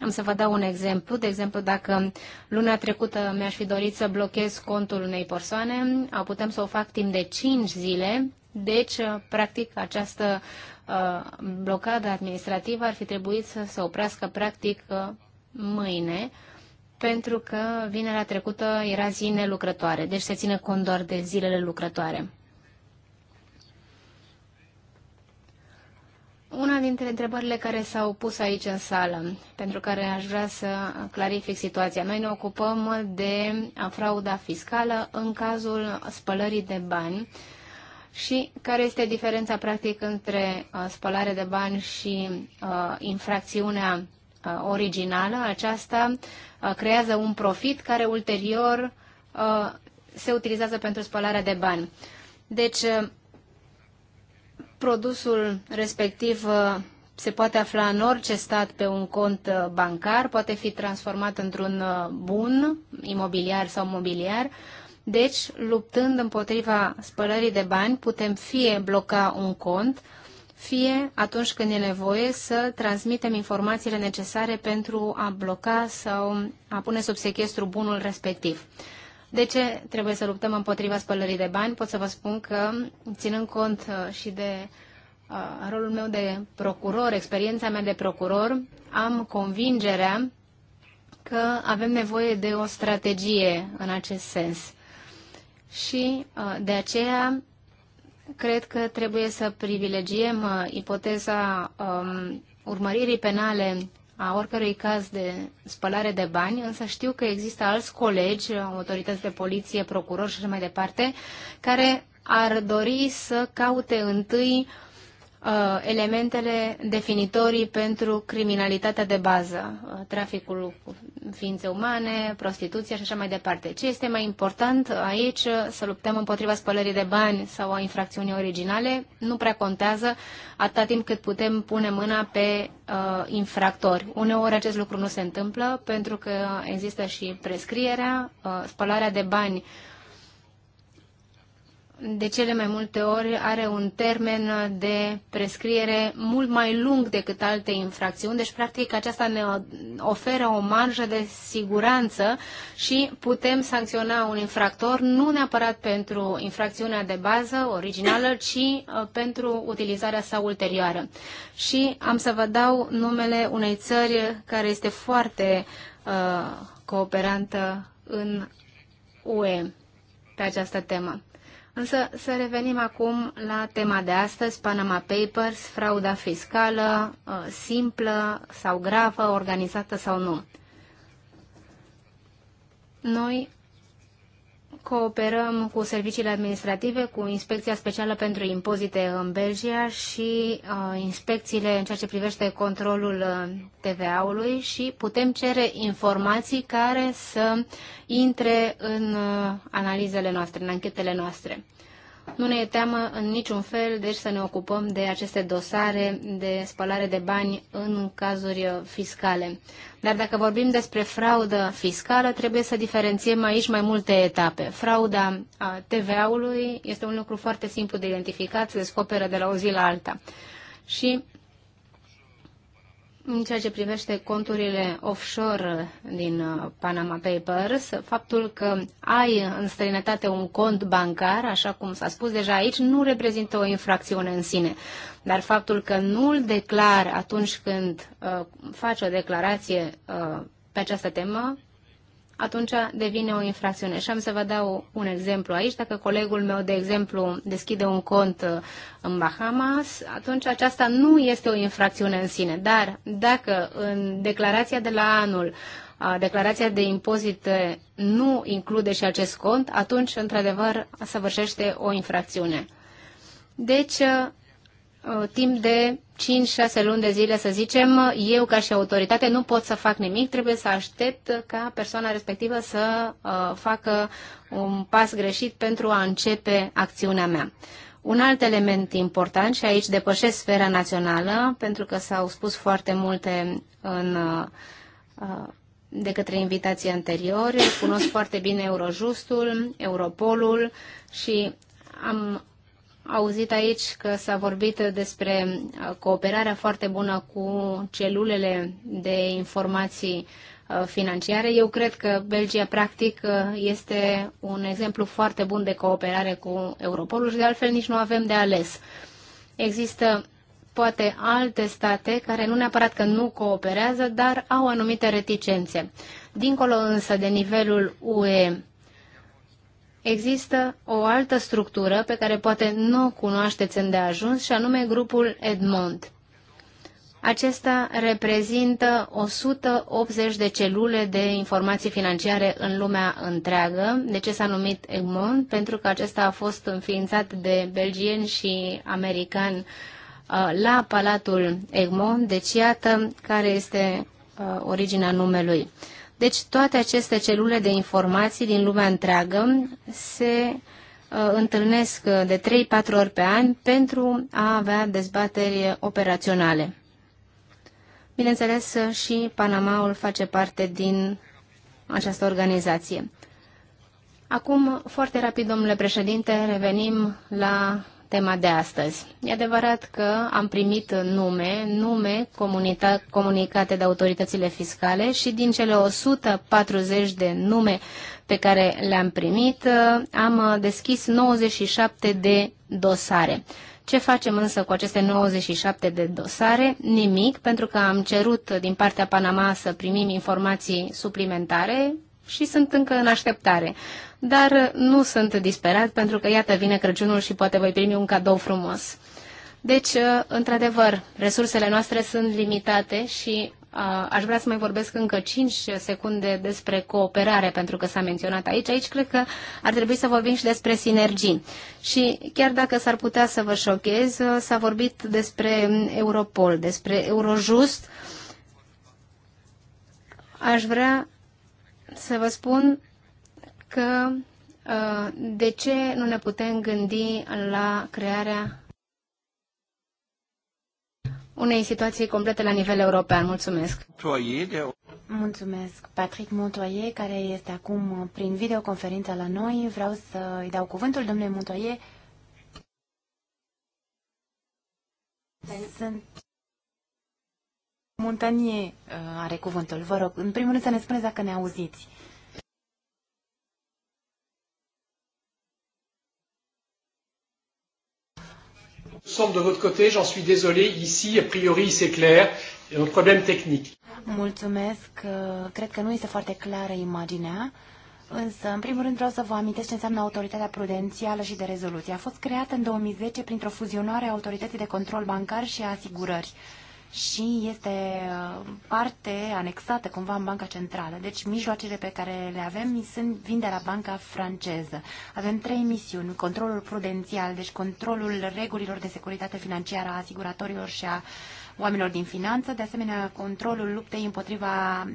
Am să vă dau un exemplu. De exemplu, dacă luna trecută mi-aș fi dorit să blochez contul unei persoane, putem să o fac timp de 5 zile, deci, uh, practic, această uh, blocadă administrativă ar fi trebuit să se oprească, practic, uh, mâine, pentru că vinerea trecută era zi nelucrătoare, deci se ține cont doar de zilele lucrătoare. una dintre întrebările care s-au pus aici în sală, pentru care aș vrea să clarific situația. Noi ne ocupăm de frauda fiscală în cazul spălării de bani și care este diferența practic între uh, spălare de bani și uh, infracțiunea uh, originală. Aceasta uh, creează un profit care ulterior uh, se utilizează pentru spălarea de bani. Deci, Produsul respectiv uh, se poate afla în orice stat pe un cont uh, bancar, poate fi transformat într-un uh, bun imobiliar sau mobiliar. Deci, luptând împotriva spălării de bani, putem fie bloca un cont, fie atunci când e nevoie să transmitem informațiile necesare pentru a bloca sau a pune sub sechestru bunul respectiv. De ce trebuie să luptăm împotriva spălării de bani? Pot să vă spun că, ținând cont uh, și de uh, rolul meu de procuror, experiența mea de procuror, am convingerea că avem nevoie de o strategie în acest sens. Și uh, de aceea cred că trebuie să privilegiem ipoteza um, urmăririi penale a oricărui caz de spălare de bani, însă știu că există alți colegi, autorități de poliție, procurori și așa mai departe, care ar dori să caute întâi uh, uh, elementele definitorii pentru criminalitatea de bază, uh, traficul cu ființe umane, prostituția și așa mai departe. Ce este mai important aici uh, să luptăm împotriva spălării de bani sau a infracțiunii originale? Nu prea contează atâta timp cât putem pune mâna pe uh, infractori. Uneori acest lucru nu se întâmplă pentru că există și prescrierea, uh, spălarea de bani uh, de cele mai multe ori are un termen de prescriere mult mai lung decât alte infracțiuni, deci practic aceasta ne oferă o marjă de siguranță și putem sancționa un infractor nu neapărat pentru infracțiunea de bază originală, ci uh, pentru utilizarea sa ulterioară. Și am să vă dau numele unei țări care este foarte uh, cooperantă în UE pe această temă. Însă să revenim acum la tema de astăzi, Panama Papers, frauda fiscală uh, simplă sau gravă, organizată sau nu. Noi Cooperăm cu serviciile administrative, cu Inspecția Specială pentru Impozite în Belgia și uh, inspecțiile în ceea ce privește controlul uh, TVA-ului și putem cere informații care să intre în uh, analizele noastre, în anchetele noastre. Nu ne e teamă în niciun fel, deci să ne ocupăm de aceste dosare de spălare de bani în cazuri fiscale. Dar dacă vorbim despre fraudă fiscală, trebuie să diferențiem aici mai multe etape. Frauda TVA-ului este un lucru foarte simplu de identificat, se descoperă de la o zi la alta. Și în ceea ce privește conturile offshore din uh, Panama Papers, faptul că ai în străinătate un cont bancar, așa cum s-a spus deja aici, nu reprezintă o infracțiune în sine. Dar faptul că nu îl declar atunci când uh, faci o declarație uh, pe această temă atunci devine o infracțiune. Și am să vă dau un exemplu aici. Dacă colegul meu, de exemplu, deschide un cont uh, în Bahamas, atunci aceasta nu este o infracțiune în sine. Dar dacă în declarația de la anul declarația de impozite nu include și acest cont, atunci, într-adevăr, săvârșește o infracțiune. Deci, uh, Uh, timp de 5-6 luni de zile, să zicem, eu ca și autoritate nu pot să fac nimic, trebuie să aștept ca persoana respectivă să uh, facă un pas greșit pentru a începe acțiunea mea. Un alt element important, și aici depășesc sfera națională, pentru că s-au spus foarte multe în, uh, de către invitații anteriori, cunosc foarte bine Eurojustul, Europolul și am auzit aici că s-a vorbit despre uh, cooperarea foarte bună cu celulele de informații uh, financiare. Eu cred că Belgia, practic, uh, este un exemplu foarte bun de cooperare cu Europolul și, de altfel, nici nu avem de ales. Există poate alte state care nu neapărat că nu cooperează, dar au anumite reticențe. Dincolo însă de nivelul UE există o altă structură pe care poate nu o cunoașteți îndeajuns și anume grupul Edmond. Acesta reprezintă 180 de celule de informații financiare în lumea întreagă. De ce s-a numit Egmont? Pentru că acesta a fost înființat de belgieni și americani uh, la Palatul Egmont. Deci iată care este uh, originea numelui. Deci toate aceste celule de informații din lumea întreagă se uh, întâlnesc uh, de 3-4 ori pe an pentru a avea dezbateri operaționale. Bineînțeles, uh, și Panamaul face parte din această organizație. Acum, foarte rapid, domnule președinte, revenim la tema de astăzi. E adevărat că am primit nume, nume comunicate de autoritățile fiscale și din cele 140 de nume pe care le-am primit, uh, am uh, deschis 97 de dosare. Ce facem însă cu aceste 97 de dosare? Nimic, pentru că am cerut din partea Panama să primim informații suplimentare și sunt încă în așteptare dar nu sunt disperat pentru că, iată, vine Crăciunul și poate voi primi un cadou frumos. Deci, uh, într-adevăr, resursele noastre sunt limitate și a, uh, aș vrea să mai vorbesc încă 5 secunde despre cooperare, pentru că s-a menționat aici. Aici cred că ar trebui să vorbim și despre sinergii. Și chiar dacă s-ar putea să vă șochez, uh, s-a vorbit despre um, Europol, despre Eurojust. Aș vrea să vă spun că uh, de ce nu ne putem gândi la crearea unei situații complete la nivel european. Mulțumesc! Mulțumesc! Patrick Montoyer, care este acum prin videoconferință la noi, vreau să îi dau cuvântul domnule Montoyer. Sunt... montanier uh, are cuvântul. Vă rog, în primul rând să ne spuneți dacă ne auziți. Sommes de votre côté, j'en suis désolé, ici, a priori, c'est clair, e un problème technique. Mulțumesc, cred că nu este foarte clară imaginea. Însă, în primul rând, vreau să vă amintesc ce înseamnă autoritatea prudențială și de rezoluție. A fost creată în 2010 printr-o fuzionare a autorității de control bancar și a asigurări și este uh, parte anexată cumva în Banca Centrală. Deci mijloacele pe care le avem sunt, vin de la Banca franceză. Avem trei misiuni, controlul prudențial, deci controlul regulilor de securitate financiară a asiguratorilor și a oamenilor din finanță, de asemenea controlul luptei împotriva uh,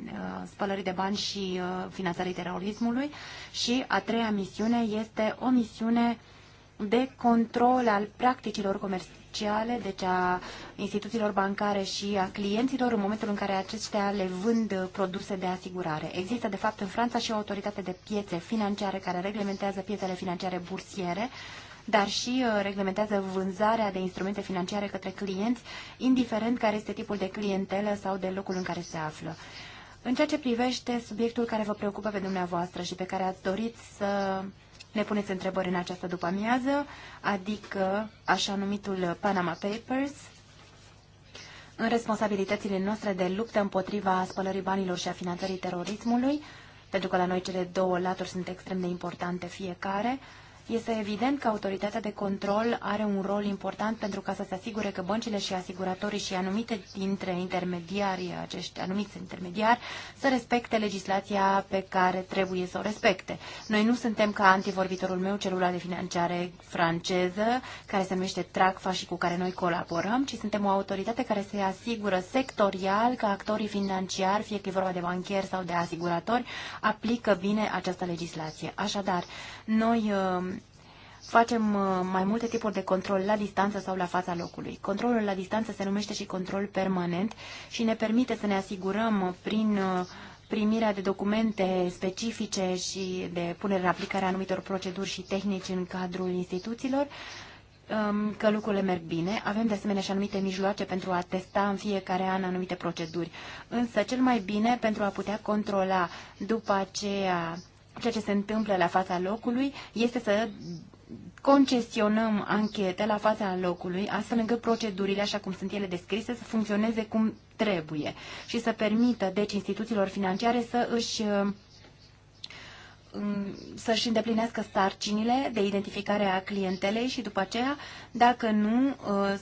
spălării de bani și uh, finanțării terorismului și a treia misiune este o misiune de control al practicilor comerciale comerciale, deci a instituțiilor bancare și a clienților în momentul în care acestea le vând produse de asigurare. Există, de fapt, în Franța și o autoritate de piețe financiare care reglementează piețele financiare bursiere, dar și uh, reglementează vânzarea de instrumente financiare către clienți, indiferent care este tipul de clientelă sau de locul în care se află. În ceea ce privește subiectul care vă preocupă pe dumneavoastră și pe care ați dorit să ne puneți întrebări în această după-amiază, adică așa numitul Panama Papers, în responsabilitățile noastre de luptă împotriva spălării banilor și a finanțării terorismului, pentru că la noi cele două laturi sunt extrem de importante fiecare, este evident că autoritatea de control are un rol important pentru ca să se asigure că băncile și asiguratorii și anumite dintre intermediari, acești anumiți intermediari, să respecte legislația pe care trebuie să o respecte. Noi nu suntem ca antivorbitorul meu, celula de financiare franceză, care se numește TRACFA și cu care noi colaborăm, ci suntem o autoritate care se asigură sectorial că actorii financiari, fie că e vorba de bancheri sau de asiguratori, aplică bine această legislație. Așadar, noi uh, facem uh, mai multe tipuri de control la distanță sau la fața locului. Controlul la distanță se numește și control permanent și ne permite să ne asigurăm prin uh, primirea de documente specifice și de punere în aplicare a anumitor proceduri și tehnici în cadrul instituțiilor, um, că lucrurile merg bine. Avem de asemenea și anumite mijloace pentru a testa în fiecare an anumite proceduri. Însă cel mai bine pentru a putea controla după aceea ceea ce se întâmplă la fața locului este să concesionăm anchete la fața locului, astfel încât procedurile, așa cum sunt ele descrise, să funcționeze cum trebuie și să permită, deci, instituțiilor financiare să își Um, să-și îndeplinească sarcinile de identificare a clientelei și după aceea, dacă nu, uh,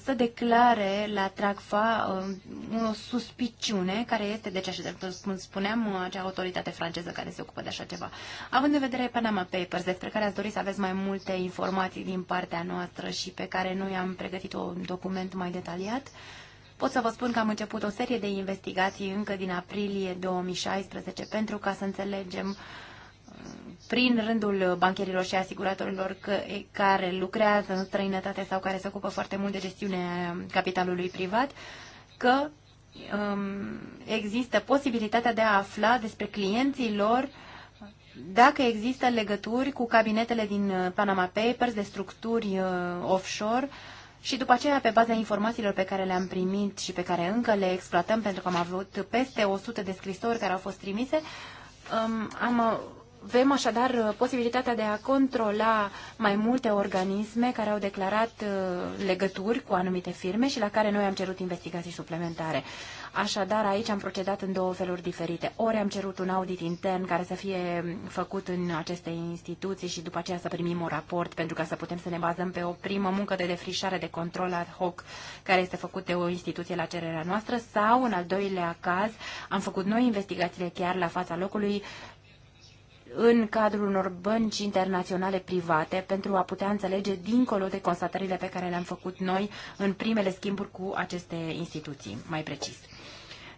să declare la TRACFA um, o suspiciune, care este, deci, așa cum spuneam, uh, acea autoritate franceză care se ocupă de așa ceva. Având în vedere Panama Papers, despre care ați dori să aveți mai multe informații din partea noastră și pe care noi am pregătit un document mai detaliat, Pot să vă spun că am început o serie de investigații încă din aprilie 2016 pentru ca să înțelegem uh, prin rândul bancherilor și asiguratorilor că, care lucrează în străinătate sau care se ocupă foarte mult de gestiunea capitalului privat, că um, există posibilitatea de a afla despre clienții lor dacă există legături cu cabinetele din Panama Papers, de structuri uh, offshore și după aceea, pe baza informațiilor pe care le-am primit și pe care încă le exploatăm, pentru că am avut peste 100 de scrisori care au fost trimise, um, am avem așadar uh, posibilitatea de a controla mai multe organisme care au declarat uh, legături cu anumite firme și la care noi am cerut investigații suplimentare. Așadar, aici am procedat în două feluri diferite. Ori am cerut un audit intern care să fie mm, făcut în aceste instituții și după aceea să primim un raport pentru ca să putem să ne bazăm pe o primă muncă de defrișare de control ad hoc care este făcut de o instituție la cererea noastră sau, în al doilea caz, am făcut noi investigațiile chiar la fața locului în cadrul unor bănci internaționale private pentru a putea înțelege dincolo de constatările pe care le-am făcut noi în primele schimburi cu aceste instituții, mai precis.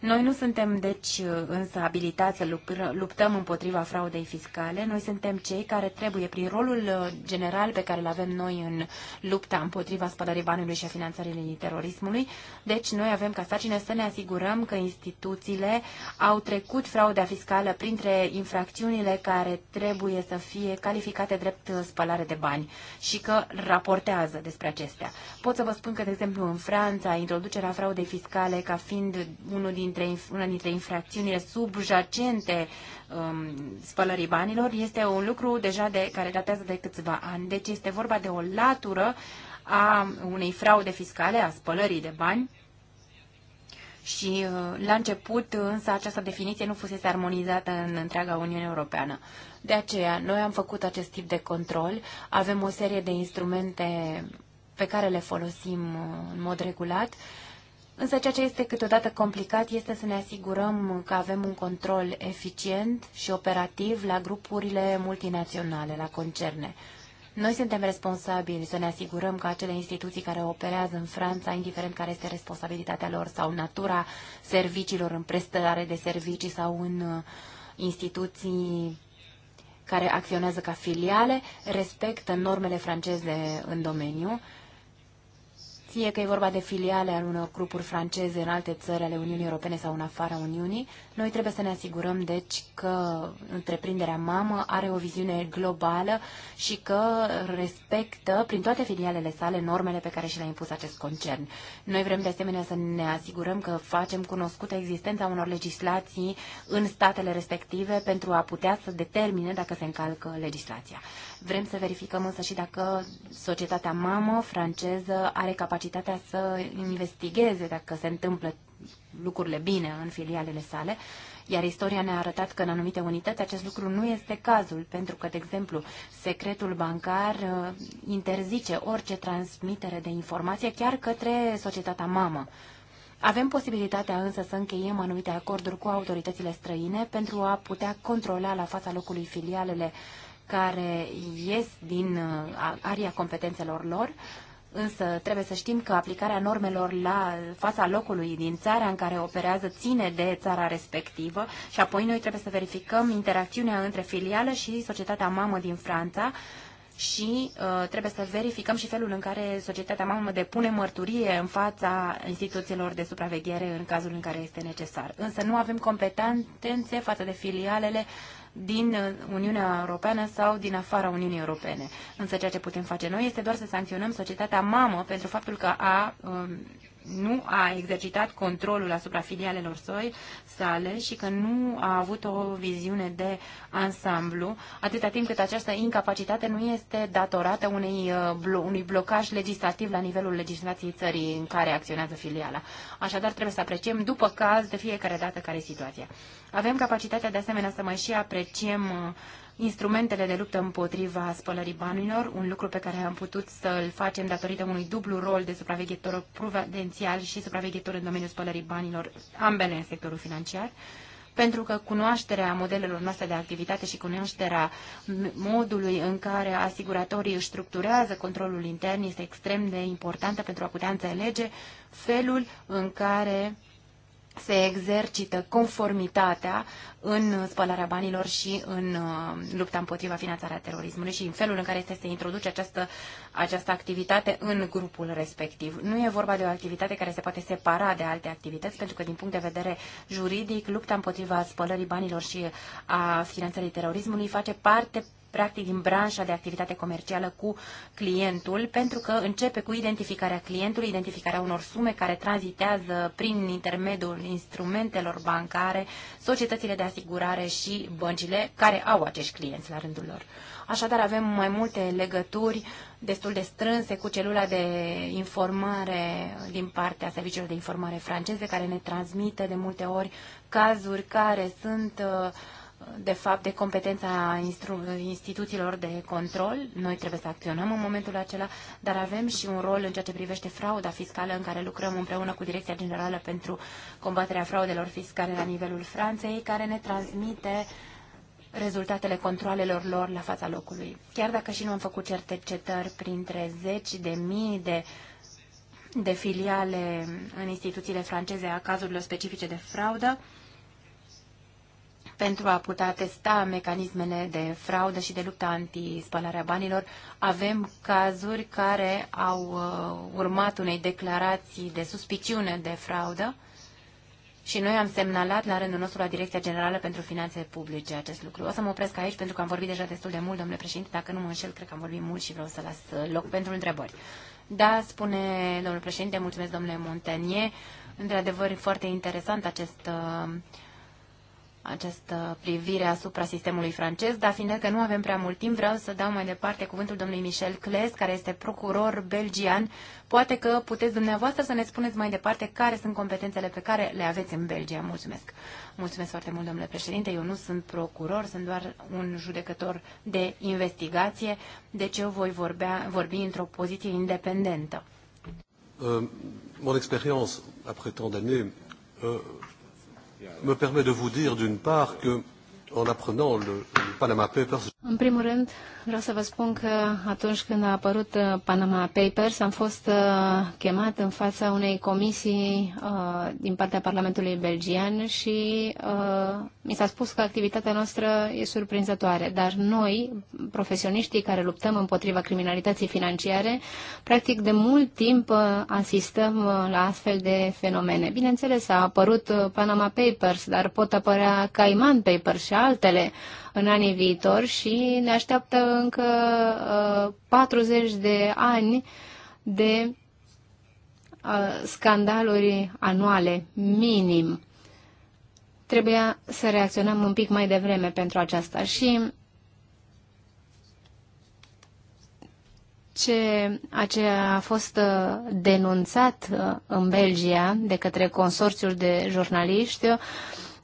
Noi nu suntem, deci, însă abilitați să luptăm împotriva fraudei fiscale. Noi suntem cei care trebuie, prin rolul uh, general pe care îl avem noi în lupta împotriva spălării banului și a finanțării terorismului, deci noi avem ca sarcină să ne asigurăm că instituțiile au trecut frauda fiscală printre infracțiunile care trebuie să fie calificate drept uh, spălare de bani și că raportează despre acestea. Pot să vă spun că, de exemplu, în Franța, introducerea fraudei fiscale ca fiind unul din dintre, una dintre infracțiunile subjacente um, spălării banilor, este un lucru deja de, care datează de câțiva ani. Deci este vorba de o latură a unei fraude fiscale, a spălării de bani, și uh, la început însă această definiție nu fusese armonizată în întreaga Uniune Europeană. De aceea, noi am făcut acest tip de control, avem o serie de instrumente pe care le folosim uh, în mod regulat Însă ceea ce este câteodată complicat este să ne asigurăm că avem un control eficient și operativ la grupurile multinaționale, la concerne. Noi suntem responsabili să ne asigurăm că acele instituții care operează în Franța, indiferent care este responsabilitatea lor sau natura serviciilor în prestare de servicii sau în uh, instituții care acționează ca filiale, respectă normele franceze în domeniu fie că e vorba de filiale al unor grupuri franceze în alte țări ale Uniunii Europene sau în afara Uniunii, noi trebuie să ne asigurăm, deci, că întreprinderea mamă are o viziune globală și că respectă, prin toate filialele sale, normele pe care și le-a impus acest concern. Noi vrem, de asemenea, să ne asigurăm că facem cunoscută existența unor legislații în statele respective pentru a putea să determine dacă se încalcă legislația. Vrem să verificăm însă și dacă societatea mamă franceză are capacitatea să investigheze dacă se întâmplă lucrurile bine în filialele sale, iar istoria ne-a arătat că în anumite unități acest lucru nu este cazul, pentru că, de exemplu, secretul bancar uh, interzice orice transmitere de informație chiar către societatea mamă. Avem posibilitatea însă să încheiem anumite acorduri cu autoritățile străine pentru a putea controla la fața locului filialele care ies din uh, aria competențelor lor Însă trebuie să știm că aplicarea normelor la fața locului din țara în care operează ține de țara respectivă și apoi noi trebuie să verificăm interacțiunea între filială și societatea mamă din Franța și uh, trebuie să verificăm și felul în care societatea mamă depune mărturie în fața instituțiilor de supraveghere în cazul în care este necesar. Însă nu avem competențe față de filialele uh, din uh, Uniunea Europeană sau din afara Uniunii Europene. Însă ceea ce putem face noi este doar să sancționăm societatea mamă pentru faptul că a um, nu a exercitat controlul asupra filialelor soi sale și că nu a avut o viziune de ansamblu, atâta timp cât această incapacitate nu este datorată unei, uh, unui blocaj legislativ la nivelul legislației țării în care acționează filiala. Așadar, trebuie să apreciem după caz de fiecare dată care e situația. Avem capacitatea de asemenea să mai și apreciem uh, instrumentele de luptă împotriva spălării banilor, un lucru pe care am putut să-l facem datorită unui dublu rol de supraveghetor prudențial și supraveghetor în domeniul spălării banilor, ambele în sectorul financiar pentru că cunoașterea modelelor noastre de activitate și cunoașterea modului în care asiguratorii își structurează controlul intern este extrem de importantă pentru a putea înțelege felul în care se exercită conformitatea în spălarea banilor și în uh, lupta împotriva finanțarea terorismului și în felul în care este se introduce această, această activitate în grupul respectiv. Nu e vorba de o activitate care se poate separa de alte activități, pentru că din punct de vedere juridic, lupta împotriva spălării banilor și a finanțării terorismului face parte practic din branșa de activitate comercială cu clientul, pentru că începe cu identificarea clientului, identificarea unor sume care tranzitează prin intermediul instrumentelor bancare, societățile de asigurare și băncile care au acești clienți la rândul lor. Așadar, avem mai multe legături destul de strânse cu celula de informare din partea serviciilor de informare franceze, care ne transmite de multe ori cazuri care sunt uh, de fapt, de competența instituțiilor de control. Noi trebuie să acționăm în momentul acela, dar avem și un rol în ceea ce privește frauda fiscală, în care lucrăm împreună cu Direcția Generală pentru combaterea fraudelor fiscale la nivelul Franței, care ne transmite rezultatele controlelor lor la fața locului. Chiar dacă și nu am făcut cercetări printre zeci de mii de de filiale în instituțiile franceze a cazurilor specifice de fraudă, pentru a putea testa mecanismele de fraudă și de luptă anti-spălarea banilor, avem cazuri care au uh, urmat unei declarații de suspiciune de fraudă și noi am semnalat la rândul nostru la Direcția Generală pentru Finanțe Publice acest lucru. O să mă opresc aici pentru că am vorbit deja destul de mult, domnule președinte, dacă nu mă înșel, cred că am vorbit mult și vreau să las uh, loc pentru întrebări. Da, spune domnul președinte, mulțumesc domnule Montenie. Într-adevăr, foarte interesant acest uh, această privire asupra sistemului francez, dar fiind că nu avem prea mult timp, vreau să dau mai departe cuvântul domnului Michel Cles, care este procuror belgian. Poate că puteți dumneavoastră să ne spuneți mai departe care sunt competențele pe care le aveți în Belgia. Mulțumesc. Mulțumesc foarte mult, domnule președinte. Eu nu sunt procuror, sunt doar un judecător de investigație, deci eu voi vorbea, vorbi într-o poziție independentă. Uh, mon expérience après tant d'années uh, me permet de vous dire d'une part que în primul rând, vreau să vă spun că atunci când a apărut uh, Panama Papers, am fost uh, chemat în fața unei comisii uh, din partea Parlamentului Belgian și mi s-a spus că activitatea noastră e surprinzătoare, dar noi, profesioniștii care luptăm împotriva criminalității financiare, practic de mult timp asistăm la astfel de fenomene. Bineînțeles, a apărut Panama Papers, dar pot apărea Cayman Papers și altele în anii viitori și ne așteaptă încă 40 uh, de ani de uh, scandaluri anuale, minim. Trebuia să reacționăm un pic mai devreme pentru aceasta și ce, a ce a fost uh, denunțat în Belgia de către consorțiul de jurnaliști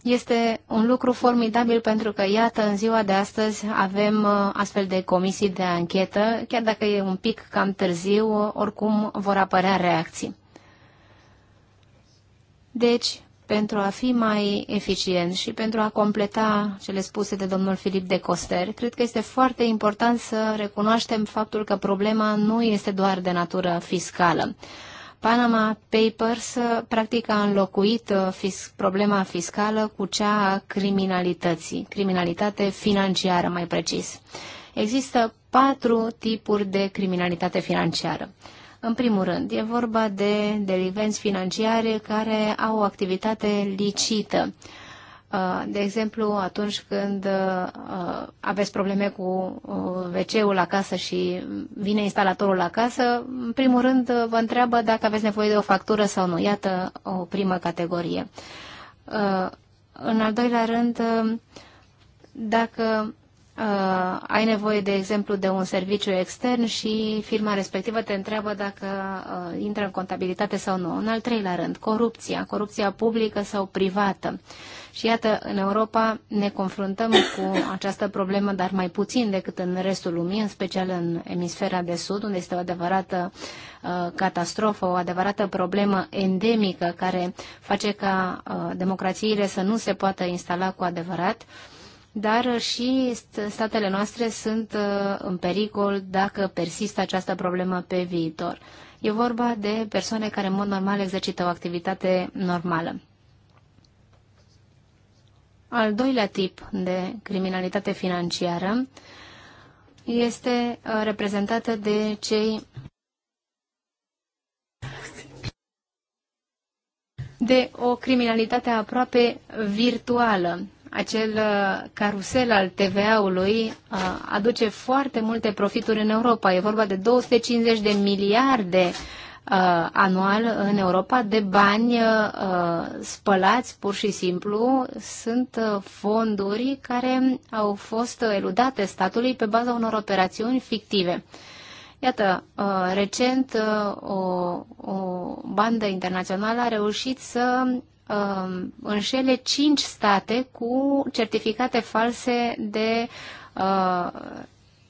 este un lucru formidabil pentru că, iată, în ziua de astăzi avem uh, astfel de comisii de anchetă, chiar dacă e un pic cam târziu, uh, oricum vor apărea reacții. Deci, pentru a fi mai eficient și pentru a completa cele spuse de domnul Filip de Coster, cred că este foarte important să recunoaștem faptul că problema nu este doar de natură fiscală. Panama Papers practic a înlocuit uh, fis problema fiscală cu cea a criminalității, criminalitate financiară mai precis. Există patru tipuri de criminalitate financiară. În primul rând, e vorba de delivenți financiare care au o activitate licită Uh, de exemplu, atunci când uh, uh, aveți probleme cu WC-ul acasă și vine instalatorul acasă, în primul rând vă întreabă dacă aveți nevoie de o factură sau nu. Iată o primă categorie. În al doilea rând, dacă ai nevoie, de exemplu, de un serviciu extern și firma respectivă te întreabă dacă intră în contabilitate sau nu. În al treilea rând, corupția, corupția publică sau privată. Și iată, în Europa ne confruntăm cu această problemă, dar mai puțin decât în restul lumii, în special în emisfera de sud, unde este o adevărată uh, catastrofă, o adevărată problemă endemică care face ca uh, democrațiile să nu se poată instala cu adevărat dar și statele noastre sunt uh, în pericol dacă persistă această problemă pe viitor. E vorba de persoane care în mod normal exercită o activitate normală. Al doilea tip de criminalitate financiară este uh, reprezentată de cei de o criminalitate aproape virtuală. Acel uh, carusel al TVA-ului uh, aduce foarte multe profituri în Europa. E vorba de 250 de miliarde uh, anual în Europa de bani uh, spălați pur și simplu. Sunt uh, fonduri care au fost eludate statului pe baza unor operațiuni fictive. Iată, uh, recent uh, o, o bandă internațională a reușit să uh, înșele cinci state cu certificate false de uh,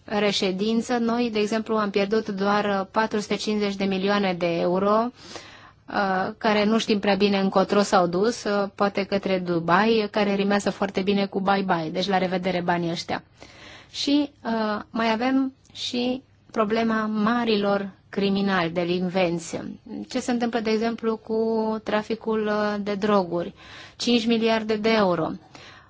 reședință. Noi, de exemplu, am pierdut doar 450 de milioane de euro, uh, care nu știm prea bine încotro s-au dus, uh, poate către Dubai, care rimează foarte bine cu bye-bye, deci la revedere banii ăștia. Și uh, mai avem și problema marilor criminali, delinvenți. Ce se întâmplă, de exemplu, cu traficul de droguri? 5 miliarde de euro.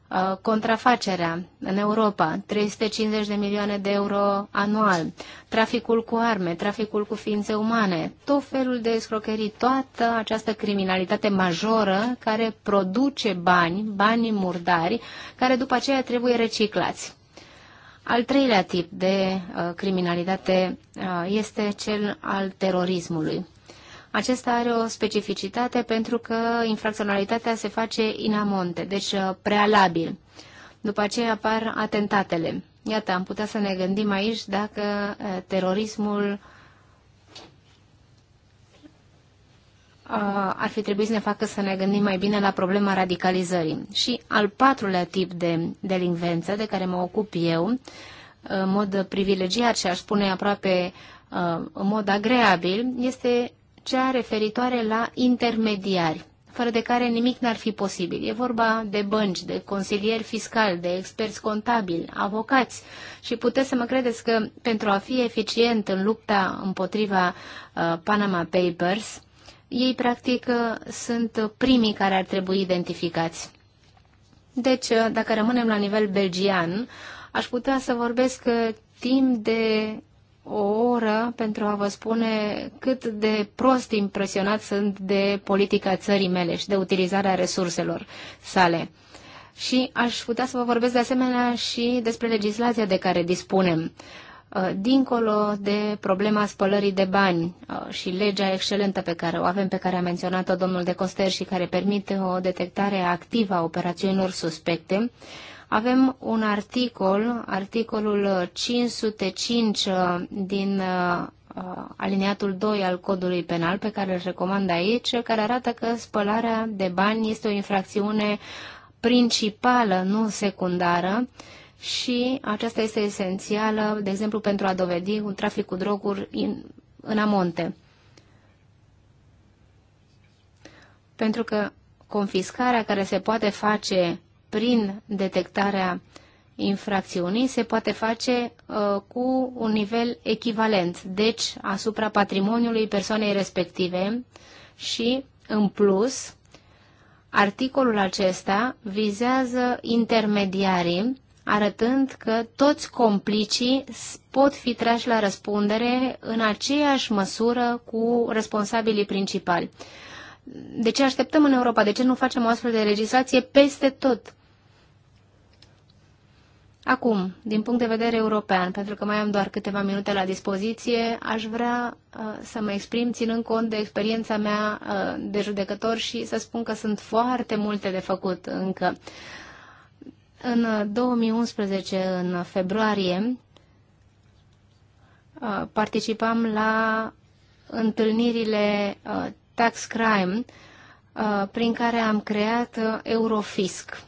Uh, contrafacerea în Europa, 350 de milioane de euro anual, traficul cu arme, traficul cu ființe umane, tot felul de escrocherii, toată această criminalitate majoră care produce bani, banii murdari, care după aceea trebuie reciclați. Al treilea tip de uh, criminalitate uh, este cel al terorismului. Acesta are o specificitate pentru că infracționalitatea se face inamonte, deci uh, prealabil. După aceea apar atentatele. Iată, am putea să ne gândim aici dacă uh, terorismul uh, ar fi trebuit să ne facă să ne gândim mai bine la problema radicalizării. Și al patrulea tip de delinvență de care mă ocup eu, în mod privilegiat și aș spune aproape în mod agreabil, este cea referitoare la intermediari, fără de care nimic n-ar fi posibil. E vorba de bănci, de consilieri fiscali, de experți contabili, avocați și puteți să mă credeți că pentru a fi eficient în lupta împotriva uh, Panama Papers, ei practic uh, sunt primii care ar trebui identificați. Deci, uh, dacă rămânem la nivel belgian, aș putea să vorbesc uh, timp de oră pentru a vă spune cât de prost impresionat sunt de politica țării mele și de utilizarea resurselor sale. Și aș putea să vă vorbesc de asemenea și despre legislația de care dispunem uh, dincolo de problema spălării de bani uh, și legea excelentă pe care o avem, pe care a menționat-o domnul de Coster și care permite o detectare activă a operațiunilor suspecte, avem un articol, articolul 505 uh, din uh, uh, aliniatul 2 al codului penal pe care îl recomand aici, care arată că spălarea de bani este o infracțiune principală, nu secundară, și aceasta este esențială, de exemplu, pentru a dovedi un trafic cu droguri in, în amonte. Pentru că confiscarea care se poate face prin detectarea infracțiunii se poate face uh, cu un nivel echivalent, deci asupra patrimoniului persoanei respective și, în plus, articolul acesta vizează intermediarii, arătând că toți complicii pot fi trași la răspundere în aceeași măsură cu responsabilii principali. De ce așteptăm în Europa? De ce nu facem o astfel de legislație peste tot? Acum, din punct de vedere european, pentru că mai am doar câteva minute la dispoziție, aș vrea uh, să mă exprim ținând cont de experiența mea uh, de judecător și să spun că sunt foarte multe de făcut încă. În 2011, uh, în februarie, uh, participam la întâlnirile uh, Tax Crime, uh, prin care am creat uh, Eurofisc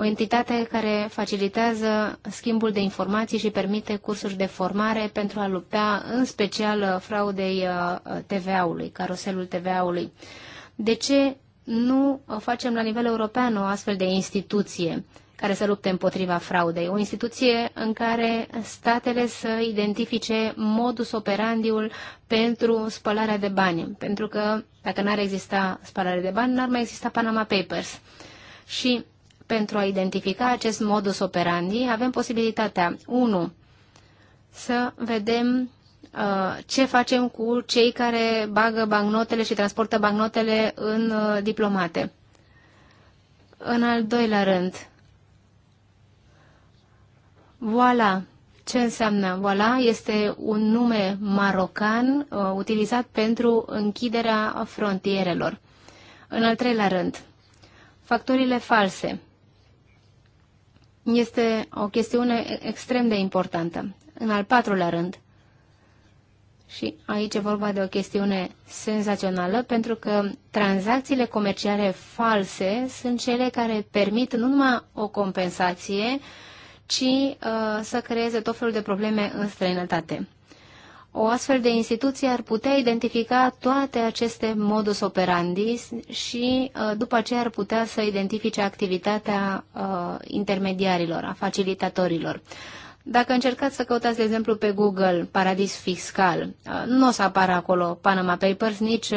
o entitate care facilitează schimbul de informații și permite cursuri de formare pentru a lupta în special fraudei uh, TVA-ului, caroselul TVA-ului. De ce nu facem la nivel european o astfel de instituție care să lupte împotriva fraudei, o instituție în care statele să identifice modus operandiul pentru spălarea de bani, pentru că dacă n-ar exista spălare de bani, n-ar mai exista Panama Papers. Și pentru a identifica acest modus operandi, avem posibilitatea 1. Să vedem uh, ce facem cu cei care bagă bancnotele și transportă bancnotele în uh, diplomate. În al doilea rând, voila, ce înseamnă voila? Este un nume marocan uh, utilizat pentru închiderea frontierelor. În al treilea rând, factorile false este o chestiune extrem de importantă. În al patrulea rând, și aici e vorba de o chestiune senzațională, pentru că tranzacțiile comerciale false sunt cele care permit nu numai o compensație, ci uh, să creeze tot felul de probleme în străinătate. O astfel de instituție ar putea identifica toate aceste modus operandi și uh, după aceea ar putea să identifice activitatea uh, intermediarilor, a facilitatorilor. Dacă încercați să căutați, de exemplu, pe Google paradis fiscal, uh, nu o să apară acolo Panama Papers, nici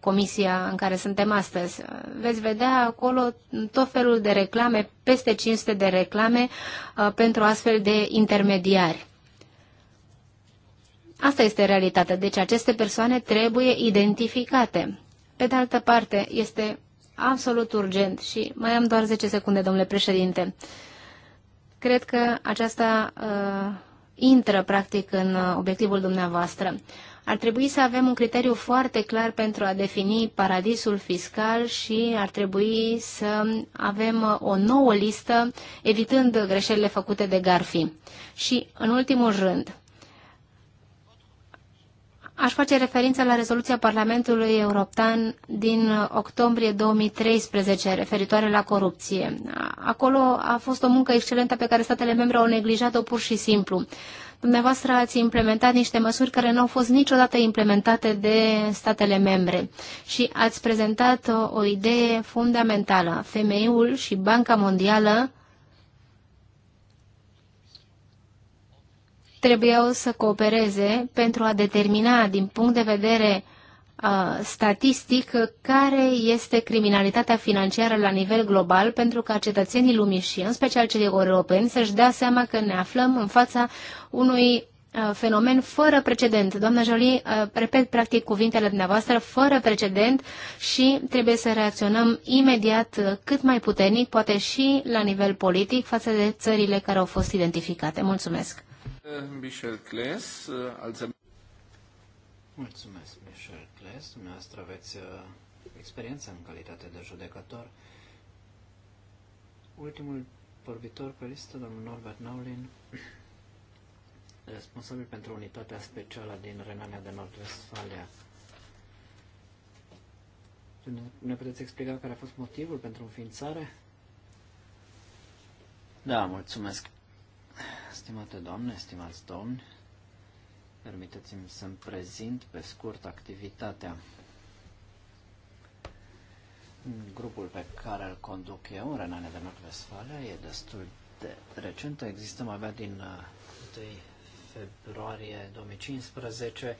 comisia în care suntem astăzi. Veți vedea acolo tot felul de reclame, peste 500 de reclame pentru astfel de intermediari. Asta este realitatea. Deci aceste persoane trebuie identificate. Pe de altă parte, este absolut urgent și mai am doar 10 secunde, domnule președinte. Cred că aceasta uh, intră practic în uh, obiectivul dumneavoastră. Ar trebui să avem un criteriu foarte clar pentru a defini paradisul fiscal și ar trebui să avem uh, o nouă listă, evitând greșelile făcute de Garfi. Și, în ultimul rând, aș face referință la rezoluția Parlamentului European din octombrie 2013 referitoare la corupție. Acolo a fost o muncă excelentă pe care statele membre au neglijat-o pur și simplu. Dumneavoastră ați implementat niște măsuri care nu au fost niciodată implementate de statele membre și ați prezentat o, o idee fundamentală. Femeiul și Banca Mondială trebuiau să coopereze pentru a determina din punct de vedere statistic care este criminalitatea financiară la nivel global pentru ca cetățenii lumii și în special cei europeni să-și dea seama că ne aflăm în fața unui fenomen fără precedent. Doamna Jolie, repet practic cuvintele dumneavoastră, fără precedent și trebuie să reacționăm imediat cât mai puternic, poate și la nivel politic, față de țările care au fost identificate. Mulțumesc! Michel Kles, uh, alți... Mulțumesc, Michel Kles. Dumneavoastră aveți uh, experiență în calitate de judecător. Ultimul vorbitor pe listă, domnul Norbert Naulin, responsabil pentru unitatea specială din Renania de Nord-Vestfalia. Ne puteți explica care a fost motivul pentru înființare? Da, mulțumesc. Stimate doamne, stimați domni, permiteți-mi să-mi prezint pe scurt activitatea. Grupul pe care îl conduc eu, Renane de nord Vesfale, e destul de recent. Existăm abia din 1 uh, februarie 2015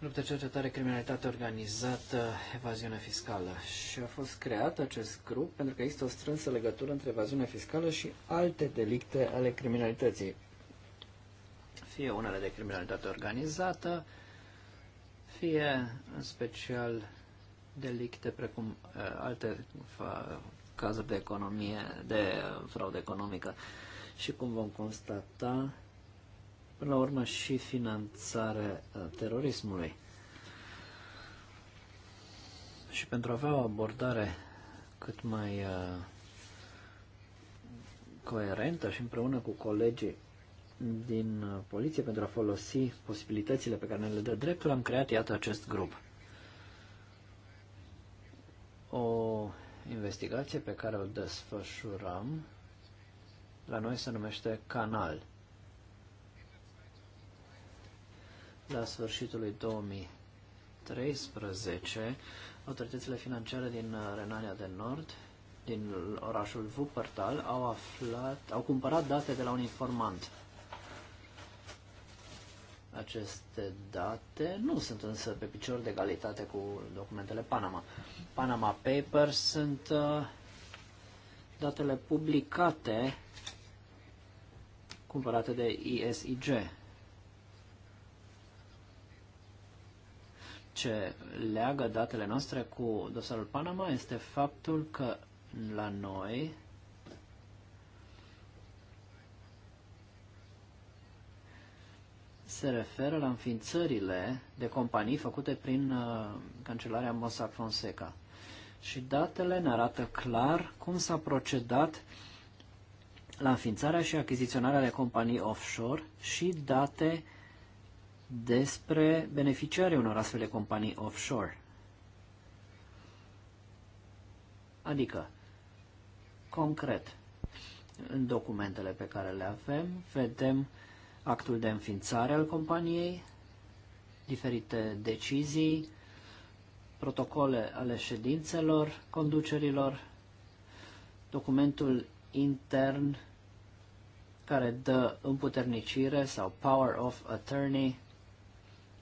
Luptă, cercetare, criminalitate organizată, evaziune fiscală. Și a fost creat acest grup pentru că există o strânsă legătură între evaziunea fiscală și alte delicte ale criminalității. Fie unele de criminalitate organizată, fie în special delicte precum uh, alte uh, cazuri de economie, de uh, fraudă economică. Și cum vom constata, până la urmă și finanțare uh, terorismului. Și pentru a avea o abordare cât mai uh, coerentă și împreună cu colegii din uh, poliție pentru a folosi posibilitățile pe care ne le dă dreptul, am creat, iată, acest grup. O investigație pe care o desfășurăm la noi se numește Canal. La sfârșitul lui 2013, autoritățile financiare din Renania de Nord, din orașul Wuppertal, au, aflat, au cumpărat date de la un informant. Aceste date nu sunt însă pe picior de egalitate cu documentele Panama. Panama Papers sunt uh, datele publicate cumpărate de ISIG. ce leagă datele noastre cu dosarul Panama este faptul că la noi se referă la înființările de companii făcute prin uh, cancelarea Mossack Fonseca. Și datele ne arată clar cum s-a procedat la înființarea și achiziționarea de companii offshore și date despre beneficiarii unor astfel de companii offshore. Adică, concret, în documentele pe care le avem, vedem actul de înființare al companiei, diferite decizii, protocole ale ședințelor conducerilor, documentul intern care dă împuternicire sau power of attorney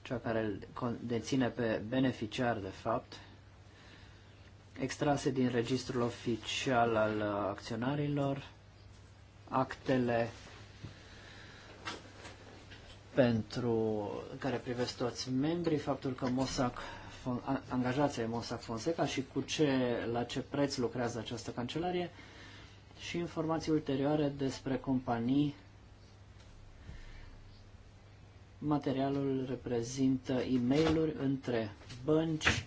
cea care îl deține pe beneficiar, de fapt, extrase din registrul oficial al uh, acționarilor, actele pentru care privesc toți membrii, faptul că Mossack, angajația e Mossack Fonseca și cu ce, la ce preț lucrează această cancelarie și informații ulterioare despre companii Materialul reprezintă e mail între bănci,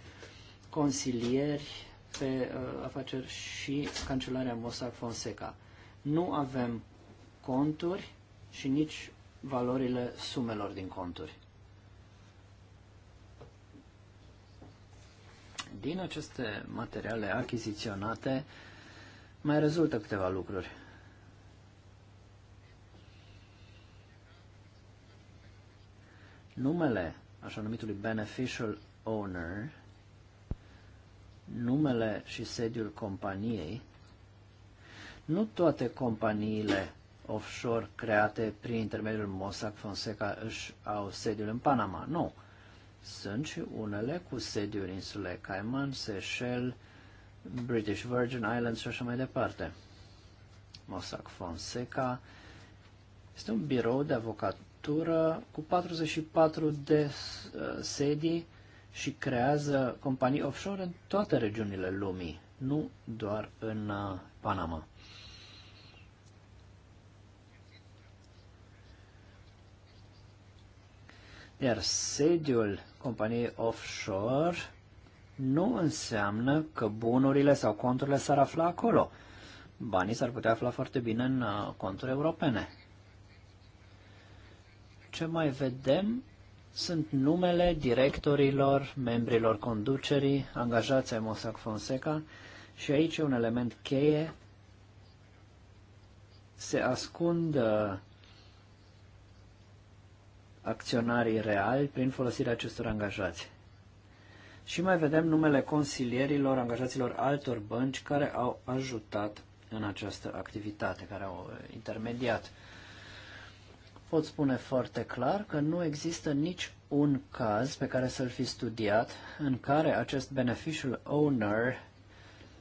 consilieri pe uh, afaceri și cancelarea Mossack Fonseca. Nu avem conturi și nici valorile sumelor din conturi. Din aceste materiale achiziționate mai rezultă câteva lucruri. numele așa numitului beneficial owner, numele și sediul companiei, nu toate companiile offshore create prin intermediul Mossack Fonseca își au sediul în Panama. Nu. Sunt și unele cu sediul în insule Cayman, Seychelles, British Virgin Islands și așa mai departe. Mossack Fonseca este un birou de avocat structură cu 44 de uh, sedii și creează companii offshore în toate regiunile lumii, nu doar în uh, Panama. Iar sediul companiei offshore nu înseamnă că bunurile sau conturile s-ar afla acolo. Banii s-ar putea afla foarte bine în uh, conturi europene. Ce mai vedem sunt numele directorilor, membrilor conducerii, angajați ai Mossack Fonseca și aici e un element cheie. Se ascund uh, acționarii reali prin folosirea acestor angajați. Și mai vedem numele consilierilor, angajaților altor bănci care au ajutat în această activitate, care au uh, intermediat pot spune foarte clar că nu există nici un caz pe care să-l fi studiat în care acest beneficial owner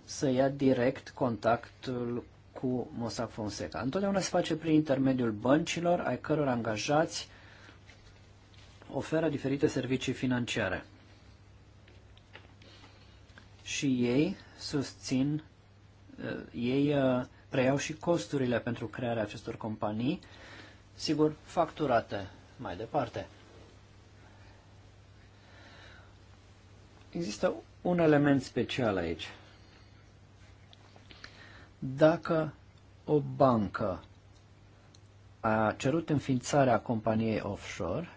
să ia direct contactul cu Mossack Fonseca. Întotdeauna se face prin intermediul băncilor, ai căror angajați oferă diferite servicii financiare. Și ei susțin, eh, ei eh, preiau și costurile pentru crearea acestor companii, sigur, facturate mai departe. Există un element special aici. Dacă o bancă a cerut înființarea companiei offshore,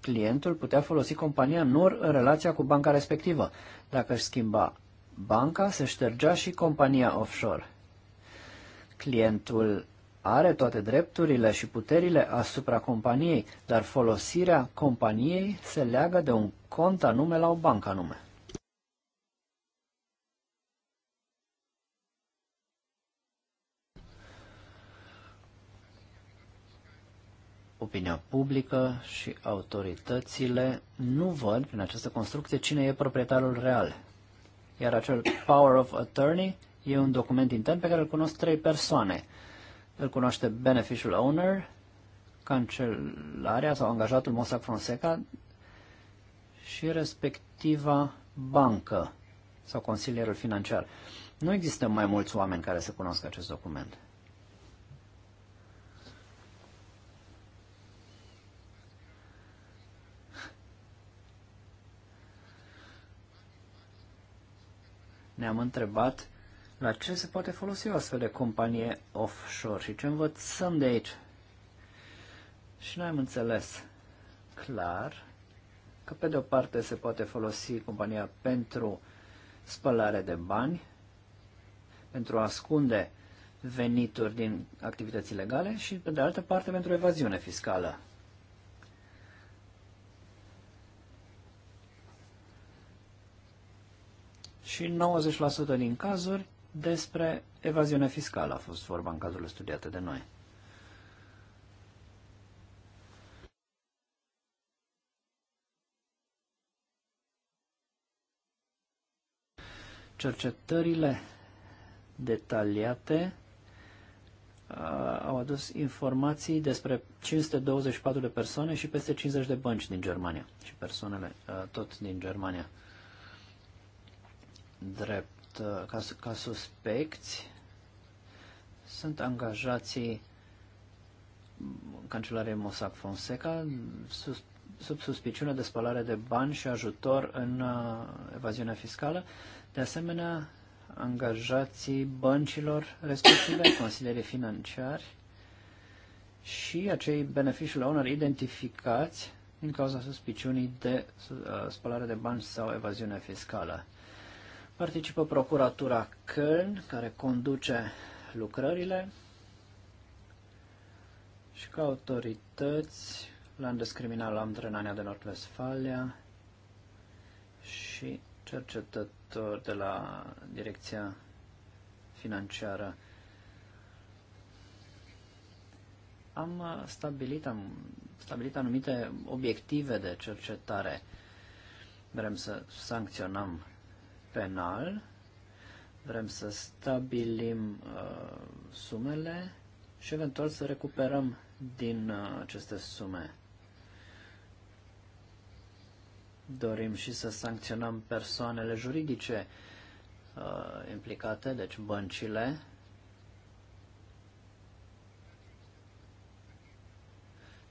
clientul putea folosi compania NOR în relația cu banca respectivă. Dacă își schimba banca, se ștergea și compania offshore. Clientul are toate drepturile și puterile asupra companiei, dar folosirea companiei se leagă de un cont anume la o bancă anume. opinia publică și autoritățile nu văd prin această construcție cine e proprietarul real. Iar acel power of attorney E un document intern pe care îl cunosc trei persoane. Îl cunoaște beneficial owner, cancelarea sau angajatul Mossack Fonseca și respectiva bancă sau consilierul financiar. Nu există mai mulți oameni care să cunoască acest document. Ne-am întrebat la ce se poate folosi o astfel de companie offshore și ce învățăm de aici? Și noi am înțeles clar că pe de o parte se poate folosi compania pentru spălare de bani, pentru a ascunde venituri din activități legale și pe de altă parte pentru evaziune fiscală. Și 90% din cazuri despre evaziune fiscală a fost vorba în cazul studiate de noi. Cercetările detaliate uh, au adus informații despre 524 de persoane și peste 50 de bănci din Germania și persoanele uh, tot din Germania. Drept Uh, ca, ca suspecți sunt angajații cancelarei Mossack Fonseca sus, sub suspiciune de spălare de bani și ajutor în uh, evaziunea fiscală. De asemenea, angajații băncilor respective, consilierii financiari și acei beneficial owner identificați din cauza suspiciunii de uh, spălare de bani sau evaziune fiscală. Participă Procuratura Köln, care conduce lucrările și ca autorități Landescriminal Amtrenania de Nord-Vestfalia și cercetător de la Direcția Financiară. Am uh, stabilit, am stabilit anumite obiective de cercetare. Vrem să sancționăm penal. Vrem să stabilim uh, sumele și eventual să recuperăm din uh, aceste sume. Dorim și să sancționăm persoanele juridice uh, implicate, deci băncile,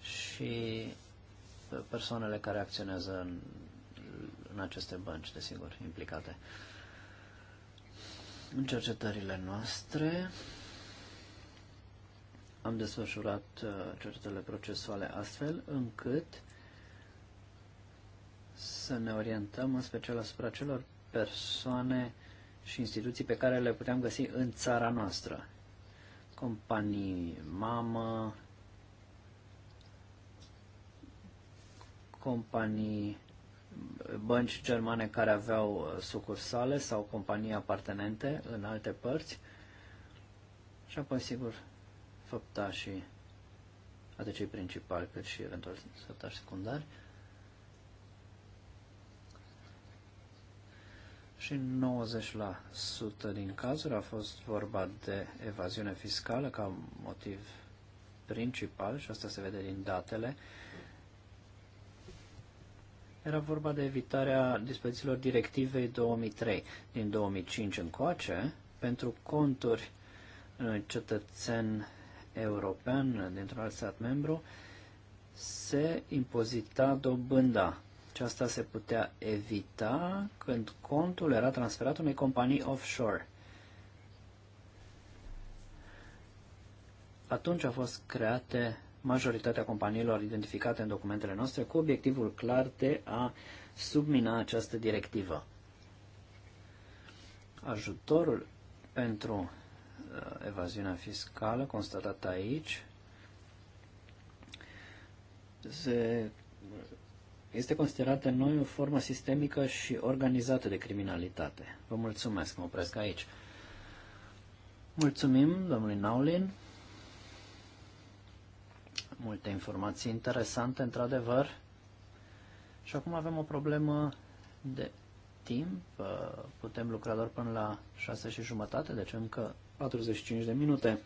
și uh, persoanele care acționează în în aceste bănci, desigur, implicate. În cercetările noastre am desfășurat uh, cercetările procesuale astfel încât să ne orientăm în special asupra celor persoane și instituții pe care le puteam găsi în țara noastră. Companii mamă, companii bănci germane care aveau uh, sucursale sau companii apartenente în alte părți și apoi, sigur, făptașii, atât cei principali cât și eventual făptași secundari. Și 90% din cazuri a fost vorba de evaziune fiscală ca motiv principal și asta se vede din datele era vorba de evitarea dispozițiilor directivei 2003 din 2005 încoace pentru conturi uh, cetățen european dintr-un alt stat membru se impozita dobânda și asta se putea evita când contul era transferat unei companii offshore. Atunci au fost create majoritatea companiilor identificate în documentele noastre cu obiectivul clar de a submina această directivă. Ajutorul pentru uh, evaziunea fiscală constatat aici se, este considerată noi o formă sistemică și organizată de criminalitate. Vă mulțumesc, mă opresc aici. Mulțumim, domnului Naulin. Multe informații interesante, într-adevăr. Și acum avem o problemă de timp. Uh, putem lucra doar până la 6 și jumătate, deci încă 45 de minute.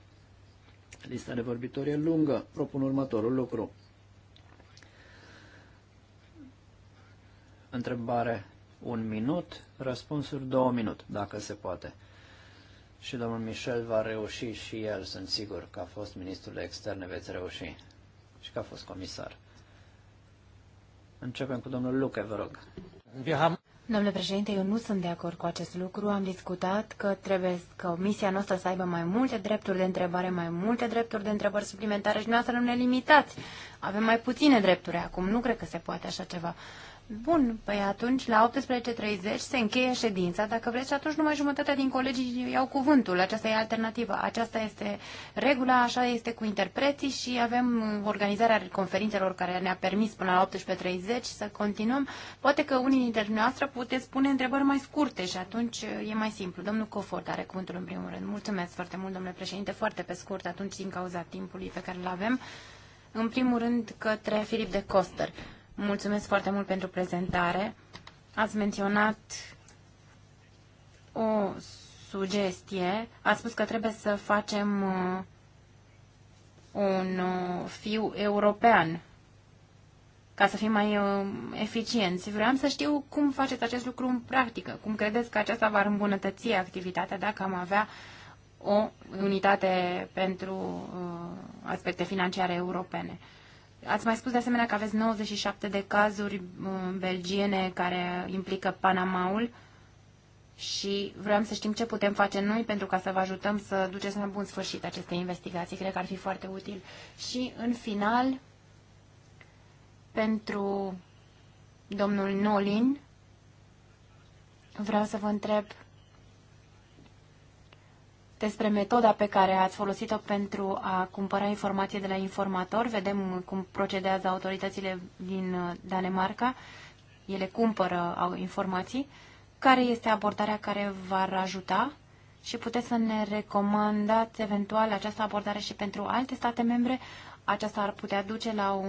Lista de vorbitori e lungă. Propun următorul lucru. Întrebare un minut, răspunsuri două minute, dacă se poate. Și domnul Michel va reuși și el, sunt sigur că a fost ministrul de externe, veți reuși și că a fost comisar. Începem cu domnul Luca, vă rog. Domnule președinte, eu nu sunt de acord cu acest lucru. Am discutat că trebuie că misia noastră să aibă mai multe drepturi de întrebare, mai multe drepturi de întrebări suplimentare și noastră nu ne limitați. Avem mai puține drepturi acum. Nu cred că se poate așa ceva. Bun, păi atunci la 18.30 se încheie ședința. Dacă vreți, atunci numai jumătatea din colegii iau cuvântul. Aceasta e alternativa. Aceasta este regula, așa este cu interpreții și avem organizarea conferințelor care ne-a permis până la 18.30 să continuăm. Poate că unii dintre noastre puteți pune întrebări mai scurte și atunci e mai simplu. Domnul Cofort are cuvântul în primul rând. Mulțumesc foarte mult, domnule președinte, foarte pe scurt atunci din cauza timpului pe care îl avem. În primul rând către Filip de Coster. Mulțumesc foarte mult pentru prezentare. Ați menționat o sugestie. Ați spus că trebuie să facem uh, un uh, fiu european ca să fim mai uh, eficienți. Vreau să știu cum faceți acest lucru în practică, cum credeți că aceasta va îmbunătăți activitatea dacă am avea o unitate pentru aspecte financiare europene. Ați mai spus de asemenea că aveți 97 de cazuri mm, belgiene care implică Panamaul și vreau să știm ce putem face noi pentru ca să vă ajutăm să duceți la bun sfârșit aceste investigații. Cred că ar fi foarte util. Și în final, pentru domnul Nolin, vreau să vă întreb despre metoda pe care ați folosit-o pentru a cumpăra informații de la informator. Vedem cum procedează autoritățile din uh, Danemarca. Ele cumpără informații. Care este abordarea care v-ar ajuta și puteți să ne recomandați eventual această abordare și pentru alte state membre? Aceasta ar putea duce la o,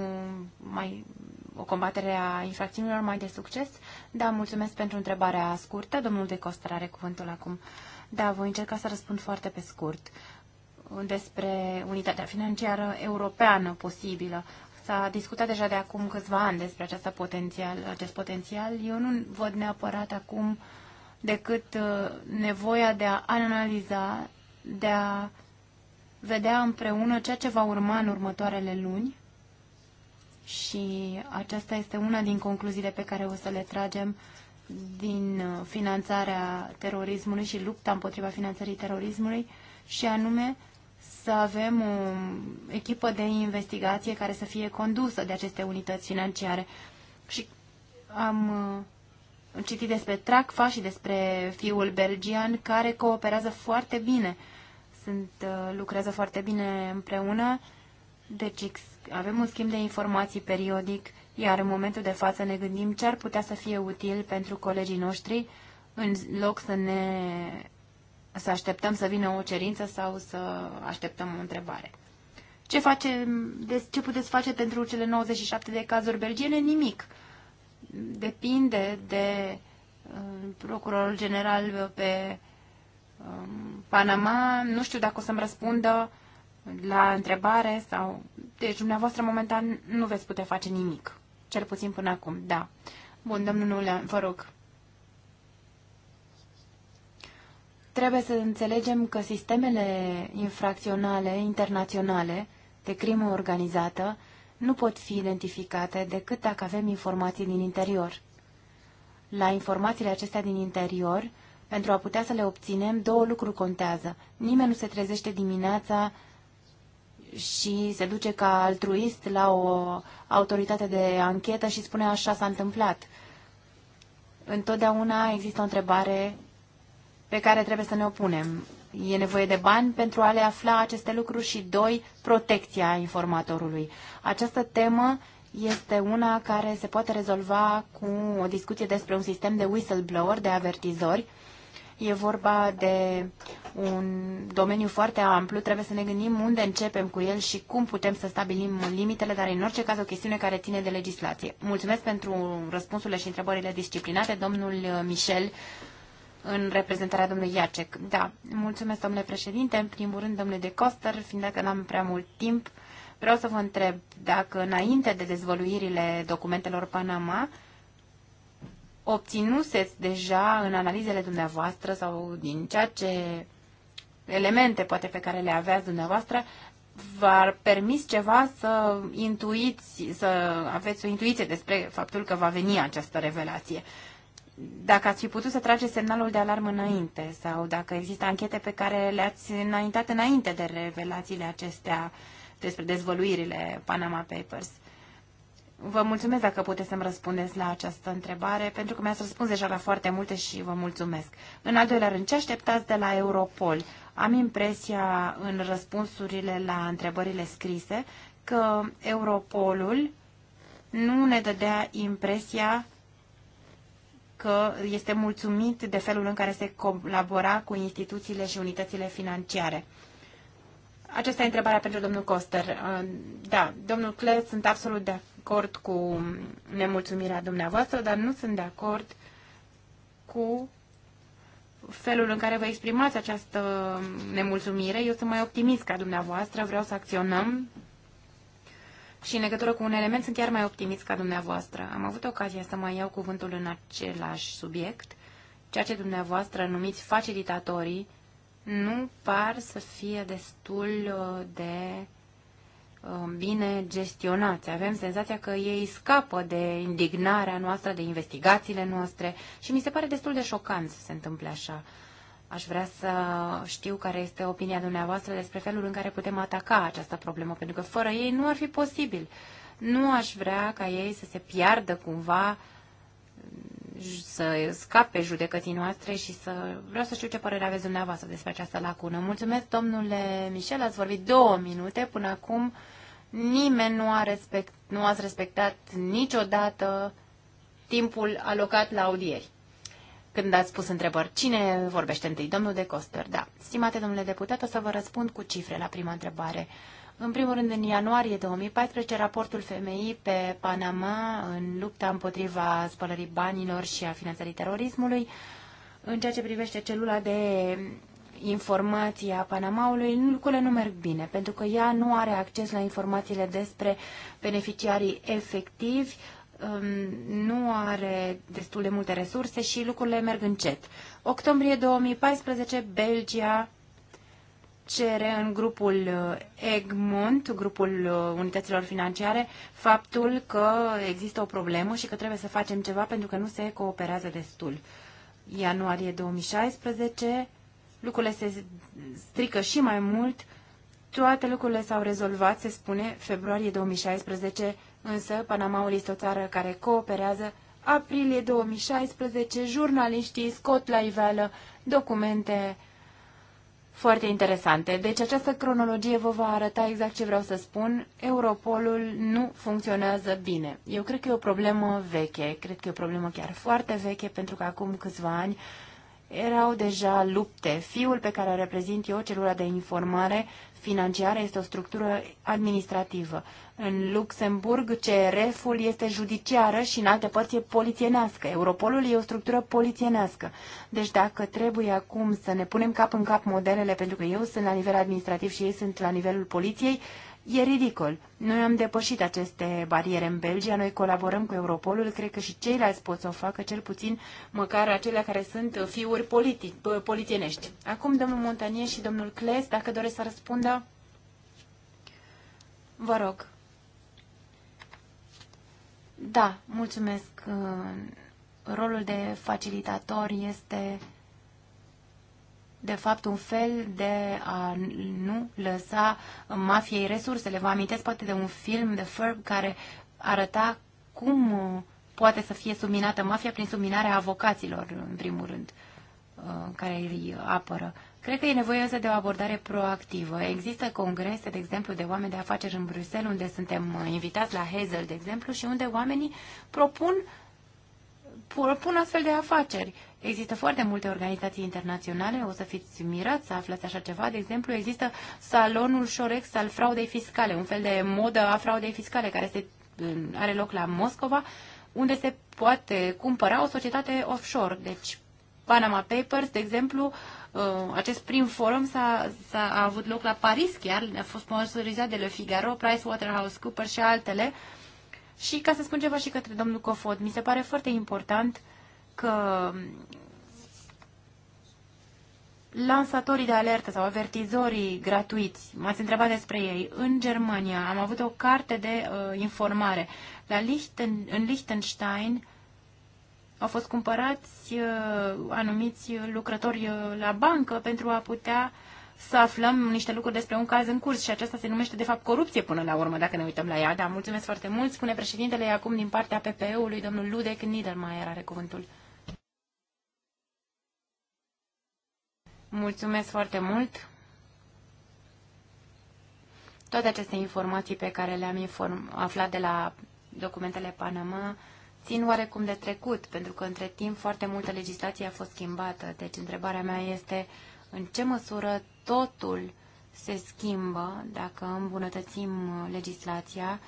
mai, o combatere a infracțiunilor mai de succes? Da, mulțumesc pentru întrebarea scurtă. Domnul De Costă are cuvântul acum. Da, voi încerca să răspund foarte pe scurt despre unitatea financiară europeană posibilă. S-a discutat deja de acum câțiva ani despre această potențial, acest potențial. Eu nu văd neapărat acum decât uh, nevoia de a analiza, de a vedea împreună ceea ce va urma în următoarele luni și aceasta este una din concluziile pe care o să le tragem uh, din uh, finanțarea terorismului și lupta împotriva finanțării terorismului și anume să avem o echipă de investigație care să fie condusă de aceste unități financiare. Și am uh, citit despre Tracfa și despre fiul belgian care cooperează foarte bine. Sunt, uh, lucrează foarte bine împreună, deci avem un schimb de informații periodic iar în momentul de față ne gândim ce ar putea să fie util pentru colegii noștri în loc să ne să așteptăm să vină o cerință sau să așteptăm o întrebare. Ce, face, ce puteți face pentru cele 97 de cazuri belgiene? Nimic. Depinde de uh, procurorul general pe um, Panama. Nu știu dacă o să-mi răspundă la întrebare sau... Deci, dumneavoastră, momentan, nu veți putea face nimic cel puțin până acum, da. Bun, domnul vă rog. Trebuie să înțelegem că sistemele infracționale internaționale de crimă organizată nu pot fi identificate decât dacă avem informații din interior. La informațiile acestea din interior, pentru a putea să le obținem, două lucruri contează. Nimeni nu se trezește dimineața și se duce ca altruist la o autoritate de anchetă și spune așa s-a întâmplat. Întotdeauna există o întrebare pe care trebuie să ne opunem. E nevoie de bani pentru a le afla aceste lucruri și, doi, protecția informatorului. Această temă este una care se poate rezolva cu o discuție despre un sistem de whistleblower, de avertizori. E vorba de un domeniu foarte amplu, trebuie să ne gândim unde începem cu el și cum putem să stabilim limitele, dar în orice caz o chestiune care ține de legislație. Mulțumesc pentru răspunsurile și întrebările disciplinate, domnul uh, Michel, în reprezentarea domnului Iacek. Da, mulțumesc, domnule președinte, în primul rând, domnule de Coster, fiind dacă n-am prea mult timp, vreau să vă întreb dacă înainte de dezvăluirile documentelor Panama, obținuseți deja în analizele dumneavoastră sau din ceea ce elemente poate pe care le aveați dumneavoastră v-ar permis ceva să intuiți, să aveți o intuiție despre faptul că va veni această revelație. Dacă ați fi putut să trageți semnalul de alarmă înainte sau dacă există anchete pe care le-ați înaintat înainte de revelațiile acestea despre dezvăluirile Panama Papers. Vă mulțumesc dacă puteți să-mi răspundeți la această întrebare, pentru că mi-ați răspuns deja la foarte multe și vă mulțumesc. În al doilea rând, ce așteptați de la Europol? Am impresia în răspunsurile la întrebările scrise că Europolul nu ne dădea impresia că este mulțumit de felul în care se colabora cu instituțiile și unitățile financiare. Aceasta e întrebarea pentru domnul Coster. Uh, da, domnul Clet, sunt absolut de acord cu nemulțumirea dumneavoastră, dar nu sunt de acord cu felul în care vă exprimați această nemulțumire. Eu sunt mai optimist ca dumneavoastră, vreau să acționăm și în legătură cu un element sunt chiar mai optimist ca dumneavoastră. Am avut ocazia să mai iau cuvântul în același subiect. Ceea ce dumneavoastră numiți facilitatorii nu par să fie destul uh, de Um, bine gestionați. Avem senzația că ei scapă de indignarea noastră, de investigațiile noastre și mi se pare destul de șocant să se întâmple așa. Aș vrea să știu care este opinia dumneavoastră despre felul în care putem ataca această problemă, pentru că fără ei nu ar fi posibil. Nu aș vrea ca ei să se piardă cumva uh, să scape judecății noastre și să vreau să știu ce părere aveți dumneavoastră despre această lacună. Mulțumesc, domnule Michel, ați vorbit două minute până acum. Nimeni nu a, respect, nu a respectat niciodată timpul alocat la audieri. Când ați pus întrebări, cine vorbește întâi? Domnul de Coster, da. Stimate domnule deputat, o să vă răspund cu cifre la prima întrebare. Uh, în primul rând, în ianuarie 2014, raportul FMI pe Panama în lupta împotriva spălării banilor și a finanțării terorismului, în ceea ce privește celula de informații a Panamaului, lucrurile nu merg bine, pentru că ea nu are acces la informațiile despre beneficiarii efectivi, um, nu are destul de multe resurse și lucrurile merg încet. Octombrie 2014, Belgia cere în grupul uh, Egmont, grupul uh, unităților financiare, faptul că există o problemă și că trebuie să facem ceva pentru că nu se cooperează destul. Ianuarie 2016, lucrurile se strică și mai mult, toate lucrurile s-au rezolvat, se spune, februarie 2016, însă Panamaul este o țară care cooperează, aprilie 2016, jurnaliștii scot la iveală documente foarte interesante. Deci această cronologie vă va arăta exact ce vreau să spun. Europolul nu funcționează bine. Eu cred că e o problemă veche, cred că e o problemă chiar foarte veche, pentru că acum câțiva ani erau deja lupte. Fiul pe care îl reprezint eu, celula de informare financiară, este o structură administrativă. În Luxemburg, CRF-ul este judiciară și în alte părți e polițienească. Europolul e o structură polițienească. Deci dacă trebuie acum să ne punem cap în cap modelele, pentru că eu sunt la nivel administrativ și ei sunt la nivelul poliției, uh, E ridicol. Noi am depășit aceste bariere în Belgia, noi colaborăm cu Europolul, cred că și ceilalți pot să o facă, cel puțin măcar acelea care sunt fiuri politi- politienești. Acum domnul Montanie și domnul Cles, dacă doresc să răspundă, vă rog. Da, mulțumesc. Rolul de facilitator este de fapt un fel de a nu lăsa mafiei resursele. Vă amintesc poate de un film de Ferb care arăta cum uh, poate să fie subminată mafia prin subminarea avocaților, în primul rând, uh, care îi apără. Cred că e nevoie însă de o abordare proactivă. Există congrese, de exemplu, de oameni de afaceri în Bruxelles, unde suntem uh, invitați la Hazel, de exemplu, și unde oamenii propun, propun astfel de afaceri. Există foarte multe organizații internaționale, o să fiți mirați să aflați așa ceva. De exemplu, există salonul Șorex al fraudei fiscale, un fel de modă a fraudei fiscale care se, are loc la Moscova, unde se poate cumpăra o societate offshore. Deci, Panama Papers, de exemplu, uh, acest prim forum s-a, a avut loc la Paris chiar, a fost sponsorizat de Le Figaro, PricewaterhouseCoopers și altele. Și ca să spun ceva și către domnul Cofod, mi se pare foarte important uh, că lansatorii de alertă sau avertizorii gratuiți, m-ați întrebat despre ei, în Germania am avut o carte de uh, informare. La Lichten, în Liechtenstein au fost cumpărați uh, anumiți lucrători uh, la bancă pentru a putea să aflăm niște lucruri despre un caz în curs și aceasta se numește de fapt corupție până la urmă, dacă ne uităm la ea. Da, mulțumesc foarte mult, spune președintele acum din partea PPE-ului, domnul Ludek Niedermayer are cuvântul. Mulțumesc foarte mult! Toate aceste informații pe care le-am aflat de la documentele Panama țin oarecum de trecut, pentru că între timp foarte multă legislație a fost schimbată. Deci întrebarea mea este în ce măsură totul se schimbă dacă îmbunătățim legislația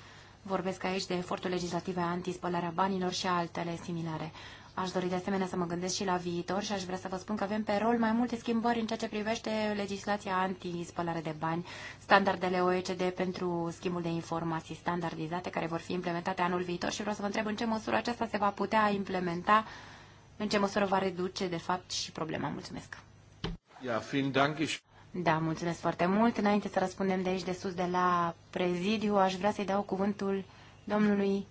Vorbesc aici de efortul legislativ anti-spălarea banilor și altele similare. Aș dori de asemenea să mă gândesc și la viitor și aș vrea să vă spun că avem pe rol mai multe schimbări în ceea ce privește legislația anti-spălare de bani, standardele OECD pentru schimbul de informații standardizate care vor fi implementate anul viitor și vreau să vă întreb în ce măsură aceasta se va putea implementa, în ce măsură va reduce de fapt și problema. Mulțumesc! Ja, vielen Dank. Da, mulțumesc foarte mult. Înainte să răspundem de aici de sus, de la prezidiu, aș vrea să-i dau cuvântul domnului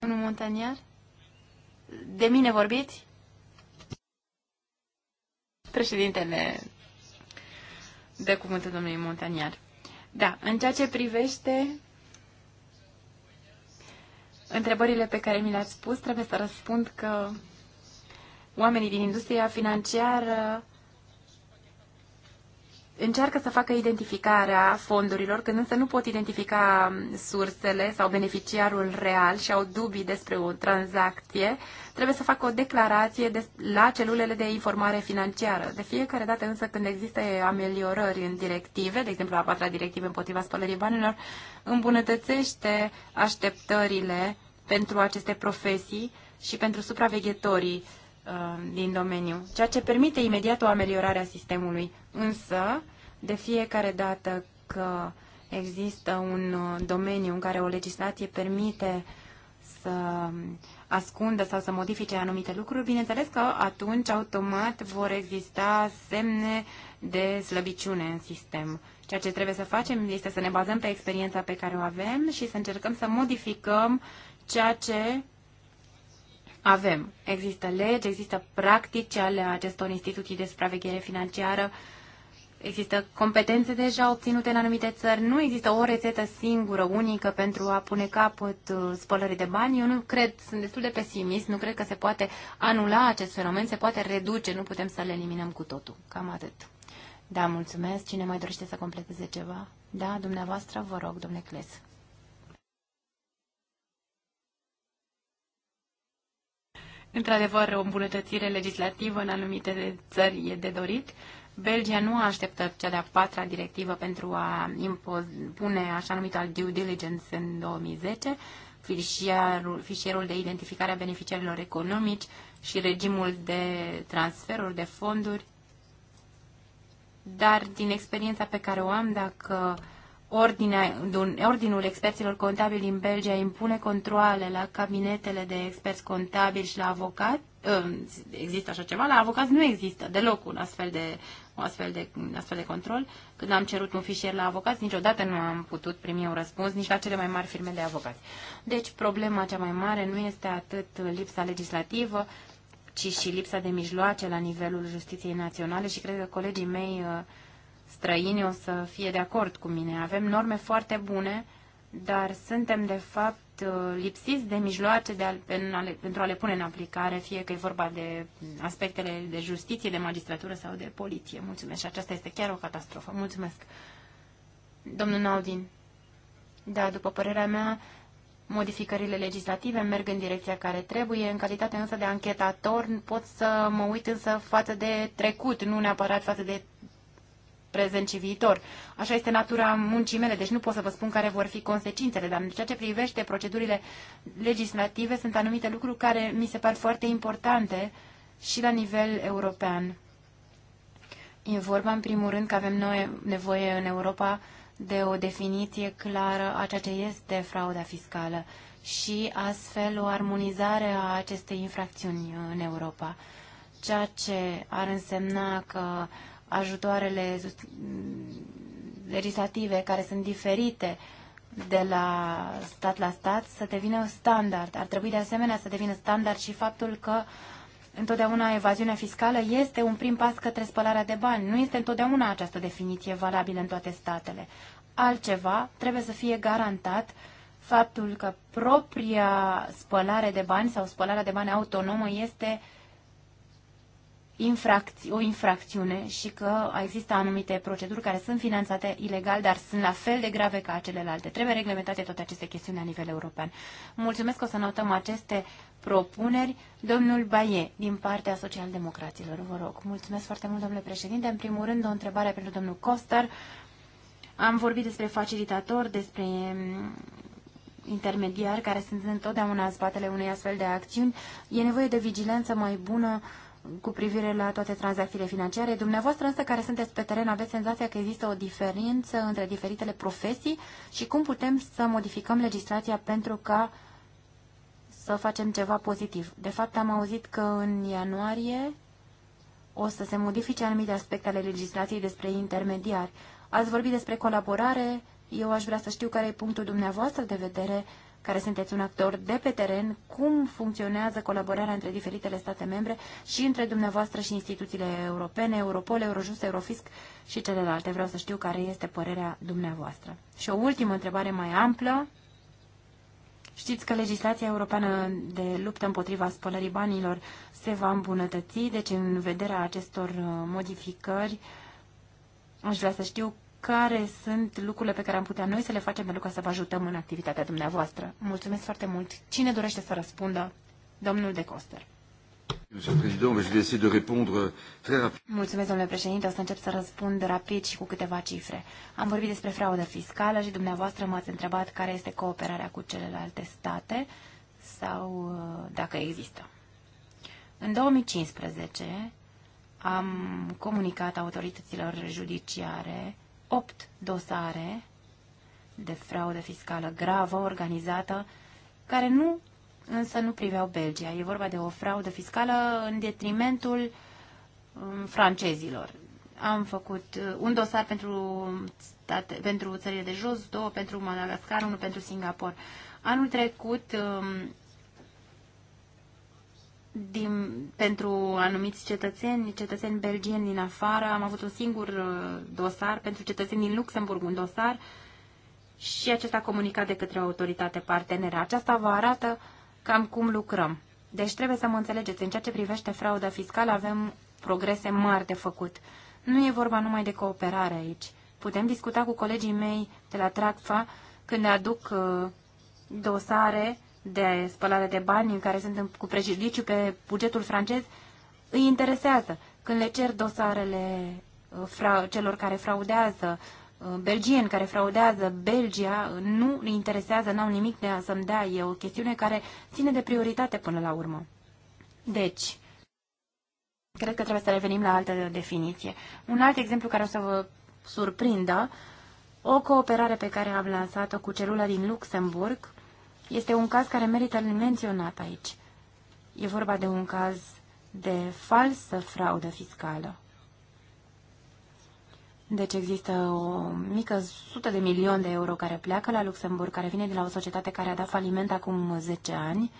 Domnul Montaniar? De mine vorbiți? Președintele de cuvântul domnului Montaniar. Da, în ceea ce privește întrebările pe care mi le-ați spus, trebuie să răspund că oamenii din industria financiară încearcă să facă identificarea fondurilor, când însă nu pot identifica um, sursele sau beneficiarul real și au dubii despre o tranzacție, trebuie să facă o declarație de, la celulele de informare financiară. De fiecare dată însă când există ameliorări în directive, de exemplu a patra directivă împotriva spălării banilor, îmbunătățește așteptările pentru aceste profesii și pentru supraveghetorii Uh, din domeniu, ceea ce permite imediat o ameliorare a sistemului. Însă, de fiecare dată că există un uh, domeniu în care o legislație permite să ascundă sau să modifice anumite lucruri, bineînțeles că atunci automat vor exista semne de slăbiciune în sistem. Ceea ce trebuie să facem este să ne bazăm pe experiența pe care o avem și să încercăm să modificăm ceea ce avem. Există legi, există practici ale acestor instituții de supraveghere financiară, există competențe deja obținute în anumite țări, nu există o rețetă singură, unică pentru a pune capăt uh, spălării de bani. Eu nu cred, sunt destul de pesimist, nu cred că se poate anula acest fenomen, se poate reduce, nu putem să le eliminăm cu totul. Cam atât. Da, mulțumesc. Cine mai dorește să completeze ceva? Da, dumneavoastră, vă rog, domnule Cles. Într-adevăr, o îmbunătățire legislativă în anumite țări e de dorit. Belgia nu așteptă cea de-a patra directivă pentru a impune așa numita due diligence în 2010, fișierul, fișierul de identificare a beneficiarilor economici și regimul de transferuri de fonduri. Dar din experiența pe care o am, dacă uh, Ordinea, ordinul experților contabili din Belgia impune controle la cabinetele de experți contabili și la avocat. Uh, există așa ceva? La avocat nu există deloc un astfel de, un astfel de, un astfel de control. Când am cerut un fișier la avocați, niciodată nu am putut primi un răspuns nici la cele mai mari firme de avocați. Deci problema cea mai mare nu este atât lipsa legislativă, ci și lipsa de mijloace la nivelul justiției naționale și cred că colegii mei uh, străini o să fie de acord cu mine. Avem norme foarte bune, dar suntem de fapt uh, lipsiți de mijloace de a, pentru a le pune în aplicare, fie că e vorba de aspectele de justiție, de magistratură sau de poliție. Mulțumesc. Și aceasta este chiar o catastrofă. Mulțumesc. Domnul Naudin. Da, după părerea mea, modificările legislative merg în direcția care trebuie. În calitate însă de anchetator pot să mă uit însă față de trecut, nu neapărat față de prezent și viitor. Așa este natura muncii mele, deci nu pot să vă spun care vor fi consecințele, dar în ceea ce privește procedurile legislative sunt anumite lucruri care mi se par foarte importante și la nivel european. E vorba, în primul rând, că avem noi nevoie în Europa de o definiție clară a ceea ce este frauda fiscală și astfel o armonizare a acestei infracțiuni în Europa, ceea ce ar însemna că ajutoarele legislative care sunt diferite de la stat la stat să devină standard. Ar trebui de asemenea să devină standard și faptul că întotdeauna evaziunea fiscală este un prim pas către spălarea de bani. Nu este întotdeauna această definiție valabilă în toate statele. Altceva trebuie să fie garantat faptul că propria spălare de bani sau spălarea de bani autonomă este uh, infracți- o infracțiune și că există anumite proceduri care sunt finanțate ilegal, dar sunt la fel de grave ca celelalte. Trebuie reglementate toate aceste chestiuni la nivel european. Mulțumesc că o să notăm aceste propuneri. Domnul Baie, din partea socialdemocraților, vă rog. Mulțumesc foarte mult, domnule președinte. În primul rând, o întrebare pentru domnul Costar. Am vorbit despre facilitator, despre mm, intermediari care sunt întotdeauna în spatele unei astfel de acțiuni. E nevoie de vigilență mai bună uh, cu privire la toate tranzacțiile financiare. Dumneavoastră însă care sunteți pe teren aveți senzația că există o diferență între diferitele profesii și cum putem să modificăm legislația pentru ca să facem ceva pozitiv. De fapt am auzit că în ianuarie o să se modifice anumite aspecte ale legislației despre intermediari. Ați vorbit despre colaborare, eu aș vrea să știu care e punctul dumneavoastră de vedere care sunteți un actor de pe teren, cum funcționează colaborarea între diferitele state membre și între dumneavoastră și instituțiile europene, Europol, Eurojust, Eurofisc și celelalte. Vreau să știu care este părerea dumneavoastră. Și o ultimă întrebare mai amplă. Știți că legislația europeană de luptă împotriva spălării banilor se va îmbunătăți, deci în vederea acestor uh, modificări, aș vrea să știu care sunt lucrurile pe care am putea noi să le facem pentru ca să vă ajutăm în activitatea dumneavoastră. Mulțumesc foarte mult. Cine dorește să răspundă? Domnul de Coster. Mulțumesc, domnule președinte. O să încep să răspund rapid și cu câteva cifre. Am vorbit despre fraudă fiscală și dumneavoastră m-ați întrebat care este cooperarea cu celelalte state sau uh, dacă există. În 2015 am comunicat autorităților judiciare 8 dosare de fraudă fiscală gravă, organizată, care nu, însă nu priveau Belgia. E vorba de o fraudă fiscală în detrimentul um, francezilor. Am făcut uh, un dosar pentru, state, pentru țările de jos, două pentru Madagascar, unul pentru Singapore. Anul trecut um, din, pentru anumiți cetățeni, cetățeni belgieni din afară. Am avut un singur uh, dosar pentru cetățeni din Luxemburg, un dosar și acesta comunicat de către o autoritate parteneră. Aceasta vă arată cam cum lucrăm. Deci trebuie să mă înțelegeți, în ceea ce privește frauda fiscală avem progrese mari de făcut. Nu e vorba numai de cooperare aici. Putem discuta cu colegii mei de la TRACFA când ne aduc uh, dosare de spălare de bani în care sunt cu prejudiciu pe bugetul francez, îi interesează. Când le cer dosarele uh, celor care fraudează, uh, belgieni care fraudează Belgia, nu îi interesează, n-au nimic de a să-mi dea. E o chestiune care ține de prioritate până la urmă. Deci, cred că trebuie să revenim la altă definiție. Un alt exemplu care o să vă surprindă, o cooperare pe care am lansat-o cu celula din Luxemburg, este un caz care merită menționat aici. E vorba de un caz de falsă fraudă fiscală. Deci există o mică sută de milioane de euro care pleacă la Luxemburg, care vine de la o societate care a dat faliment acum 10 ani,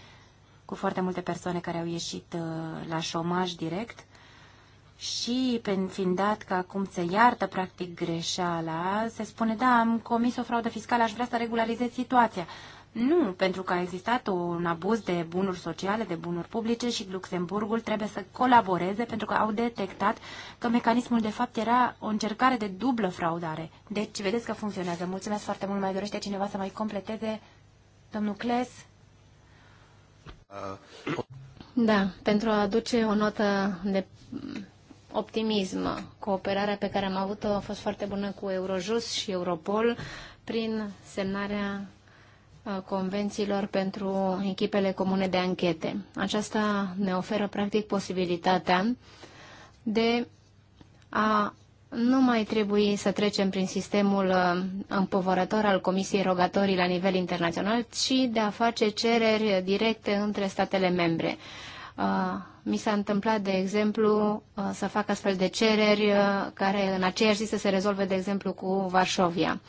cu foarte multe persoane care au ieșit uh, la șomaj direct și fiind dat că acum se iartă practic greșeala, se spune, da, am comis o fraudă fiscală, aș vrea să regularizez situația. Nu, pentru că a existat un abuz de bunuri sociale, de bunuri publice și Luxemburgul trebuie să colaboreze pentru că au detectat că mecanismul de fapt era o încercare de dublă fraudare. Deci, vedeți că funcționează. Mulțumesc foarte mult. Mai dorește cineva să mai completeze? Domnul Cles? Da, pentru a aduce o notă de optimism, cooperarea pe care am avut-o a fost foarte bună cu Eurojust și Europol prin semnarea convențiilor pentru echipele comune de anchete. Aceasta ne oferă practic posibilitatea de a nu mai trebui să trecem prin sistemul uh, împovărător al Comisiei Rogatorii la nivel internațional, ci de a face cereri directe între statele membre. Uh, mi s-a întâmplat, de exemplu, uh, să fac astfel de cereri care în aceeași zi să se rezolve, de exemplu, cu Varșovia.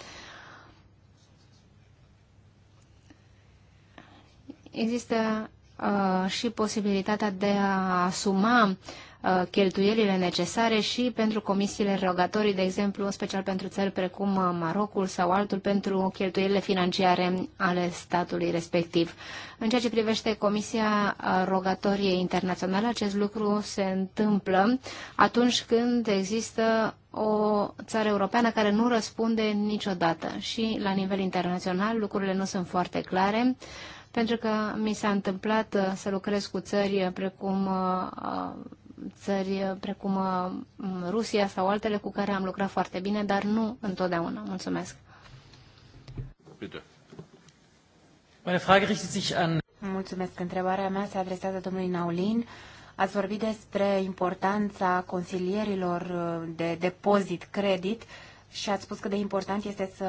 Există uh, și posibilitatea de a asuma uh, cheltuielile necesare și pentru comisiile rogatorii, de exemplu, în special pentru țări precum uh, Marocul sau altul, pentru cheltuielile financiare ale statului respectiv. În ceea ce privește Comisia uh, Rogatorie Internațională, acest lucru se întâmplă atunci când există o țară europeană care nu răspunde niciodată și la nivel internațional lucrurile nu sunt foarte clare. Uh, pentru că mi s-a întâmplat uh, să lucrez cu țări precum uh, uh, țări precum Rusia sau altele cu care am lucrat foarte bine, dar nu întotdeauna. Mulțumesc. Bitte. Meine Frage richtet sich an Mulțumesc. Întrebarea mea se adresează domnului Naulin. Ați vorbit despre importanța consilierilor de depozit credit și ați spus cât de important este să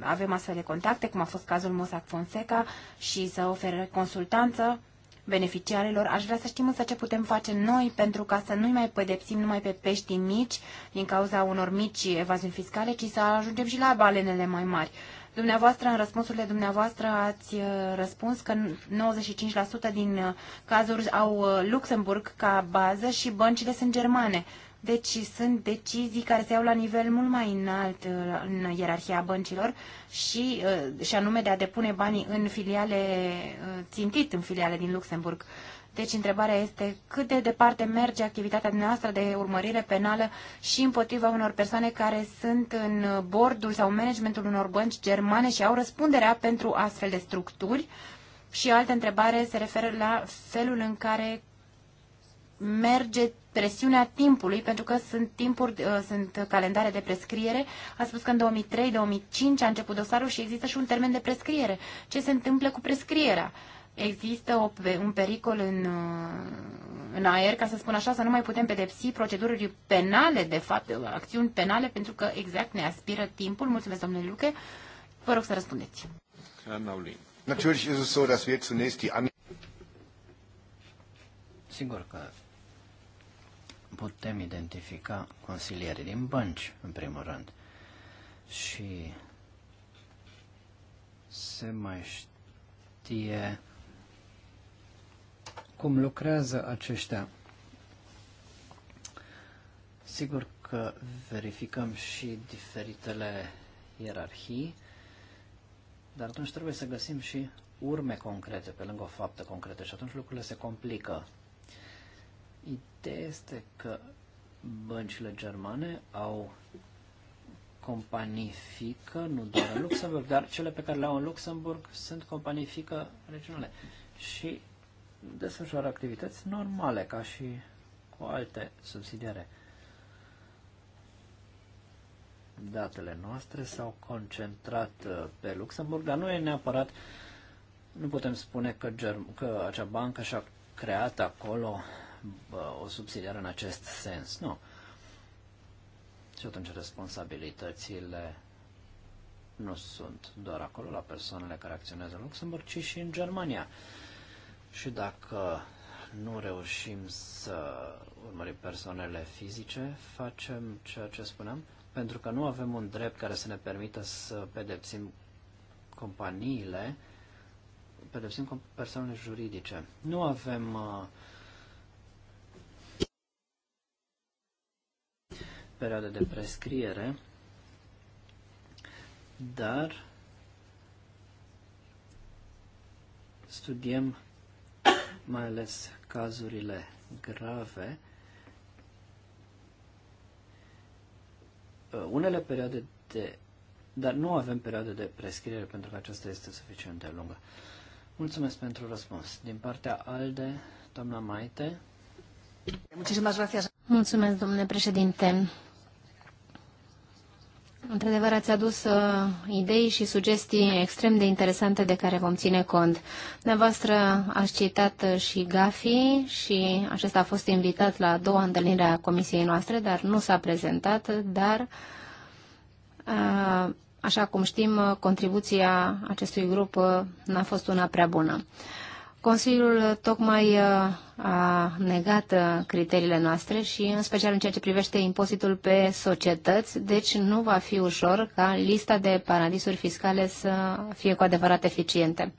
avem astfel de contacte, cum a fost cazul Mossack Fonseca, și să ofere consultanță beneficiarilor. Aș vrea să știm însă ce putem face noi pentru ca să nu-i mai pedepsim numai pe pești mici din cauza unor mici evaziuni fiscale, ci să ajungem și la balenele mai mari. Dumneavoastră, în răspunsurile dumneavoastră, ați uh, răspuns că 95% din uh, cazuri au uh, Luxemburg ca bază și băncile sunt germane. Deci sunt decizii care se iau la nivel mult mai înalt uh, în ierarhia băncilor și, uh, și anume de a depune banii în filiale, uh, țintit în filiale din Luxemburg. Deci întrebarea este cât de departe merge activitatea noastră de urmărire penală și împotriva unor persoane care sunt în bordul sau managementul unor bănci germane și au răspunderea pentru astfel de structuri. Și altă întrebare se referă la felul în care merge presiunea timpului, pentru că sunt timpuri, uh, sunt calendare de prescriere. A spus că în 2003-2005 a început dosarul și există și un termen de prescriere. Ce se întâmplă cu prescrierea? Există o, un pericol în, uh, în aer, ca să spun așa, să nu mai putem pedepsi proceduri penale, de fapt, acțiuni penale, pentru că exact ne aspiră timpul. Mulțumesc, domnule Luche. Vă rog să răspundeți. Sigur că putem identifica consilierii din bănci, în primul rând. Și se mai știe cum lucrează aceștia. Sigur că verificăm și diferitele ierarhii, dar atunci trebuie să găsim și urme concrete pe lângă o faptă concretă și atunci lucrurile se complică. Ideea este că băncile germane au companii fică, nu doar în Luxemburg, dar cele pe care le au în Luxemburg sunt companii fică regionale și desfășoară activități normale, ca și cu alte subsidiare. Datele noastre s-au concentrat uh, pe Luxemburg, dar nu e neapărat, nu putem spune că, Germ- că acea bancă și-a creat acolo o subsidiară în acest sens. Nu. Și atunci responsabilitățile nu sunt doar acolo la persoanele care acționează în Luxemburg, ci și în Germania. Și dacă nu reușim să urmărim persoanele fizice, facem ceea ce spuneam, pentru că nu avem un drept care să ne permită să pedepsim companiile, pedepsim persoanele juridice. Nu avem uh, perioada de prescriere, dar studiem mai ales cazurile grave. Uh, unele perioade de. Dar nu avem perioade de prescriere pentru că aceasta este suficient de lungă. Mulțumesc pentru răspuns. Din partea ALDE, doamna Maite. Mulțumesc, domnule președinte. Într-adevăr, ați adus uh, idei și sugestii extrem de interesante de care vom ține cont. Dumneavoastră ați citat uh, și Gafi și acesta a fost invitat la a doua întâlnire a comisiei noastre, dar nu s-a prezentat, dar uh, Așa cum știm, contribuția acestui grup uh, n-a fost una prea bună. Consiliul uh, tocmai uh, a negat uh, criteriile noastre și în special în ceea ce privește impozitul pe societăți, deci nu va fi ușor ca lista de paradisuri fiscale să fie cu adevărat eficiente.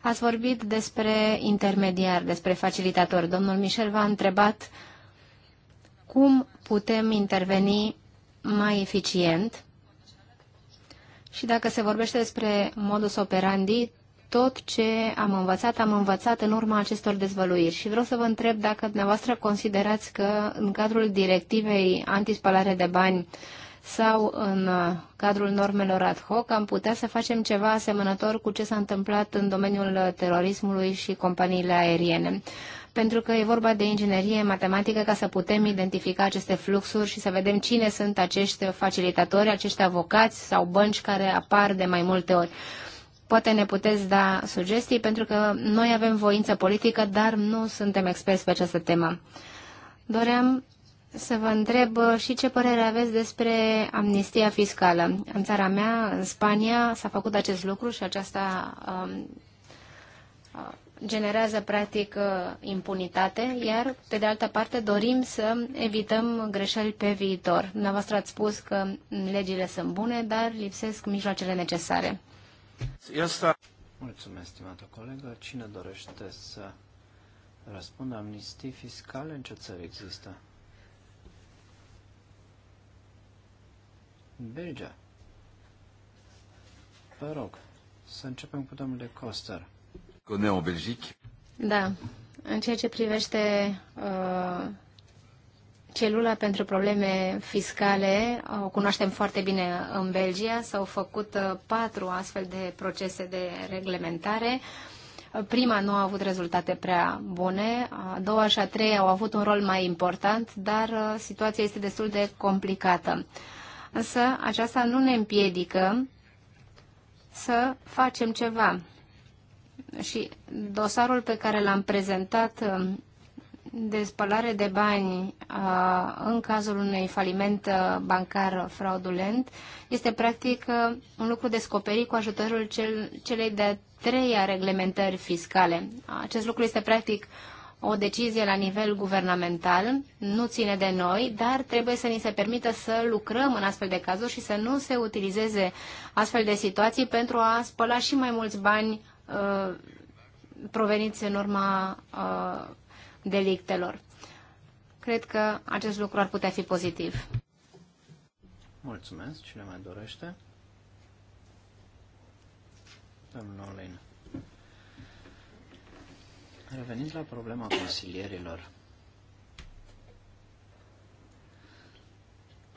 Ați vorbit despre intermediar, despre facilitator. Domnul Michel v-a întrebat cum putem interveni mai eficient și dacă se vorbește despre modus operandi, tot ce am învățat, am învățat în urma acestor dezvăluiri și vreau să vă întreb dacă dumneavoastră considerați că în cadrul directivei antispalare de bani sau în uh, cadrul normelor ad hoc am putea să facem ceva asemănător cu ce s-a întâmplat în domeniul uh, terorismului și companiile aeriene. Pentru că e vorba de inginerie matematică ca să putem identifica aceste fluxuri și să vedem cine sunt acești facilitatori, acești avocați sau bănci care apar de mai multe ori. Poate ne puteți da sugestii, pentru că noi avem voință politică, dar nu suntem experți pe această temă. Doream să vă întreb uh, și ce părere aveți despre amnistia fiscală. În țara mea, în Spania, s-a făcut acest lucru și aceasta um, uh, generează practic uh, impunitate, iar pe de altă parte dorim să evităm greșeli pe viitor. Dumneavoastră ați spus că legile sunt bune, dar lipsesc mijloacele necesare. Asta... Mulțumesc, stimată colegă. Cine dorește să răspundă amnistii fiscale? În ce țări există? Belgia. Vă rog, să începem cu de Coster. Cu în Belgic. Da. În ceea ce privește uh, Celula pentru probleme fiscale o cunoaștem foarte bine în Belgia. S-au făcut uh, patru astfel de procese de reglementare. Uh, prima nu a avut rezultate prea bune, a doua și a treia au avut un rol mai important, dar uh, situația este destul de complicată. Însă aceasta nu ne împiedică să facem ceva. Și dosarul pe care l-am prezentat de spălare de bani uh, în cazul unui faliment uh, bancar fraudulent este practic uh, un lucru descoperit cu ajutorul cel, celei de treia reglementări fiscale. Acest lucru este practic o decizie la nivel guvernamental, nu ține de noi, dar trebuie să ni se permită să lucrăm în astfel de cazuri și să nu se utilizeze astfel de situații pentru a spăla și mai mulți bani uh, proveniți în urma uh, delictelor. Cred că acest lucru ar putea fi pozitiv. Mulțumesc. Cine mai dorește? Domnul Olin. Revenind la problema consilierilor,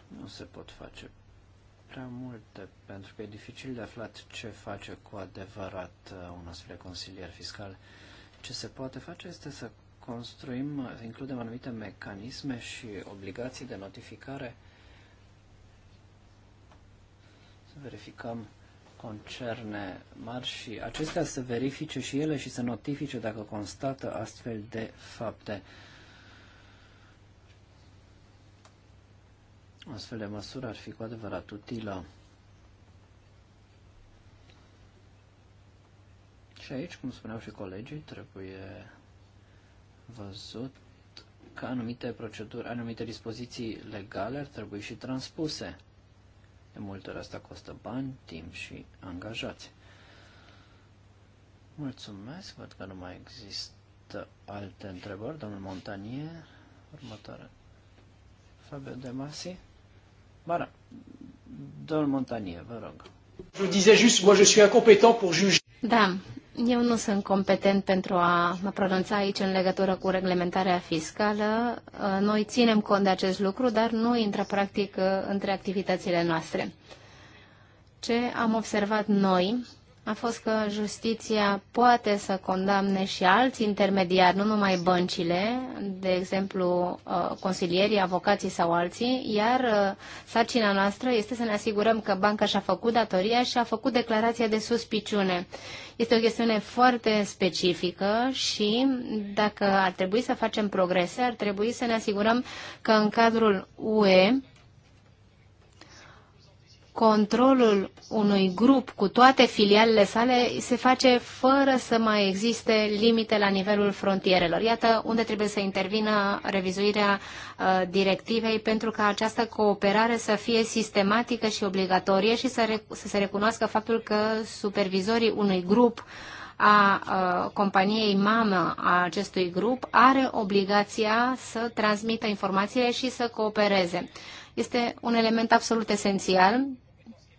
nu se pot face prea multe, pentru că e dificil de aflat ce face cu adevărat uh, un astfel de consilier fiscal. Ce se poate face este să construim, includem anumite mecanisme și obligații de notificare, să verificăm concerne mari și acestea să verifice și ele și să notifice dacă constată astfel de fapte. O astfel de măsură ar fi cu adevărat utilă. Și aici, cum spuneau și colegii, trebuie văzut că anumite proceduri, anumite dispoziții legale ar trebui și transpuse. De multe ori asta costă bani, timp și angajați. Mulțumesc, văd că nu mai există alte întrebări. Domnul Montanie, următoare. Fabio De Masi. Bara, da, domnul Montanie, vă rog. Je disais juste, moi je suis incompétent pour juger. Da, eu nu sunt competent pentru a mă pronunța aici în legătură cu reglementarea fiscală. Uh, noi ținem cont de acest lucru, dar nu intră practic uh, între activitățile noastre. Ce am observat noi a fost că justiția poate să condamne și alți intermediari, nu numai băncile, de exemplu uh, consilierii, avocații sau alții, iar uh, sarcina noastră este să ne asigurăm că banca și-a făcut datoria și a făcut declarația de suspiciune. Este o chestiune foarte specifică și dacă ar trebui să facem progrese, ar trebui să ne asigurăm că în cadrul UE controlul unui grup cu toate filialele sale se face fără să mai existe limite la nivelul frontierelor. Iată unde trebuie să intervină revizuirea uh, directivei pentru ca această cooperare să fie sistematică și obligatorie și să, rec- să se recunoască faptul că supervizorii unui grup a uh, companiei mamă a acestui grup are obligația să transmită informațiile și să coopereze. Este un element absolut esențial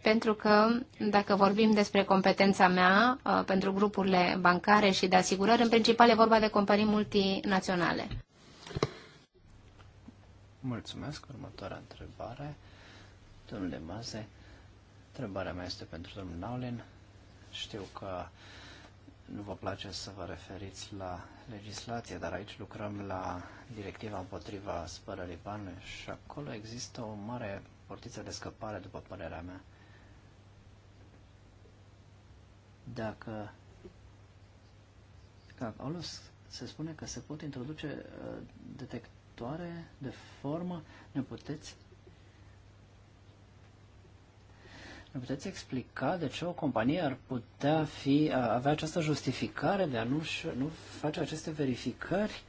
pentru că dacă vorbim despre competența mea uh, pentru grupurile bancare și de asigurări, în principal e vorba de companii multinaționale. Mulțumesc. Următoarea întrebare. Domnule Maze, întrebarea mea este pentru domnul Naulin. Știu că nu vă place să vă referiți la legislație, dar aici lucrăm la directiva împotriva spărării banului și acolo există o mare portiță de scăpare, după părerea mea. Dacă că acolo se spune că se pot introduce uh, detectoare de formă, ne puteți ne puteți explica de ce o companie ar putea fi, a avea această justificare de a nu, nu face aceste verificări?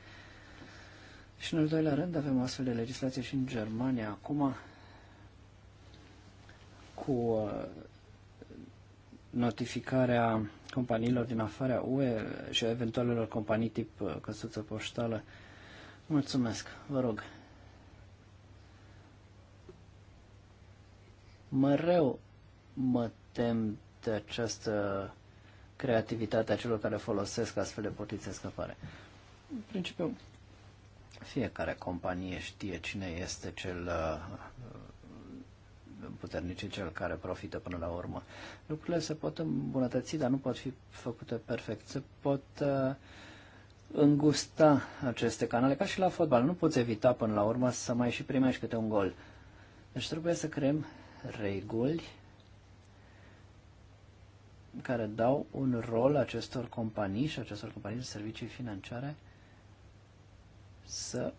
Și în al doilea rând avem astfel de legislație și în Germania acum cu uh, notificarea companiilor din afara UE și a eventualelor companii tip uh, căsuță poștală. Mulțumesc, vă rog. Mereu mă tem de această creativitate a celor care folosesc astfel de portițe de scăpare. În principiu, fiecare companie știe cine este cel uh, puternic, cel care profită până la urmă. Lucrurile se pot îmbunătăți, dar nu pot fi făcute perfect. Se pot uh, îngusta aceste canale, ca și la fotbal. Nu poți evita până la urmă să mai și primești câte un gol. Deci trebuie să creăm reguli care dau un rol acestor companii și acestor companii de servicii financiare să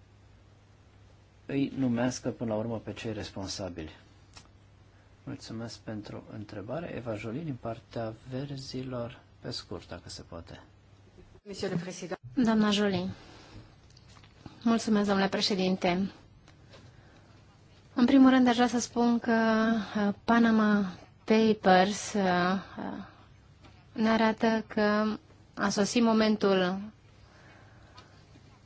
îi numească până la urmă pe cei responsabili. Mulțumesc pentru întrebare. Eva Jolie din partea verzilor, pe scurt, dacă se poate. Doamna Jolie, mulțumesc, domnule președinte. În primul rând, aș vrea să spun că uh, Panama Papers uh, uh, ne arată că a sosit momentul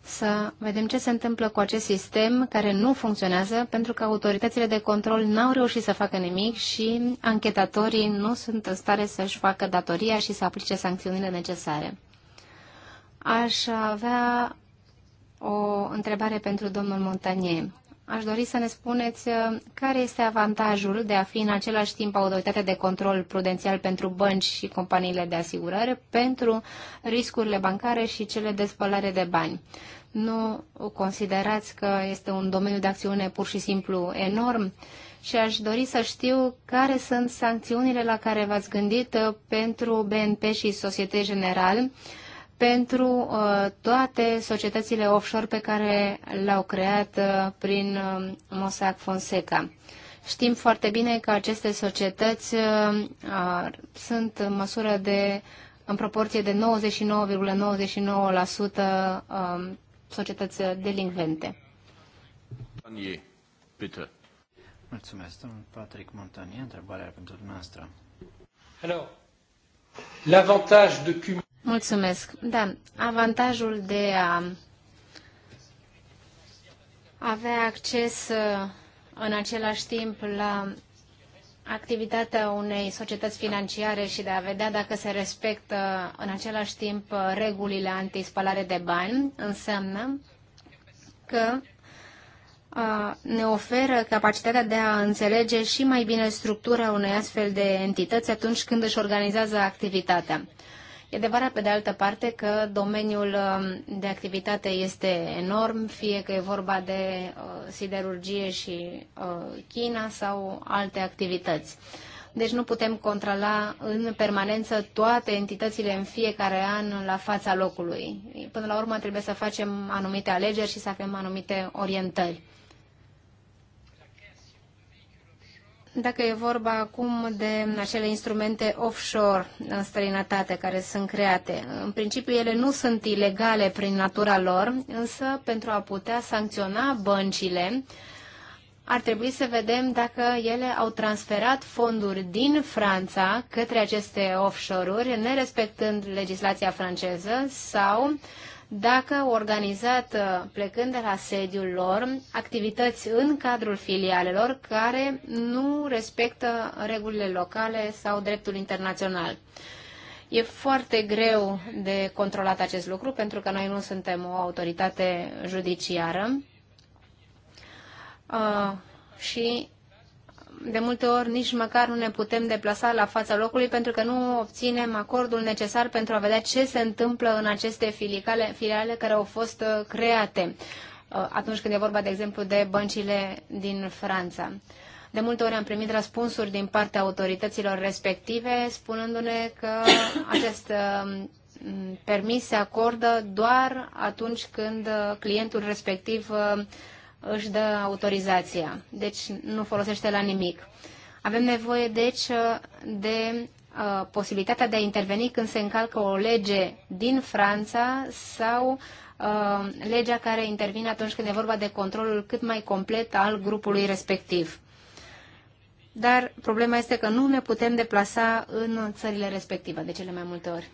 să vedem ce se întâmplă cu acest sistem care nu funcționează pentru că autoritățile de control n-au reușit să facă nimic și anchetatorii nu sunt în stare să-și facă datoria și să aplice sancțiunile necesare. Aș avea o întrebare pentru domnul Montanier. Aș dori să ne spuneți uh, care este avantajul de a fi în același timp autoritate de control prudențial pentru bănci și companiile de asigurare, pentru riscurile bancare și cele de spălare de bani. Nu considerați că este un domeniu de acțiune pur și simplu enorm? și aș dori să știu care sunt sancțiunile la care v-ați gândit uh, pentru BNP și Societe General pentru uh, toate societățile offshore pe care le-au creat uh, prin uh, Mossack Fonseca. Știm foarte bine că aceste societăți sunt în măsură de, în proporție de 99,99% ,99 um, societăți delinvente. Mulțumesc, domnul Patrick Montanier. Întrebarea pentru dumneavoastră. Hello. l'avantage de cumul Mulțumesc. Da, avantajul de a avea acces uh, în același timp la activitatea unei societăți financiare și de a vedea dacă se respectă uh, în același timp uh, regulile antispălare de bani înseamnă că ne oferă capacitatea de a înțelege și mai bine structura unei astfel de entități atunci când își organizează activitatea. E adevărat, pe de altă parte, că domeniul um, de activitate este enorm, fie că e vorba de uh, siderurgie și uh, China sau alte activități. Deci nu putem controla în permanență toate entitățile în fiecare an la fața locului. Până la urmă trebuie să facem anumite alegeri și să avem anumite orientări. dacă e vorba acum de acele instrumente offshore în străinătate care sunt create. În principiu ele nu sunt ilegale prin natura lor, însă pentru a putea sancționa băncile, ar trebui să vedem dacă ele au transferat fonduri din Franța către aceste offshore-uri, nerespectând legislația franceză sau uh, dacă organizat uh, plecând de la sediul lor activități în cadrul filialelor care nu respectă regulile locale sau dreptul internațional. E foarte greu de controlat acest lucru pentru că noi nu suntem o autoritate judiciară. Uh, și de multe ori nici măcar nu ne putem deplasa la fața locului pentru că nu obținem acordul necesar pentru a vedea ce se întâmplă în aceste filicale, filiale care au fost uh, create uh, atunci când e vorba, de exemplu, de băncile din Franța. De multe ori am primit răspunsuri din partea autorităților respective spunându-ne că acest um, permis se acordă doar atunci când uh, clientul respectiv își dă autorizația, deci nu folosește la nimic. Avem nevoie, deci, de uh, posibilitatea de a interveni când se încalcă o lege din Franța sau uh, legea care intervine atunci când e vorba de controlul cât mai complet al grupului respectiv. Dar problema este că nu ne putem deplasa în țările respective de cele mai multe ori.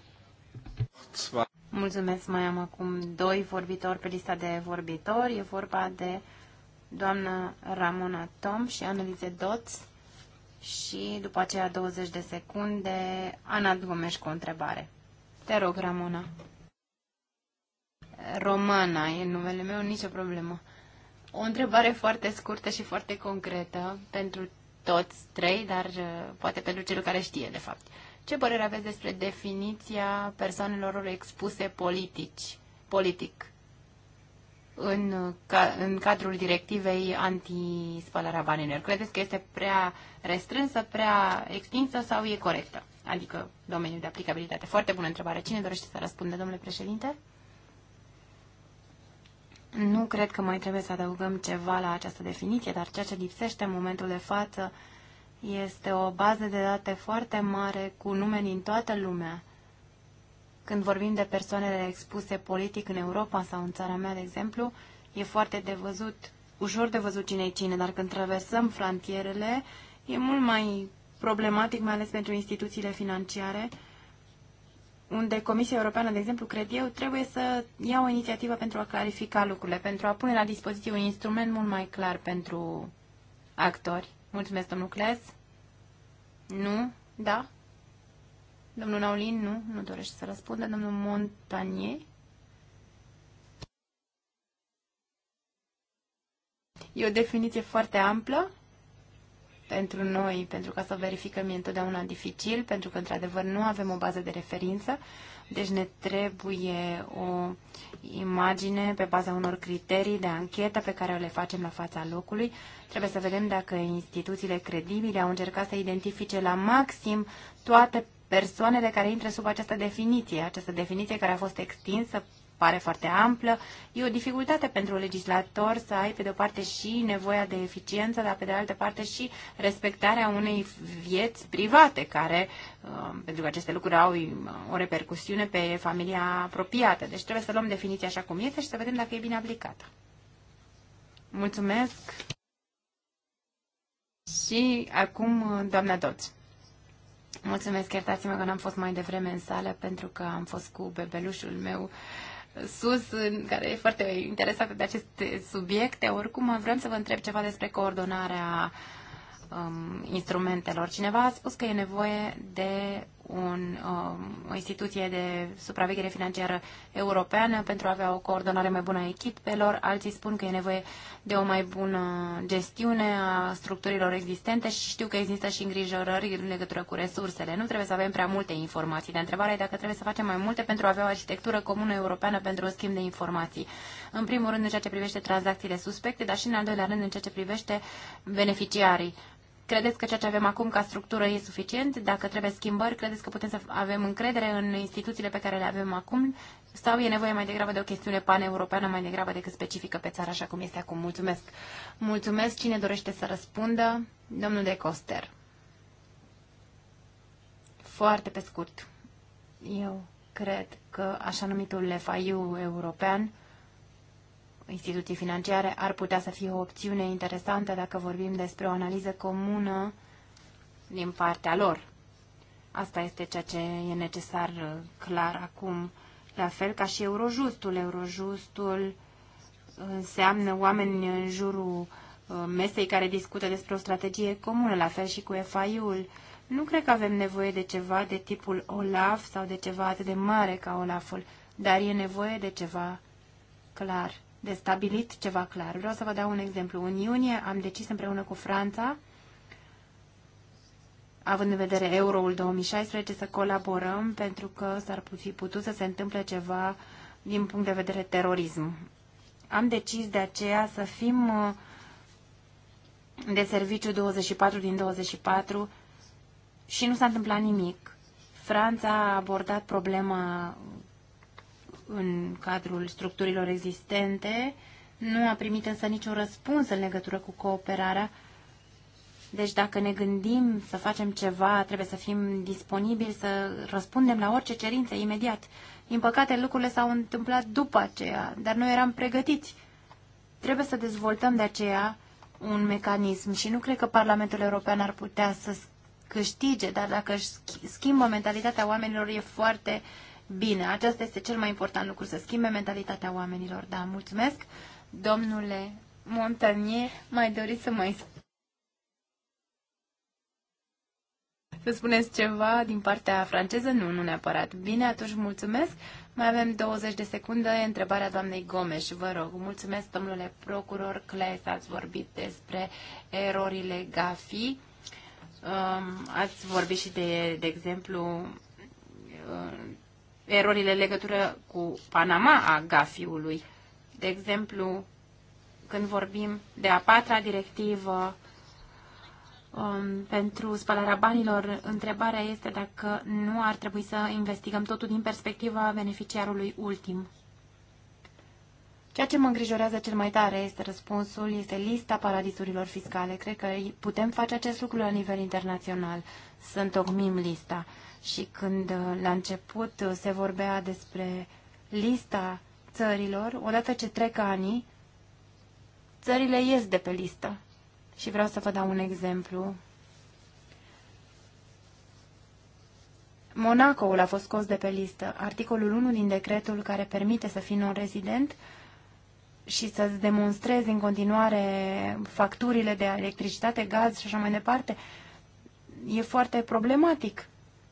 Mulțumesc, mai am acum doi vorbitori pe lista de vorbitori. E vorba de doamna Ramona Tom și Anelize Doț și după aceea 20 de secunde Ana Dumeș cu o întrebare. Te rog, Ramona. Romana e numele meu, nicio problemă. O întrebare foarte scurtă și foarte concretă pentru toți trei, dar uh, poate pentru celul care știe, de fapt. Ce părere aveți despre definiția persoanelor expuse politici, politic? în, în cadrul directivei anti-spălarea banilor? Credeți că este prea restrânsă, prea extinsă sau e corectă? Adică domeniul de aplicabilitate. Foarte bună întrebare. Cine dorește să răspundă, domnule președinte? Nu cred că mai trebuie să adăugăm ceva la această definiție, dar ceea ce lipsește în momentul de față este o bază de date foarte mare cu nume din toată lumea când vorbim de persoanele expuse politic în Europa sau în țara mea, de exemplu, e foarte de văzut, ușor de văzut cine cine, dar când traversăm frontierele, e mult mai problematic, mai ales pentru instituțiile financiare, unde Comisia Europeană, de exemplu, cred eu, trebuie să ia o inițiativă pentru a clarifica lucrurile, pentru a pune la dispoziție un instrument mult mai clar pentru actori. Mulțumesc, domnul Cles. Nu? Da? Domnul Naulin, nu, nu dorește să răspundă. Domnul Montanier. E o definiție foarte amplă pentru noi, pentru ca să verificăm e întotdeauna dificil, pentru că, într-adevăr, nu avem o bază de referință, deci ne trebuie o imagine pe baza unor criterii de anchetă pe care le facem la fața locului. Trebuie să vedem dacă instituțiile credibile au încercat să identifice la maxim toate persoanele care intră sub această definiție. Această definiție care a fost extinsă pare foarte amplă. E o dificultate pentru legislator să ai, pe de-o parte, și nevoia de eficiență, dar, pe de altă parte, și respectarea unei vieți private, care, um, pentru că aceste lucruri au um, o repercusiune pe familia apropiată. Deci trebuie să luăm definiția așa cum este și să vedem dacă e bine aplicată. Mulțumesc! Și acum, doamna Doți. Mulțumesc, iertați-mă că n-am fost mai devreme în sală pentru că am fost cu bebelușul meu sus, care e foarte interesată de aceste subiecte. Oricum, vreau să vă întreb ceva despre coordonarea um, instrumentelor. Cineva a spus că e nevoie de un, um, o instituție de supraveghere financiară europeană pentru a avea o coordonare mai bună a echipelor. Alții spun că e nevoie de o mai bună gestiune a structurilor existente și știu că există și îngrijorări în legătură cu resursele. Nu trebuie să avem prea multe informații, De întrebare, dacă trebuie să facem mai multe pentru a avea o arhitectură comună europeană pentru un schimb de informații. În primul rând în ceea ce privește tranzacțiile suspecte, dar și în al doilea rând în ceea ce privește beneficiarii Credeți că ceea ce avem acum ca structură e suficient? Dacă trebuie schimbări, credeți că putem să avem încredere în instituțiile pe care le avem acum? Sau e nevoie mai degrabă de o chestiune paneuropeană, mai degrabă decât specifică pe țară, așa cum este acum? Mulțumesc! Mulțumesc! Cine dorește să răspundă? Domnul de Coster. Foarte pe scurt. Eu cred că așa numitul FIU european instituții financiare ar putea să fie o opțiune interesantă dacă vorbim despre o analiză comună din partea lor. Asta este ceea ce e necesar uh, clar acum. La fel ca și Eurojustul. Eurojustul uh, înseamnă oameni în jurul uh, mesei care discută despre o strategie comună, la fel și cu efai ul Nu cred că avem nevoie de ceva de tipul OLAF sau de ceva atât de mare ca OLAF-ul, dar e nevoie de ceva clar de stabilit ceva clar. Vreau să vă dau un exemplu. În iunie am decis împreună cu Franța, având în vedere euroul 2016, să colaborăm pentru că s-ar fi putut să se întâmple ceva din punct de vedere terorism. Am decis de aceea să fim uh, de serviciu 24 din 24 și nu s-a întâmplat nimic. Franța a abordat problema în cadrul structurilor existente. Nu a primit însă niciun răspuns în legătură cu cooperarea. Deci dacă ne gândim să facem ceva, trebuie să fim disponibili să răspundem la orice cerință imediat. Din păcate, lucrurile s-au întâmplat după aceea, dar noi eram pregătiți. Trebuie să dezvoltăm de aceea un mecanism și nu cred că Parlamentul European ar putea să câștige, dar dacă își schimbă mentalitatea oamenilor e foarte uh, bine. Acesta este cel mai important lucru, să schimbe mentalitatea oamenilor. Da, mulțumesc. Domnule Montagnier, mai doriți să mai să spuneți ceva din partea franceză? Nu, nu neapărat. Bine, atunci mulțumesc. Mai avem 20 de secunde. Întrebarea doamnei Gomes, vă rog. Mulțumesc, domnule procuror Claes, ați vorbit despre erorile GAFI. Um, ați vorbit și de, de exemplu, uh, erorile în legătură cu Panama a gafiului. De exemplu, când vorbim de a patra directivă um, pentru spălarea banilor, întrebarea este dacă nu ar trebui să investigăm totul din perspectiva beneficiarului ultim. Ceea ce mă îngrijorează cel mai tare este răspunsul, este lista paradisurilor fiscale. Cred că putem face acest lucru la nivel internațional, să întocmim lista și când uh, la început uh, se vorbea despre lista țărilor, odată ce trec anii, țările ies de pe listă. Și vreau să vă dau un exemplu. Monacoul a fost scos de pe listă. Articolul 1 din decretul care permite să fii non-rezident și să-ți demonstrezi în continuare facturile de electricitate, gaz și așa mai departe, e foarte problematic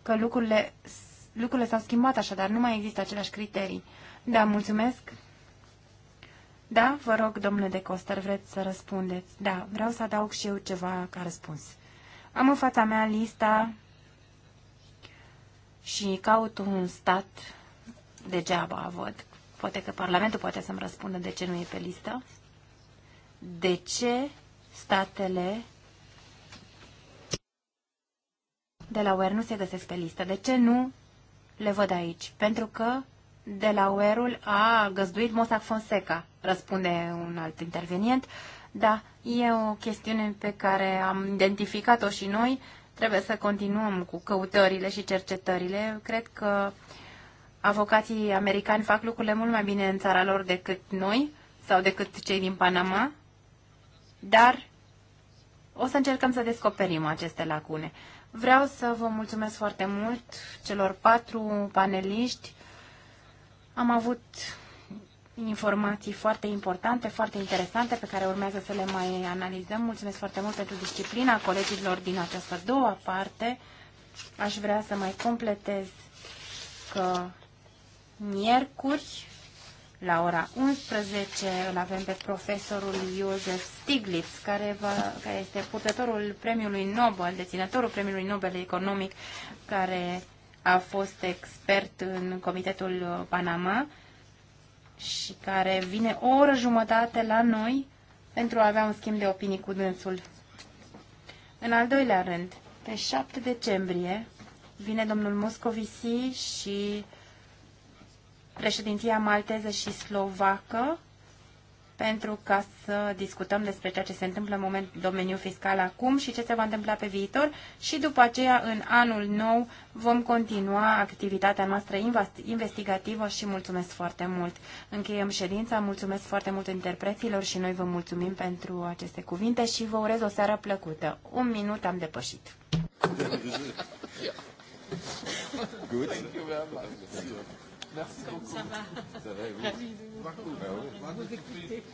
că lucrurile, lucrurile s-au schimbat așadar, nu mai există aceleași criterii. Da, mulțumesc. Da, vă rog, domnule de Coster, vreți să răspundeți. Da, vreau să adaug și eu ceva ca răspuns. Am în fața mea lista și caut un stat degeaba, văd. Poate că Parlamentul poate să-mi răspundă de ce nu e pe listă. De ce statele Delaware nu se găsesc pe listă. De ce nu le văd aici? Pentru că Delaware-ul a găzduit Mossack Fonseca, răspunde un alt intervenient. Da, e o chestiune pe care am identificat-o și noi. Trebuie să continuăm cu căutările și cercetările. Cred că avocații americani fac lucrurile mult mai bine în țara lor decât noi sau decât cei din Panama, dar o să încercăm să descoperim aceste lacune. Vreau să vă mulțumesc foarte mult celor patru paneliști. Am avut informații foarte importante, foarte interesante, pe care urmează să le mai analizăm. Mulțumesc foarte mult pentru disciplina colegilor din această a doua parte. Aș vrea să mai completez că miercuri la ora 11 îl avem pe profesorul Iosef Stiglitz, care, va, care este purtătorul premiului Nobel, deținătorul premiului Nobel economic, care a fost expert în Comitetul Panama și care vine o oră jumătate la noi pentru a avea un schimb de opinii cu dânsul. În al doilea rând, pe 7 decembrie vine domnul Moscovici și președinția malteză și slovacă pentru ca să discutăm despre ceea ce se întâmplă în moment domeniul fiscal acum și ce se va întâmpla pe viitor și după aceea în anul nou vom continua activitatea noastră investigativă și mulțumesc foarte mult. Încheiem ședința, mulțumesc foarte mult interpreților și noi vă mulțumim pentru aceste cuvinte și vă urez o seară plăcută. Un minut am depășit. Good. Thank you very much. Merci beaucoup. Ça va. Ça va, et vous de vous, vous, vous écouter.